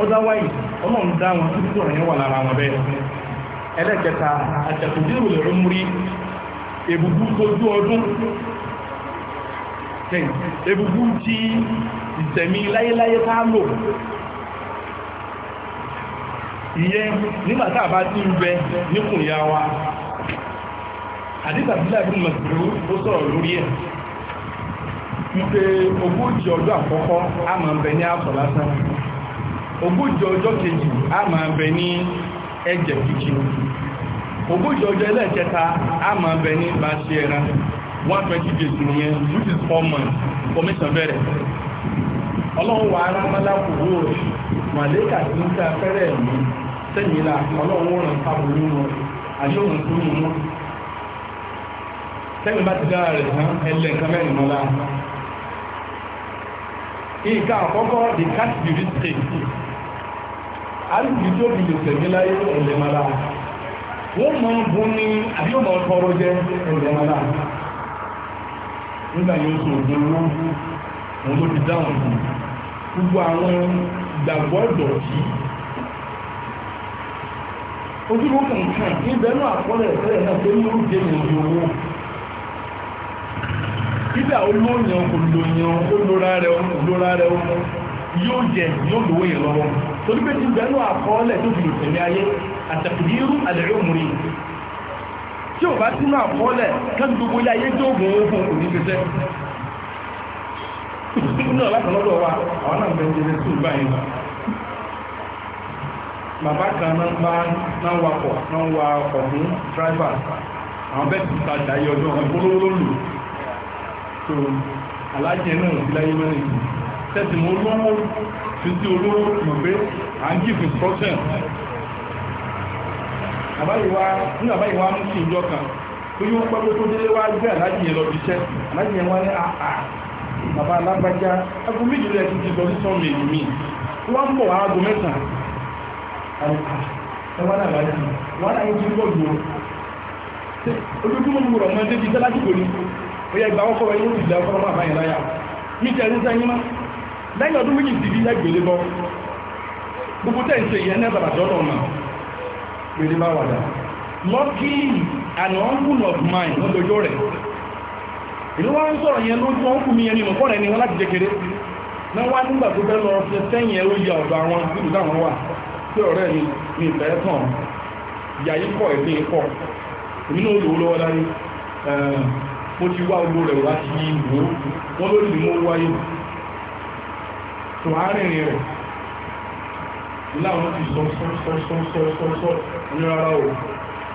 ó dáwà yìí ọlọ́run dá wọn títí tó rẹ̀ wà lára wọn bẹ́ẹ̀ ẹlẹ́kẹta àtẹ̀kùdírò lẹ́rọ múrí èbùbú tójú ọdún èbùbú tí ìtẹ̀mí láyéláyé tá lò ìyẹn nígbàtà bá ti ń bẹ níkùn ya wa àdígbàtílẹ̀ ìbùn mẹ̀sìlú ó sọ̀rọ̀ lórí ẹ̀ wípé ogójì ọdún àkọ́kọ́ a máa ń bẹ ní àpọ̀ lásán ogójì ọjọ́ kejì a máa bẹ ní ẹ̀jẹ̀ kíkí ogójì ọjọ́ ẹlẹ́ẹ̀kẹta a máa bẹ ní bá ṣe ẹran 120 days nìyẹn which is four months commission bẹ̀rẹ̀ ọlọ́run wà arámọ́lá kò wó rẹ̀ màlẹ́kà tí ń ká fẹ́rẹ̀ mi sẹ́yìnlá ọlọ́run ràn sábòrò wọn àyóhùn tó mú wọn sẹ́yìn bá ti dára rẹ̀ tán ẹlẹ́ nǹkan mẹ́rin mọ́lá nǹkan àkọ́kọ́ the cat be risk àríkì tó fi lè tẹ̀mí láyé ẹ̀lẹ́mọ́lá wọ́n mọ̀ ń bú ní àbíọ̀mọ̀ ọ̀tọ́rọ̀ jẹ́ ẹ̀lẹ́mọ́lá nígbà yóò tó ògùn owó wọn ló fi dáhùn fún gbogbo àwọn ìgbàgbọ́ ìdọ̀tí ojúbọ kankan ìbẹ̀rù àkọọ́lẹ̀ ìfẹ́ náà tó ní oúnjẹ ìrìn owó ìdá olóòyàn kò lòyàn ó lóra rẹ̀ ó yóò jẹ yóò lówó yẹn lọ́wọ́ torí pé ti bẹ̀rù àkọọ́lẹ̀ tó fi lòtẹ̀mí ayé àtàkùnrin àdẹ̀rẹ́ òmùrí tí ò bá sínú àkọọ́lẹ̀ kẹ́bí gbogbo ilé ayé tó gùn ó fún òní pẹ́sẹ́ náà láti lọ́dọ̀ wa àwọn náà bẹ̀rẹ̀ jẹ́ sí tẹ́sì mọ́ olówó tí tí olówó mọ̀ pé à ń give instruction àbáyíwá ní àbáyíwá mú sí ìjọ kan tó yíó pẹ́gbẹ́ tó délé wá gbé aláàjì yẹn lọ bí iṣẹ́ aláàjì yẹn wá ní àà ah, ah, bàbá alágbájá agbó méjìlẹ̀ ti ti lọ sí sọ́ọ̀mù èyí mi wọ́n ń bọ̀ aago mẹ́sàn ẹwà náà bá dáa náà yóò ti pọ̀ jù ó yẹ ìgbà ọkọ̀ rẹ̀ yóò ti dá lẹ́yìn ọdún méjì síbí ẹgbẹ̀lẹ́ bọ́ gbogbo tẹ́ ìṣe ìyẹn náà bàbà dọ́dọ̀ mà pèlè bá wàdà lucky and uncle of mine lọ́dọjọ́ rẹ̀ ìlú wá ń sọ̀rọ̀ yẹn lójú ọkùn mi yẹn ni mọ̀kọ́ rẹ̀ ni wọ́n láti jẹkẹrẹ náà wá nígbà tó bẹ́ lọ ṣe sẹ́yìn ẹ̀rọ ìyà ọ̀dọ̀ àwọn ìlú táwọn wà tí ọ̀rẹ́ mi ní ìfẹ́ tàn ìyà yìí pọ̀ ẹ̀sìn pọ̀ èmi náà lòó lọ́wọ́ láyé mo ti wá ogbó rẹ̀ wá sí ìwò wọ́n lórí tó àárínrin rẹ̀ láwọn ti sọ sọ́sọ́sọ́sọ́sọ́ ní ara o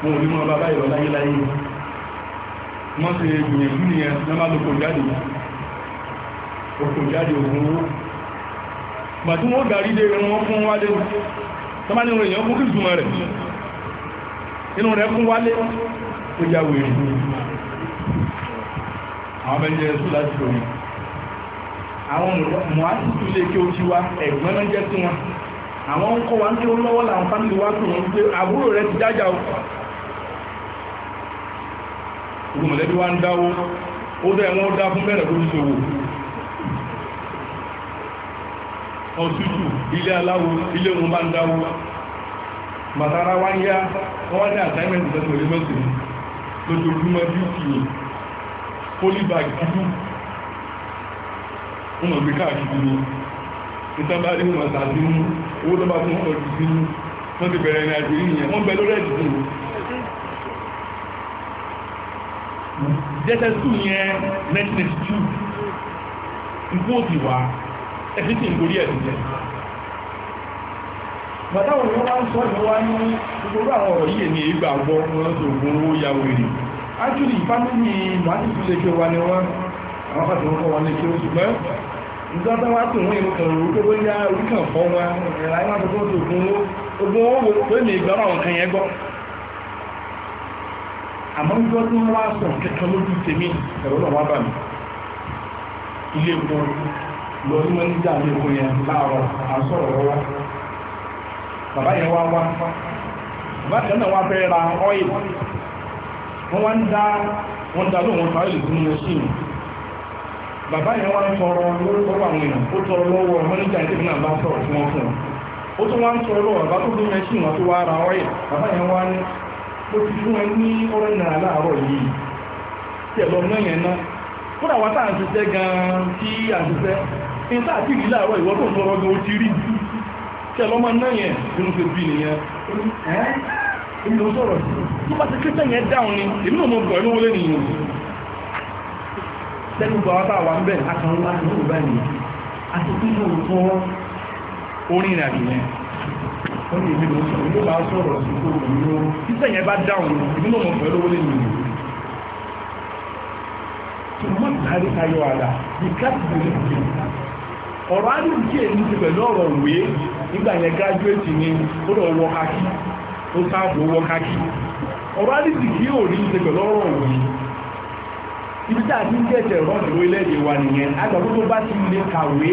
mo ò ní mọ́ bàbá ìrọ̀ láyé láyé wọ́n ti gbìyànjú nìyẹn lọ́mà lókò jáde òkò jáde òkun owó bàtí wọ́n darí dé wọn fún wálé tọ́mà ní orin èèyàn fún kí ìtumọ̀ rẹ̀ inú rẹ̀ fún wálé tó jáwé ìrìn àwọn abẹ́jẹ́ sùn láti lórí àwọn mọ̀ásìtì lè kí o ti wá ẹ̀gbọ́n náà jẹ́ sí wọn àwọn ń kọ́ wa ń kí ó lọ́wọ́ làwọn fámìlì wá pè wọ́n pé àbúrò rẹ̀ ti jájá o gbogbo mọ̀lẹ́bí wá ń dáwó ó dẹ́ wọ́n dá fún mẹ́rẹ̀ tó ṣòwò ọ̀tútù ilé aláwo ilé wọn bá ń dáwó bàtàrà wá ń yá wọ́n wá ní àtàímẹ̀ntì tẹ́sí wọn gbé káàkiri ní ìtàbá ní wọn tàbí mú owó tó bá fún ọdún sí mú wọ́n ti bẹ̀rẹ̀ ìrìnàjò ìyẹn wọ́n bẹ lórí ẹ̀dùn jẹ́sẹ̀ sù yẹn 1982 ikú òsì wá ẹ̀fíkì ìgbórí ẹ̀dùn jẹ́ bàtàwọn ni wọ́n sọ ìwọ́n ní gbogbo àwọn ọ̀rọ̀ yìí ní ìgbà gbọ́ wọn tó gún owó ya wèrè actually ìfánilì màá ti fi lè ṣe wa ni wọ́n àwọn pàtàkì wọn kọ́ wọn lè ìjọba wá pè wọ́n ìrùkàn òru pé wọ́n yá oríkàn fọ́ wọn ẹ̀rà ìwọ̀n tó tó ogun ó ogun ó yẹn gbọ́ àmọ́ ìjọ bàbá yẹn wá wá bàbá kan wá fẹ́ ra ọ́ìl wọ́n wá ń dá wọ́n dá lóun ọ̀tọ̀ ọ́ìl fún mọ́ṣíìnì bàbá yẹn wá ń tọrọ lórúkọ àwọn èèyàn ó tọrọ lọ́wọ́ mọ́níjà ìdí náà bá sọ̀rọ̀ tí wọ́n fún ó tún wá ń tọrọ lọ́wọ́ bàbá tó dé mẹ́ṣìn wọn tó wá ara ọ̀yẹ̀ bàbá yẹn wá ní ó ti fún ẹ ní ọ̀rọ̀ náà láàárọ̀ yìí tí ẹ̀ lọ mọ́ yẹn ná kódà wá táà ń ṣiṣẹ́ gan-an tí à ń ṣiṣẹ́ ní táà tí ìrìlẹ̀ àárọ̀ ìwọ́ tó tọrọ gan ó ti rí tí ẹ̀ lọ́mọ náà yẹn nínú ṣe bí nìyẹn ẹ́ ìlú sọ̀rọ̀ tó bá ti kí lẹ́nu gbọ́ wátà wà ń bẹ̀ akàrún láti ní ìgbà ní àti tí ó ń tọ́ orin ìrìn àjò yẹn ó ní ìbí lóṣù ló bá sọ̀rọ̀ sí tó wù ú títẹ̀ yẹn bá dáhùn ìbí lọ́mọ fẹ́ lówó lè nìyí ṣùgbọ́n ìdárí tayọ àdá ní káàkiri ní ìlú ọ̀rọ̀ adùn kí èyí ti pẹ̀lú ọ̀rọ̀ wé nígbà yẹn grájúẹ̀tì ni ó lọ wọ kákí ó sáàbò wọ kákí ọ̀rọ̀ adùn kí òní ti pẹ̀lú ọ̀rọ̀ wé ibi tí a ti ń gẹ̀ẹ́sẹ̀ rọ́ọ̀dì orílẹ̀-èdè wa nìyẹn agbàgbọ́ tó bá ti lè kàwé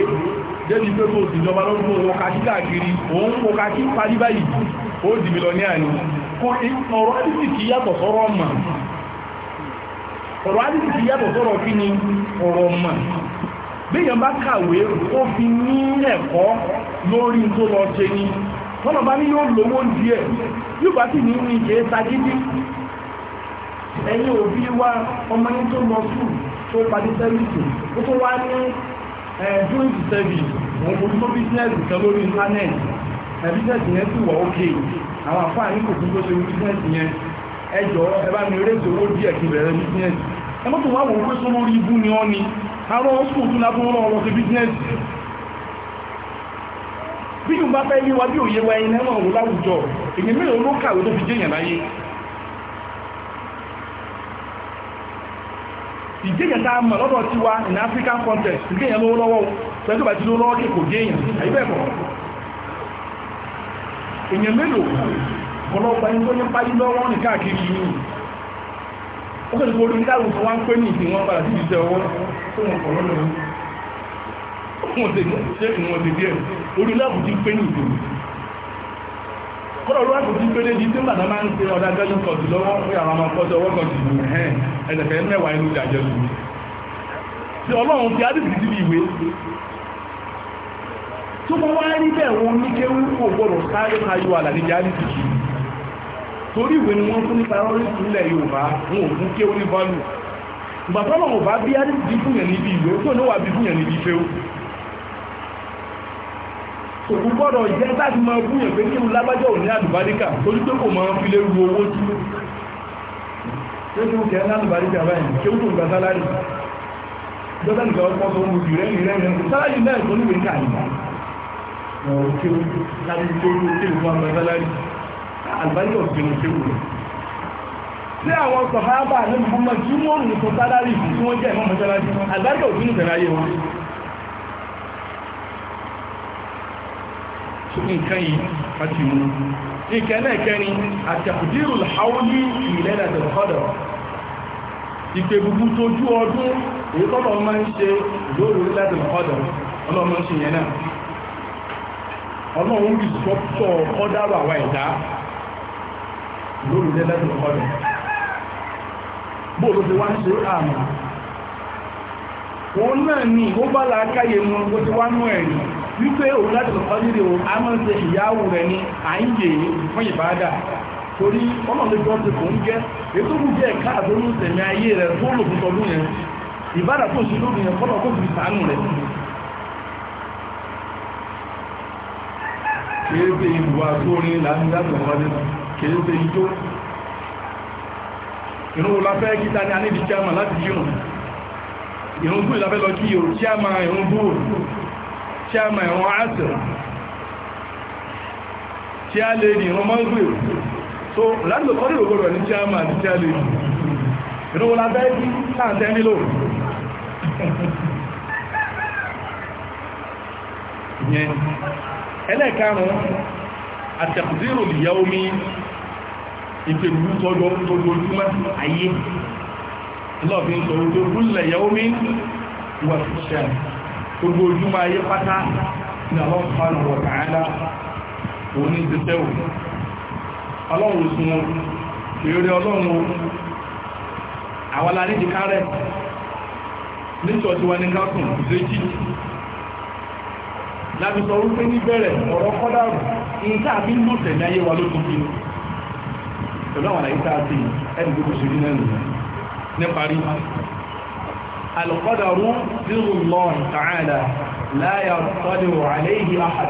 débi pé kò sí ìjọba lọ́dún owó kàkí káàkiri òun kò kàkí parí báyìí ó di mílíọ̀nìyà ni kò ọ̀rọ̀ àdìsí kì í yàtọ̀ sọ́rọ̀ ọmọ ọ̀rọ̀ àdìsí kì í yàtọ̀ sọ́rọ̀ kí ni ọ̀rọ̀ ọmọ béèyàn bá kàwé ó fi ní ẹ̀kọ́ lórí tó lọ ṣe ni wọ́n bá ní yóò lówó díẹ̀ yóò bá sì ní ní ìṣe sagídí ẹ̀yin òbí wa ọmọ yín tó lọ sùn tó parí sẹ́fíìsì ó tó wá ní doing the service òun kò tó bísínẹ́sì kan lórí íńtánẹ́ẹ̀tì bísínẹ́sì yẹn sì wà ókè àwọn àfáà yín kò fún tó ṣe bísínẹ́sì yẹn ẹ jọ̀ọ́ ẹ bá mi rẹ́sì owó díẹ̀ kí bẹ̀rẹ̀ bísínẹ́sì ẹ mọ́tò wá wò ó pé sóró orí ibú ni ọ́ ni àwọn ọ̀sùn tún lábọ́ ọ̀rọ̀ ọ̀rọ̀ sí bísínẹ́sì bí yóò bá fẹ́ yíwa bí òye wa ẹni ẹ̀wọ̀n òun láwùjọ èyí mélòó ló kàwé tó fi ìgbéyàn tá a mọ̀ lọ́dọ̀ ti wa in African context ìgbéyàn lówó lọ́wọ́ pẹ̀lú bàjí ló lọ́wọ́ kò géèyàn àyíbẹ̀kọ̀ èyàn mélòó ọlọ́pàá ẹni tó ní páyí lọ́wọ́ ní káàkiri yìí ó kẹ́ ìgbórí ní káàkiri wọ́n pé ní ìsìn wọn padà sí ìṣẹ́ ọwọ́ tó wọn kọ̀ lọ́lọ́run kọ́lọ̀ ló wá kò tí péré di tí ń bàtà máa ń pe ọ̀dà jẹ́jú kọ̀tù lọ́wọ́ pé àwọn ọmọ kọ́tù ọwọ́ kọ̀tù ìlú ẹ̀hẹ́n ẹ̀dẹ̀fẹ́ mẹ́wàá inú ìdàjẹ́ lù tí ọlọ́run ti ádìsì sí ìwé bá wá rí bẹ́ẹ̀ wọn ní kéwú ìwé ni ní priority nílẹ̀ fún kéwú ní value kò gbọ́dọ̀ jẹ́ láti máa búyàn pé kí n lábájọ́ ò ní àdùbáríkà torí pé kò máa fi lé ru owó tí ó tí ó kẹ́ lálùbáríkà báyìí kí ó tó gba sálárì jọ́tà nìkan ọkọ̀ tó mú jù rẹ́rìn rẹ́rìn sálárì náà tó níwèé ká nìyà ọ̀rọ̀ kí ó láti tó ló kí ó máa sálárì àdùbáríkà ò tẹnu kí ó rẹ̀ sí àwọn sọ̀hábà ní Muhammad tí wọ́n rùn sọ sálárì tí wọ́n jẹ́ ìmọ̀ mọ́sálárì àdùbáríkà ò tẹnu tẹ̀lé ayé wọn nǹkan yìí àti mú nǹkan lẹ́ẹ̀kẹ́ni àtàkùdírù haúlí ìlẹ́nà tẹ̀kọ́dọ̀ ìpè gbogbo tójú ọdún èyí tọ́lọ máa ń ṣe lóòrò láti ọ̀dọ̀ ọlọ́mọ ṣe yẹn náà ọlọ́run rí sọ́pọ̀ ọdára àwà ẹ̀dá lóòrò láti ọ̀dọ̀ bóòrò ti wá ń ṣe àmà òun náà ni ó bá làákáyè mú bó ti wá nú ẹ̀rìn wípé òun láti lọ́pàá nílé o a máa ń ṣe ìyáwó rẹ̀ ní àyíyè fún ìbádà torí ọmọ lè jọ ti kò ń gẹ́ ètò kù jẹ́ ẹ̀ka àtọ́nú tẹ̀mí ayé rẹ̀ tó lò fún tọdún yẹn ìbádà tó ṣe lóbi yẹn fọ́nà kó fi sàánù rẹ̀ kéèké ìbùwà tó ìlàfẹ́ lọ kí yóò chairman ìrún bóòrùn tí a mọ̀ ìran àṣìrì tí a lè ní ìran mọ́gbèrè so láti kọ́ ìrò gbọ́rọ̀ ní tí a mọ̀ àti tí a lè ní ìrún lábẹ́ bí náà tẹ́ nílò ẹlẹ́ẹ̀karùn àtẹ̀kùzírò lè yá omi ìpèlú tọ́jọ́ tójójúmọ́ ayé lọ́fin sọ̀rọ̀ tó rúlẹ̀ yá omi wà fi ṣẹ́rẹ̀ gbogbo ojúmọ́ ayé pátá ní àwọn ọ̀pánà wọ̀tàádá òní ti tẹ́wò ọlọ́run sun wọn ìrírí ọlọ́run àwọn alárí ti kárẹ̀ nítorí tí wọ́n ní káàkùn léjì láti sọ wípé ní bẹ̀rẹ̀ ọ̀rọ̀ kọ́dàrù nǹkan àbí mọ̀ tẹ̀lé ayé wa ló القدر سر الله تعالى لا يطلع عليه أحد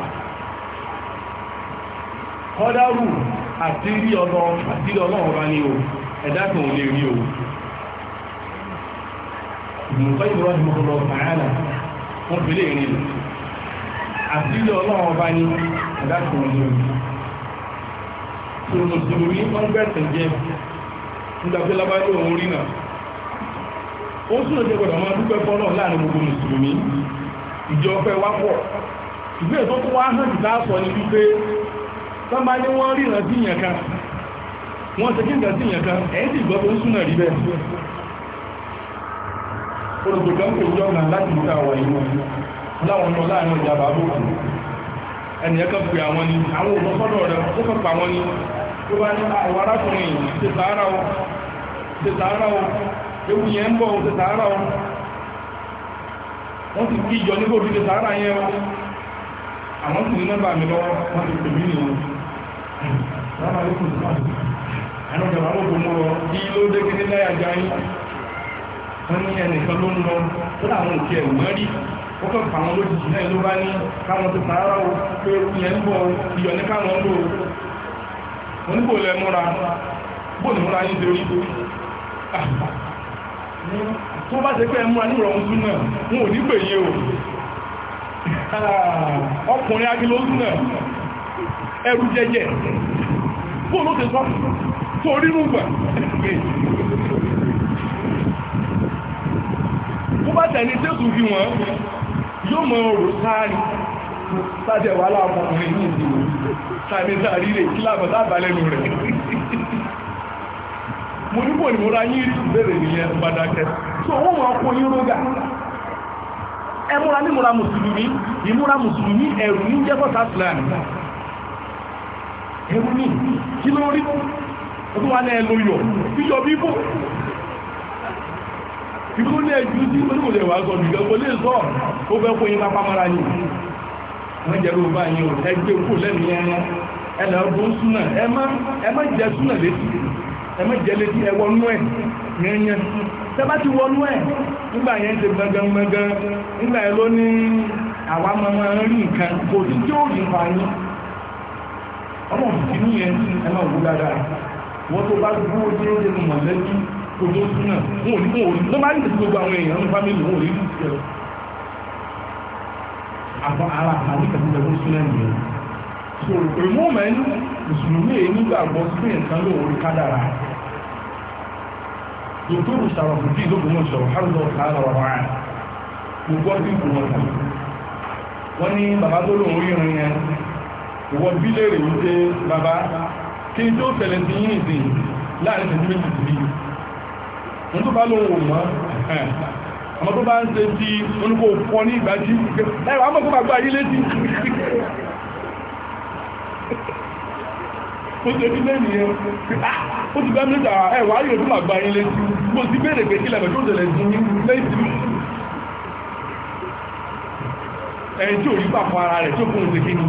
قدر àtírí ọ̀dọ̀ àtírí ọlọ́run bá ní o ẹ̀dákùn lè rí o nǹkan ìbúrọ̀ ti mọ̀kànlọ̀ sàárà wọ́n fi lè rí àtírí ọlọ́run bá ní ẹ̀dákùn lè rí tí o mùsùlùmí wọ́n gbẹ̀sẹ̀ jẹ́ nígbàgbé lábájọ́ òun rí náà ó túnlò gbọ́dọ̀ máa dúpẹ́ fọ́lọ́ láàrin gbogbo mùsùlùmí ìjọ ọpẹ́ wá pọ̀ ìgbé tó wá hàn jùlá sọ ní wípé sọ́mbà ní wọ́n rí ìrántí yẹn kan wọ́n ṣe kí nǹkan sí yẹn kan ẹ̀yìn sì gbọ́ tó súnà rí bẹ́ẹ̀ olùgbò kò jọ náà láti ìta àwọn ìlú láwọn ọmọ láàrin ọjà bàbá òkú pè àwọn ni àwọn ó ewu yẹn ń bọ̀ òun ti sàárà wọn wọ́n ti kí ìjọ nígbò òdílé sàárà yẹn wọn àwọn sì ní nọ́mbà mi lọ́wọ́ wọ́n ti pèmí ni wọn rárá ló kù sí àwọn ọjọ́ àwọn òkú mú lọ bí ló dé kéde láyà já yín wọ́n ní ẹnìkan ló ń lọ ó láwọn òkè ẹ̀wù mọ́ rí ó kàn fà wọn o pé ewu tó bá ṣe pé ẹmú anúrọ̀ ohun tún náà wọn ò ní pè yé o ah, ọkùnrin agilóòtú náà ẹrù jẹjẹ fóònù ti sọ tó rírùn gbà tó bá tẹ̀lé tẹ́sù fi wọ́n yóò mọ ọ̀rọ̀ sáàrí sáàjẹ̀ wà láàpọ̀ ọkùnrin ní ìdíwò sáàrí rẹ̀ kílàbọ̀ sáàbà lẹ́nu rẹ̀ mo níbò ní múra yí rí bẹ̀rẹ̀ nìyẹn gbadakẹ́ so wọ́n wọ́n kó yín rógà ẹ múra ní múra mùsùlùmí ìmúra mùsùlùmí ẹ̀rù ní jẹ́ fọ́sà islam ẹ̀rù ní kí ló rí ọdún wa náà ló yọ yíyọ bíbò ìbú ní ẹjú tí ó lè wà sọ nìkan kò lè sọ ó fẹ́ kó yín bá pamọ́ra yìí wọ́n jẹ́ ló bá yín o ẹgbẹ́ kò lẹ́nu yẹn ẹ̀nà ọdún súnà ẹ má jẹ súnà létí ẹmọ jẹlẹ tí ẹwọ nú ẹ yẹnyẹn tẹbá ti wọ nú ẹ nígbà yẹn ti gbẹngàn gbẹngàn nígbà yẹn ló ní àwa mọmọ rí nǹkan kò sí tí ó yìnbọn ayé ọmọ òsì yẹn ẹ máa wú dáadáa wọ́n tó bá dúró déédéé nù mọ̀lẹ́bí kò tó sún náà wọn ò ní wọn ò ní lọ́mọ àdìsí gbogbo àwọn èèyàn ní fámìlì wọn ò ní lù sí àwọn ará àkàní kàtí so pé mọ́mẹ́n mùsùlùmí èyí nígbàgbọ́ sí nǹkan lóòrí kádàrà dòtòrò sàrọ̀fùdí lókùnmọ̀ sọ̀rọ̀ hàrùdọ̀ kààrà wà á gbogbo bí kò wọ́n tà wọ́n ní bàbá tó lóun rírin yẹn ìwọ bí léèrè wípé bàbá kí tó tẹ̀lẹ̀ sí yín ìsìn láàrin tẹ̀lé méjì sí bí n tó bá lóun wò mọ́ ọmọ tó bá ń ṣe ti oníkó fọ́ ní ìgbájú ẹ̀rọ amọ́kọ́ bàbá yí létí ó ṣe bí lẹ́yìn yẹn ó ti bá mẹ́ta ẹ̀wà ayò tó màgbà yín létí mo ti béèrè pé kílẹ̀ mẹ́tò tẹ̀lẹ̀ sí ní létí ẹni tí ò rí pàpọ̀ ara rẹ̀ tó kún un ṣe kí ni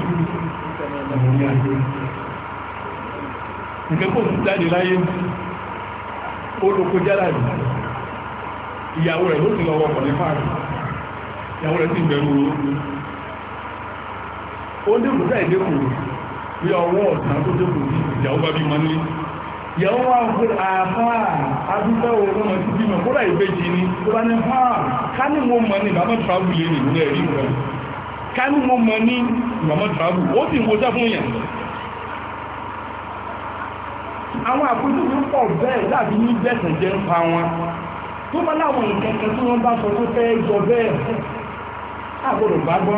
nǹkan kò tún jáde láyé ó lóko jára yìí ìyàwó rẹ̀ ló ti lọ wọkọ̀ ní fáàrí ìyàwó bí ọwọ́ ọ̀tàn tó tó kù sí ìyàwó bá bí mọ́ní ìyàwó wá fún àfá adúgbà òun ọmọ tí bímọ kó láì bèjì ni tó bá ní ha ká ní mo mọ̀ ní bàmọ́ travel lè ní ìwúrẹ́ rí rẹ̀ ká ní mo mọ̀ ní bàmọ́ travel ó sì ń wọ́sá fún yàn àwọn àpótí tó pọ̀ bẹ́ẹ̀ láti ní bẹ́sẹ̀ jẹ́ ń pa wọn tó bá láwọn ìkẹ́kẹ́ tí wọ́n bá sọ tó fẹ́ jọ bẹ́ẹ̀ àgbọ̀dọ̀ bá gbọ́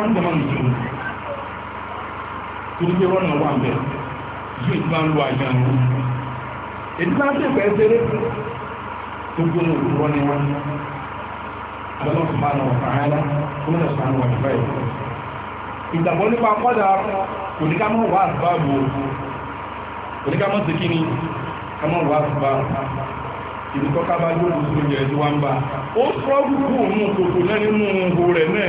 torí pé rọ́nà wà ń bẹ̀ yìí tí máa ń lo àyà ń rú èdè máa ń tẹ̀pẹ́ ṣeré tó gbóná òkú rọ́nà wá àbẹ́lọ́ sùpánà ọ̀sán ayára gómìnà sùpánà wà nípa ẹ̀ ìgbàgbọ́ nípa kọ́dà kò ní ká mọ̀ wá àtúbà bò kò ní ká mọ̀ sí kí ni ká mọ̀ wá àtúbà ìlú tọ́ka bá yóò lù sí oúnjẹ tí ó sọ́ọ́gù kú òun kòkò náà nínú ohun rẹ̀ náà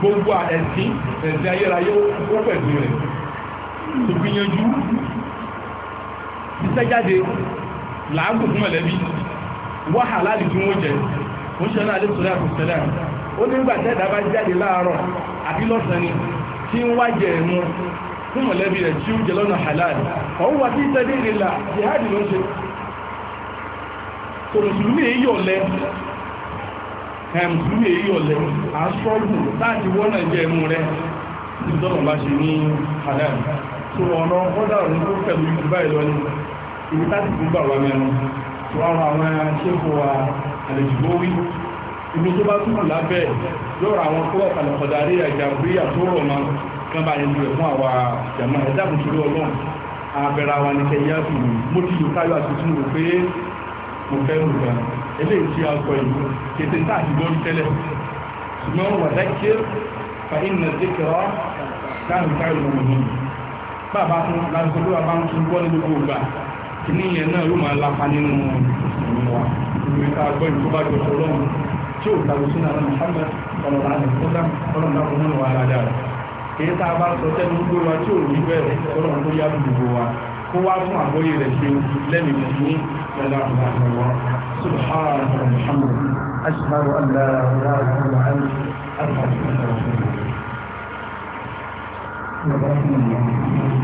gbogbo ẹ̀sìn ẹ̀sìn ayérayé ó pẹ̀lú rẹ̀ tó gbìyànjú ìṣẹ́jáde làágùn fún mọ̀lẹ́bí wá hàlálì tí wọ́n jẹ ó ṣe náà lẹ́sọ̀rọ̀ àkùsẹ̀lẹ̀ ó nígbà tẹ́ẹ̀dá bá jáde láàárọ̀ àbí lọ́sàn ni tí ń wá jẹ ẹ̀mú fún mọ̀lẹ́bí rẹ̀ tí ó jẹ lọ́nà hàlálì ọ̀hún wà sí ìtẹ́lẹ̀ ìrìnlá jihadi ló ń ṣe kòròsùlùmí èyí ọ̀lẹ́ ẹ̀mùsùn èyí ọ̀lẹ̀ aṣọ́gùn láti wọ́nà jẹ ẹmú rẹ̀ ìdọ́nà bá ṣe ní adam tó ọ̀nà ọ̀dà òun tó pẹ̀lú ìgbà ìlọ́ni ibi láti gbogbo àwọn mẹ́nu tó ara àwọn ṣéfò wa àlejìgbówí ibi tó bá túnmù lábẹ́ yóò ra àwọn kọ́wọ́ kàlẹ̀kọ̀dárí àjàgbé àtúrọ̀ ma kan bá yẹn fún àwa jàmá ẹ̀dá kùsùrù ọlọ́run àbẹ̀rẹ̀ àwọn nìkẹyà fún mi mo ti yòó káyọ̀ àti túnmù pé mo fẹ́ rù gan eléyìí tí a kọ ìlú kété tá àti gbọ́ tẹ́lẹ̀ ṣùgbọ́n wà dákẹ́ fa iná dékẹ́rọ́ káàkiri káàkiri ọmọ mi bàbá fún lásìkò bá ń tún gbọ́ ní gbogbo ìgbà kìíní yẹn náà yóò máa lápa nínú wa ìwé ká gbọ́ ìlú bá jọ sọ lọ́wọ́ tí ó tàbí sínú àwọn Muhammad ọ̀nà àti tó yá kó wá fún àgbóyè rẹ̀ ṣe lẹ́mìí mùsùlùmí lọ́la àgbàgbà subhanahu wa ta'ala ashhadu an la ilaha illa anta astaghfiruka wa atubu ilayk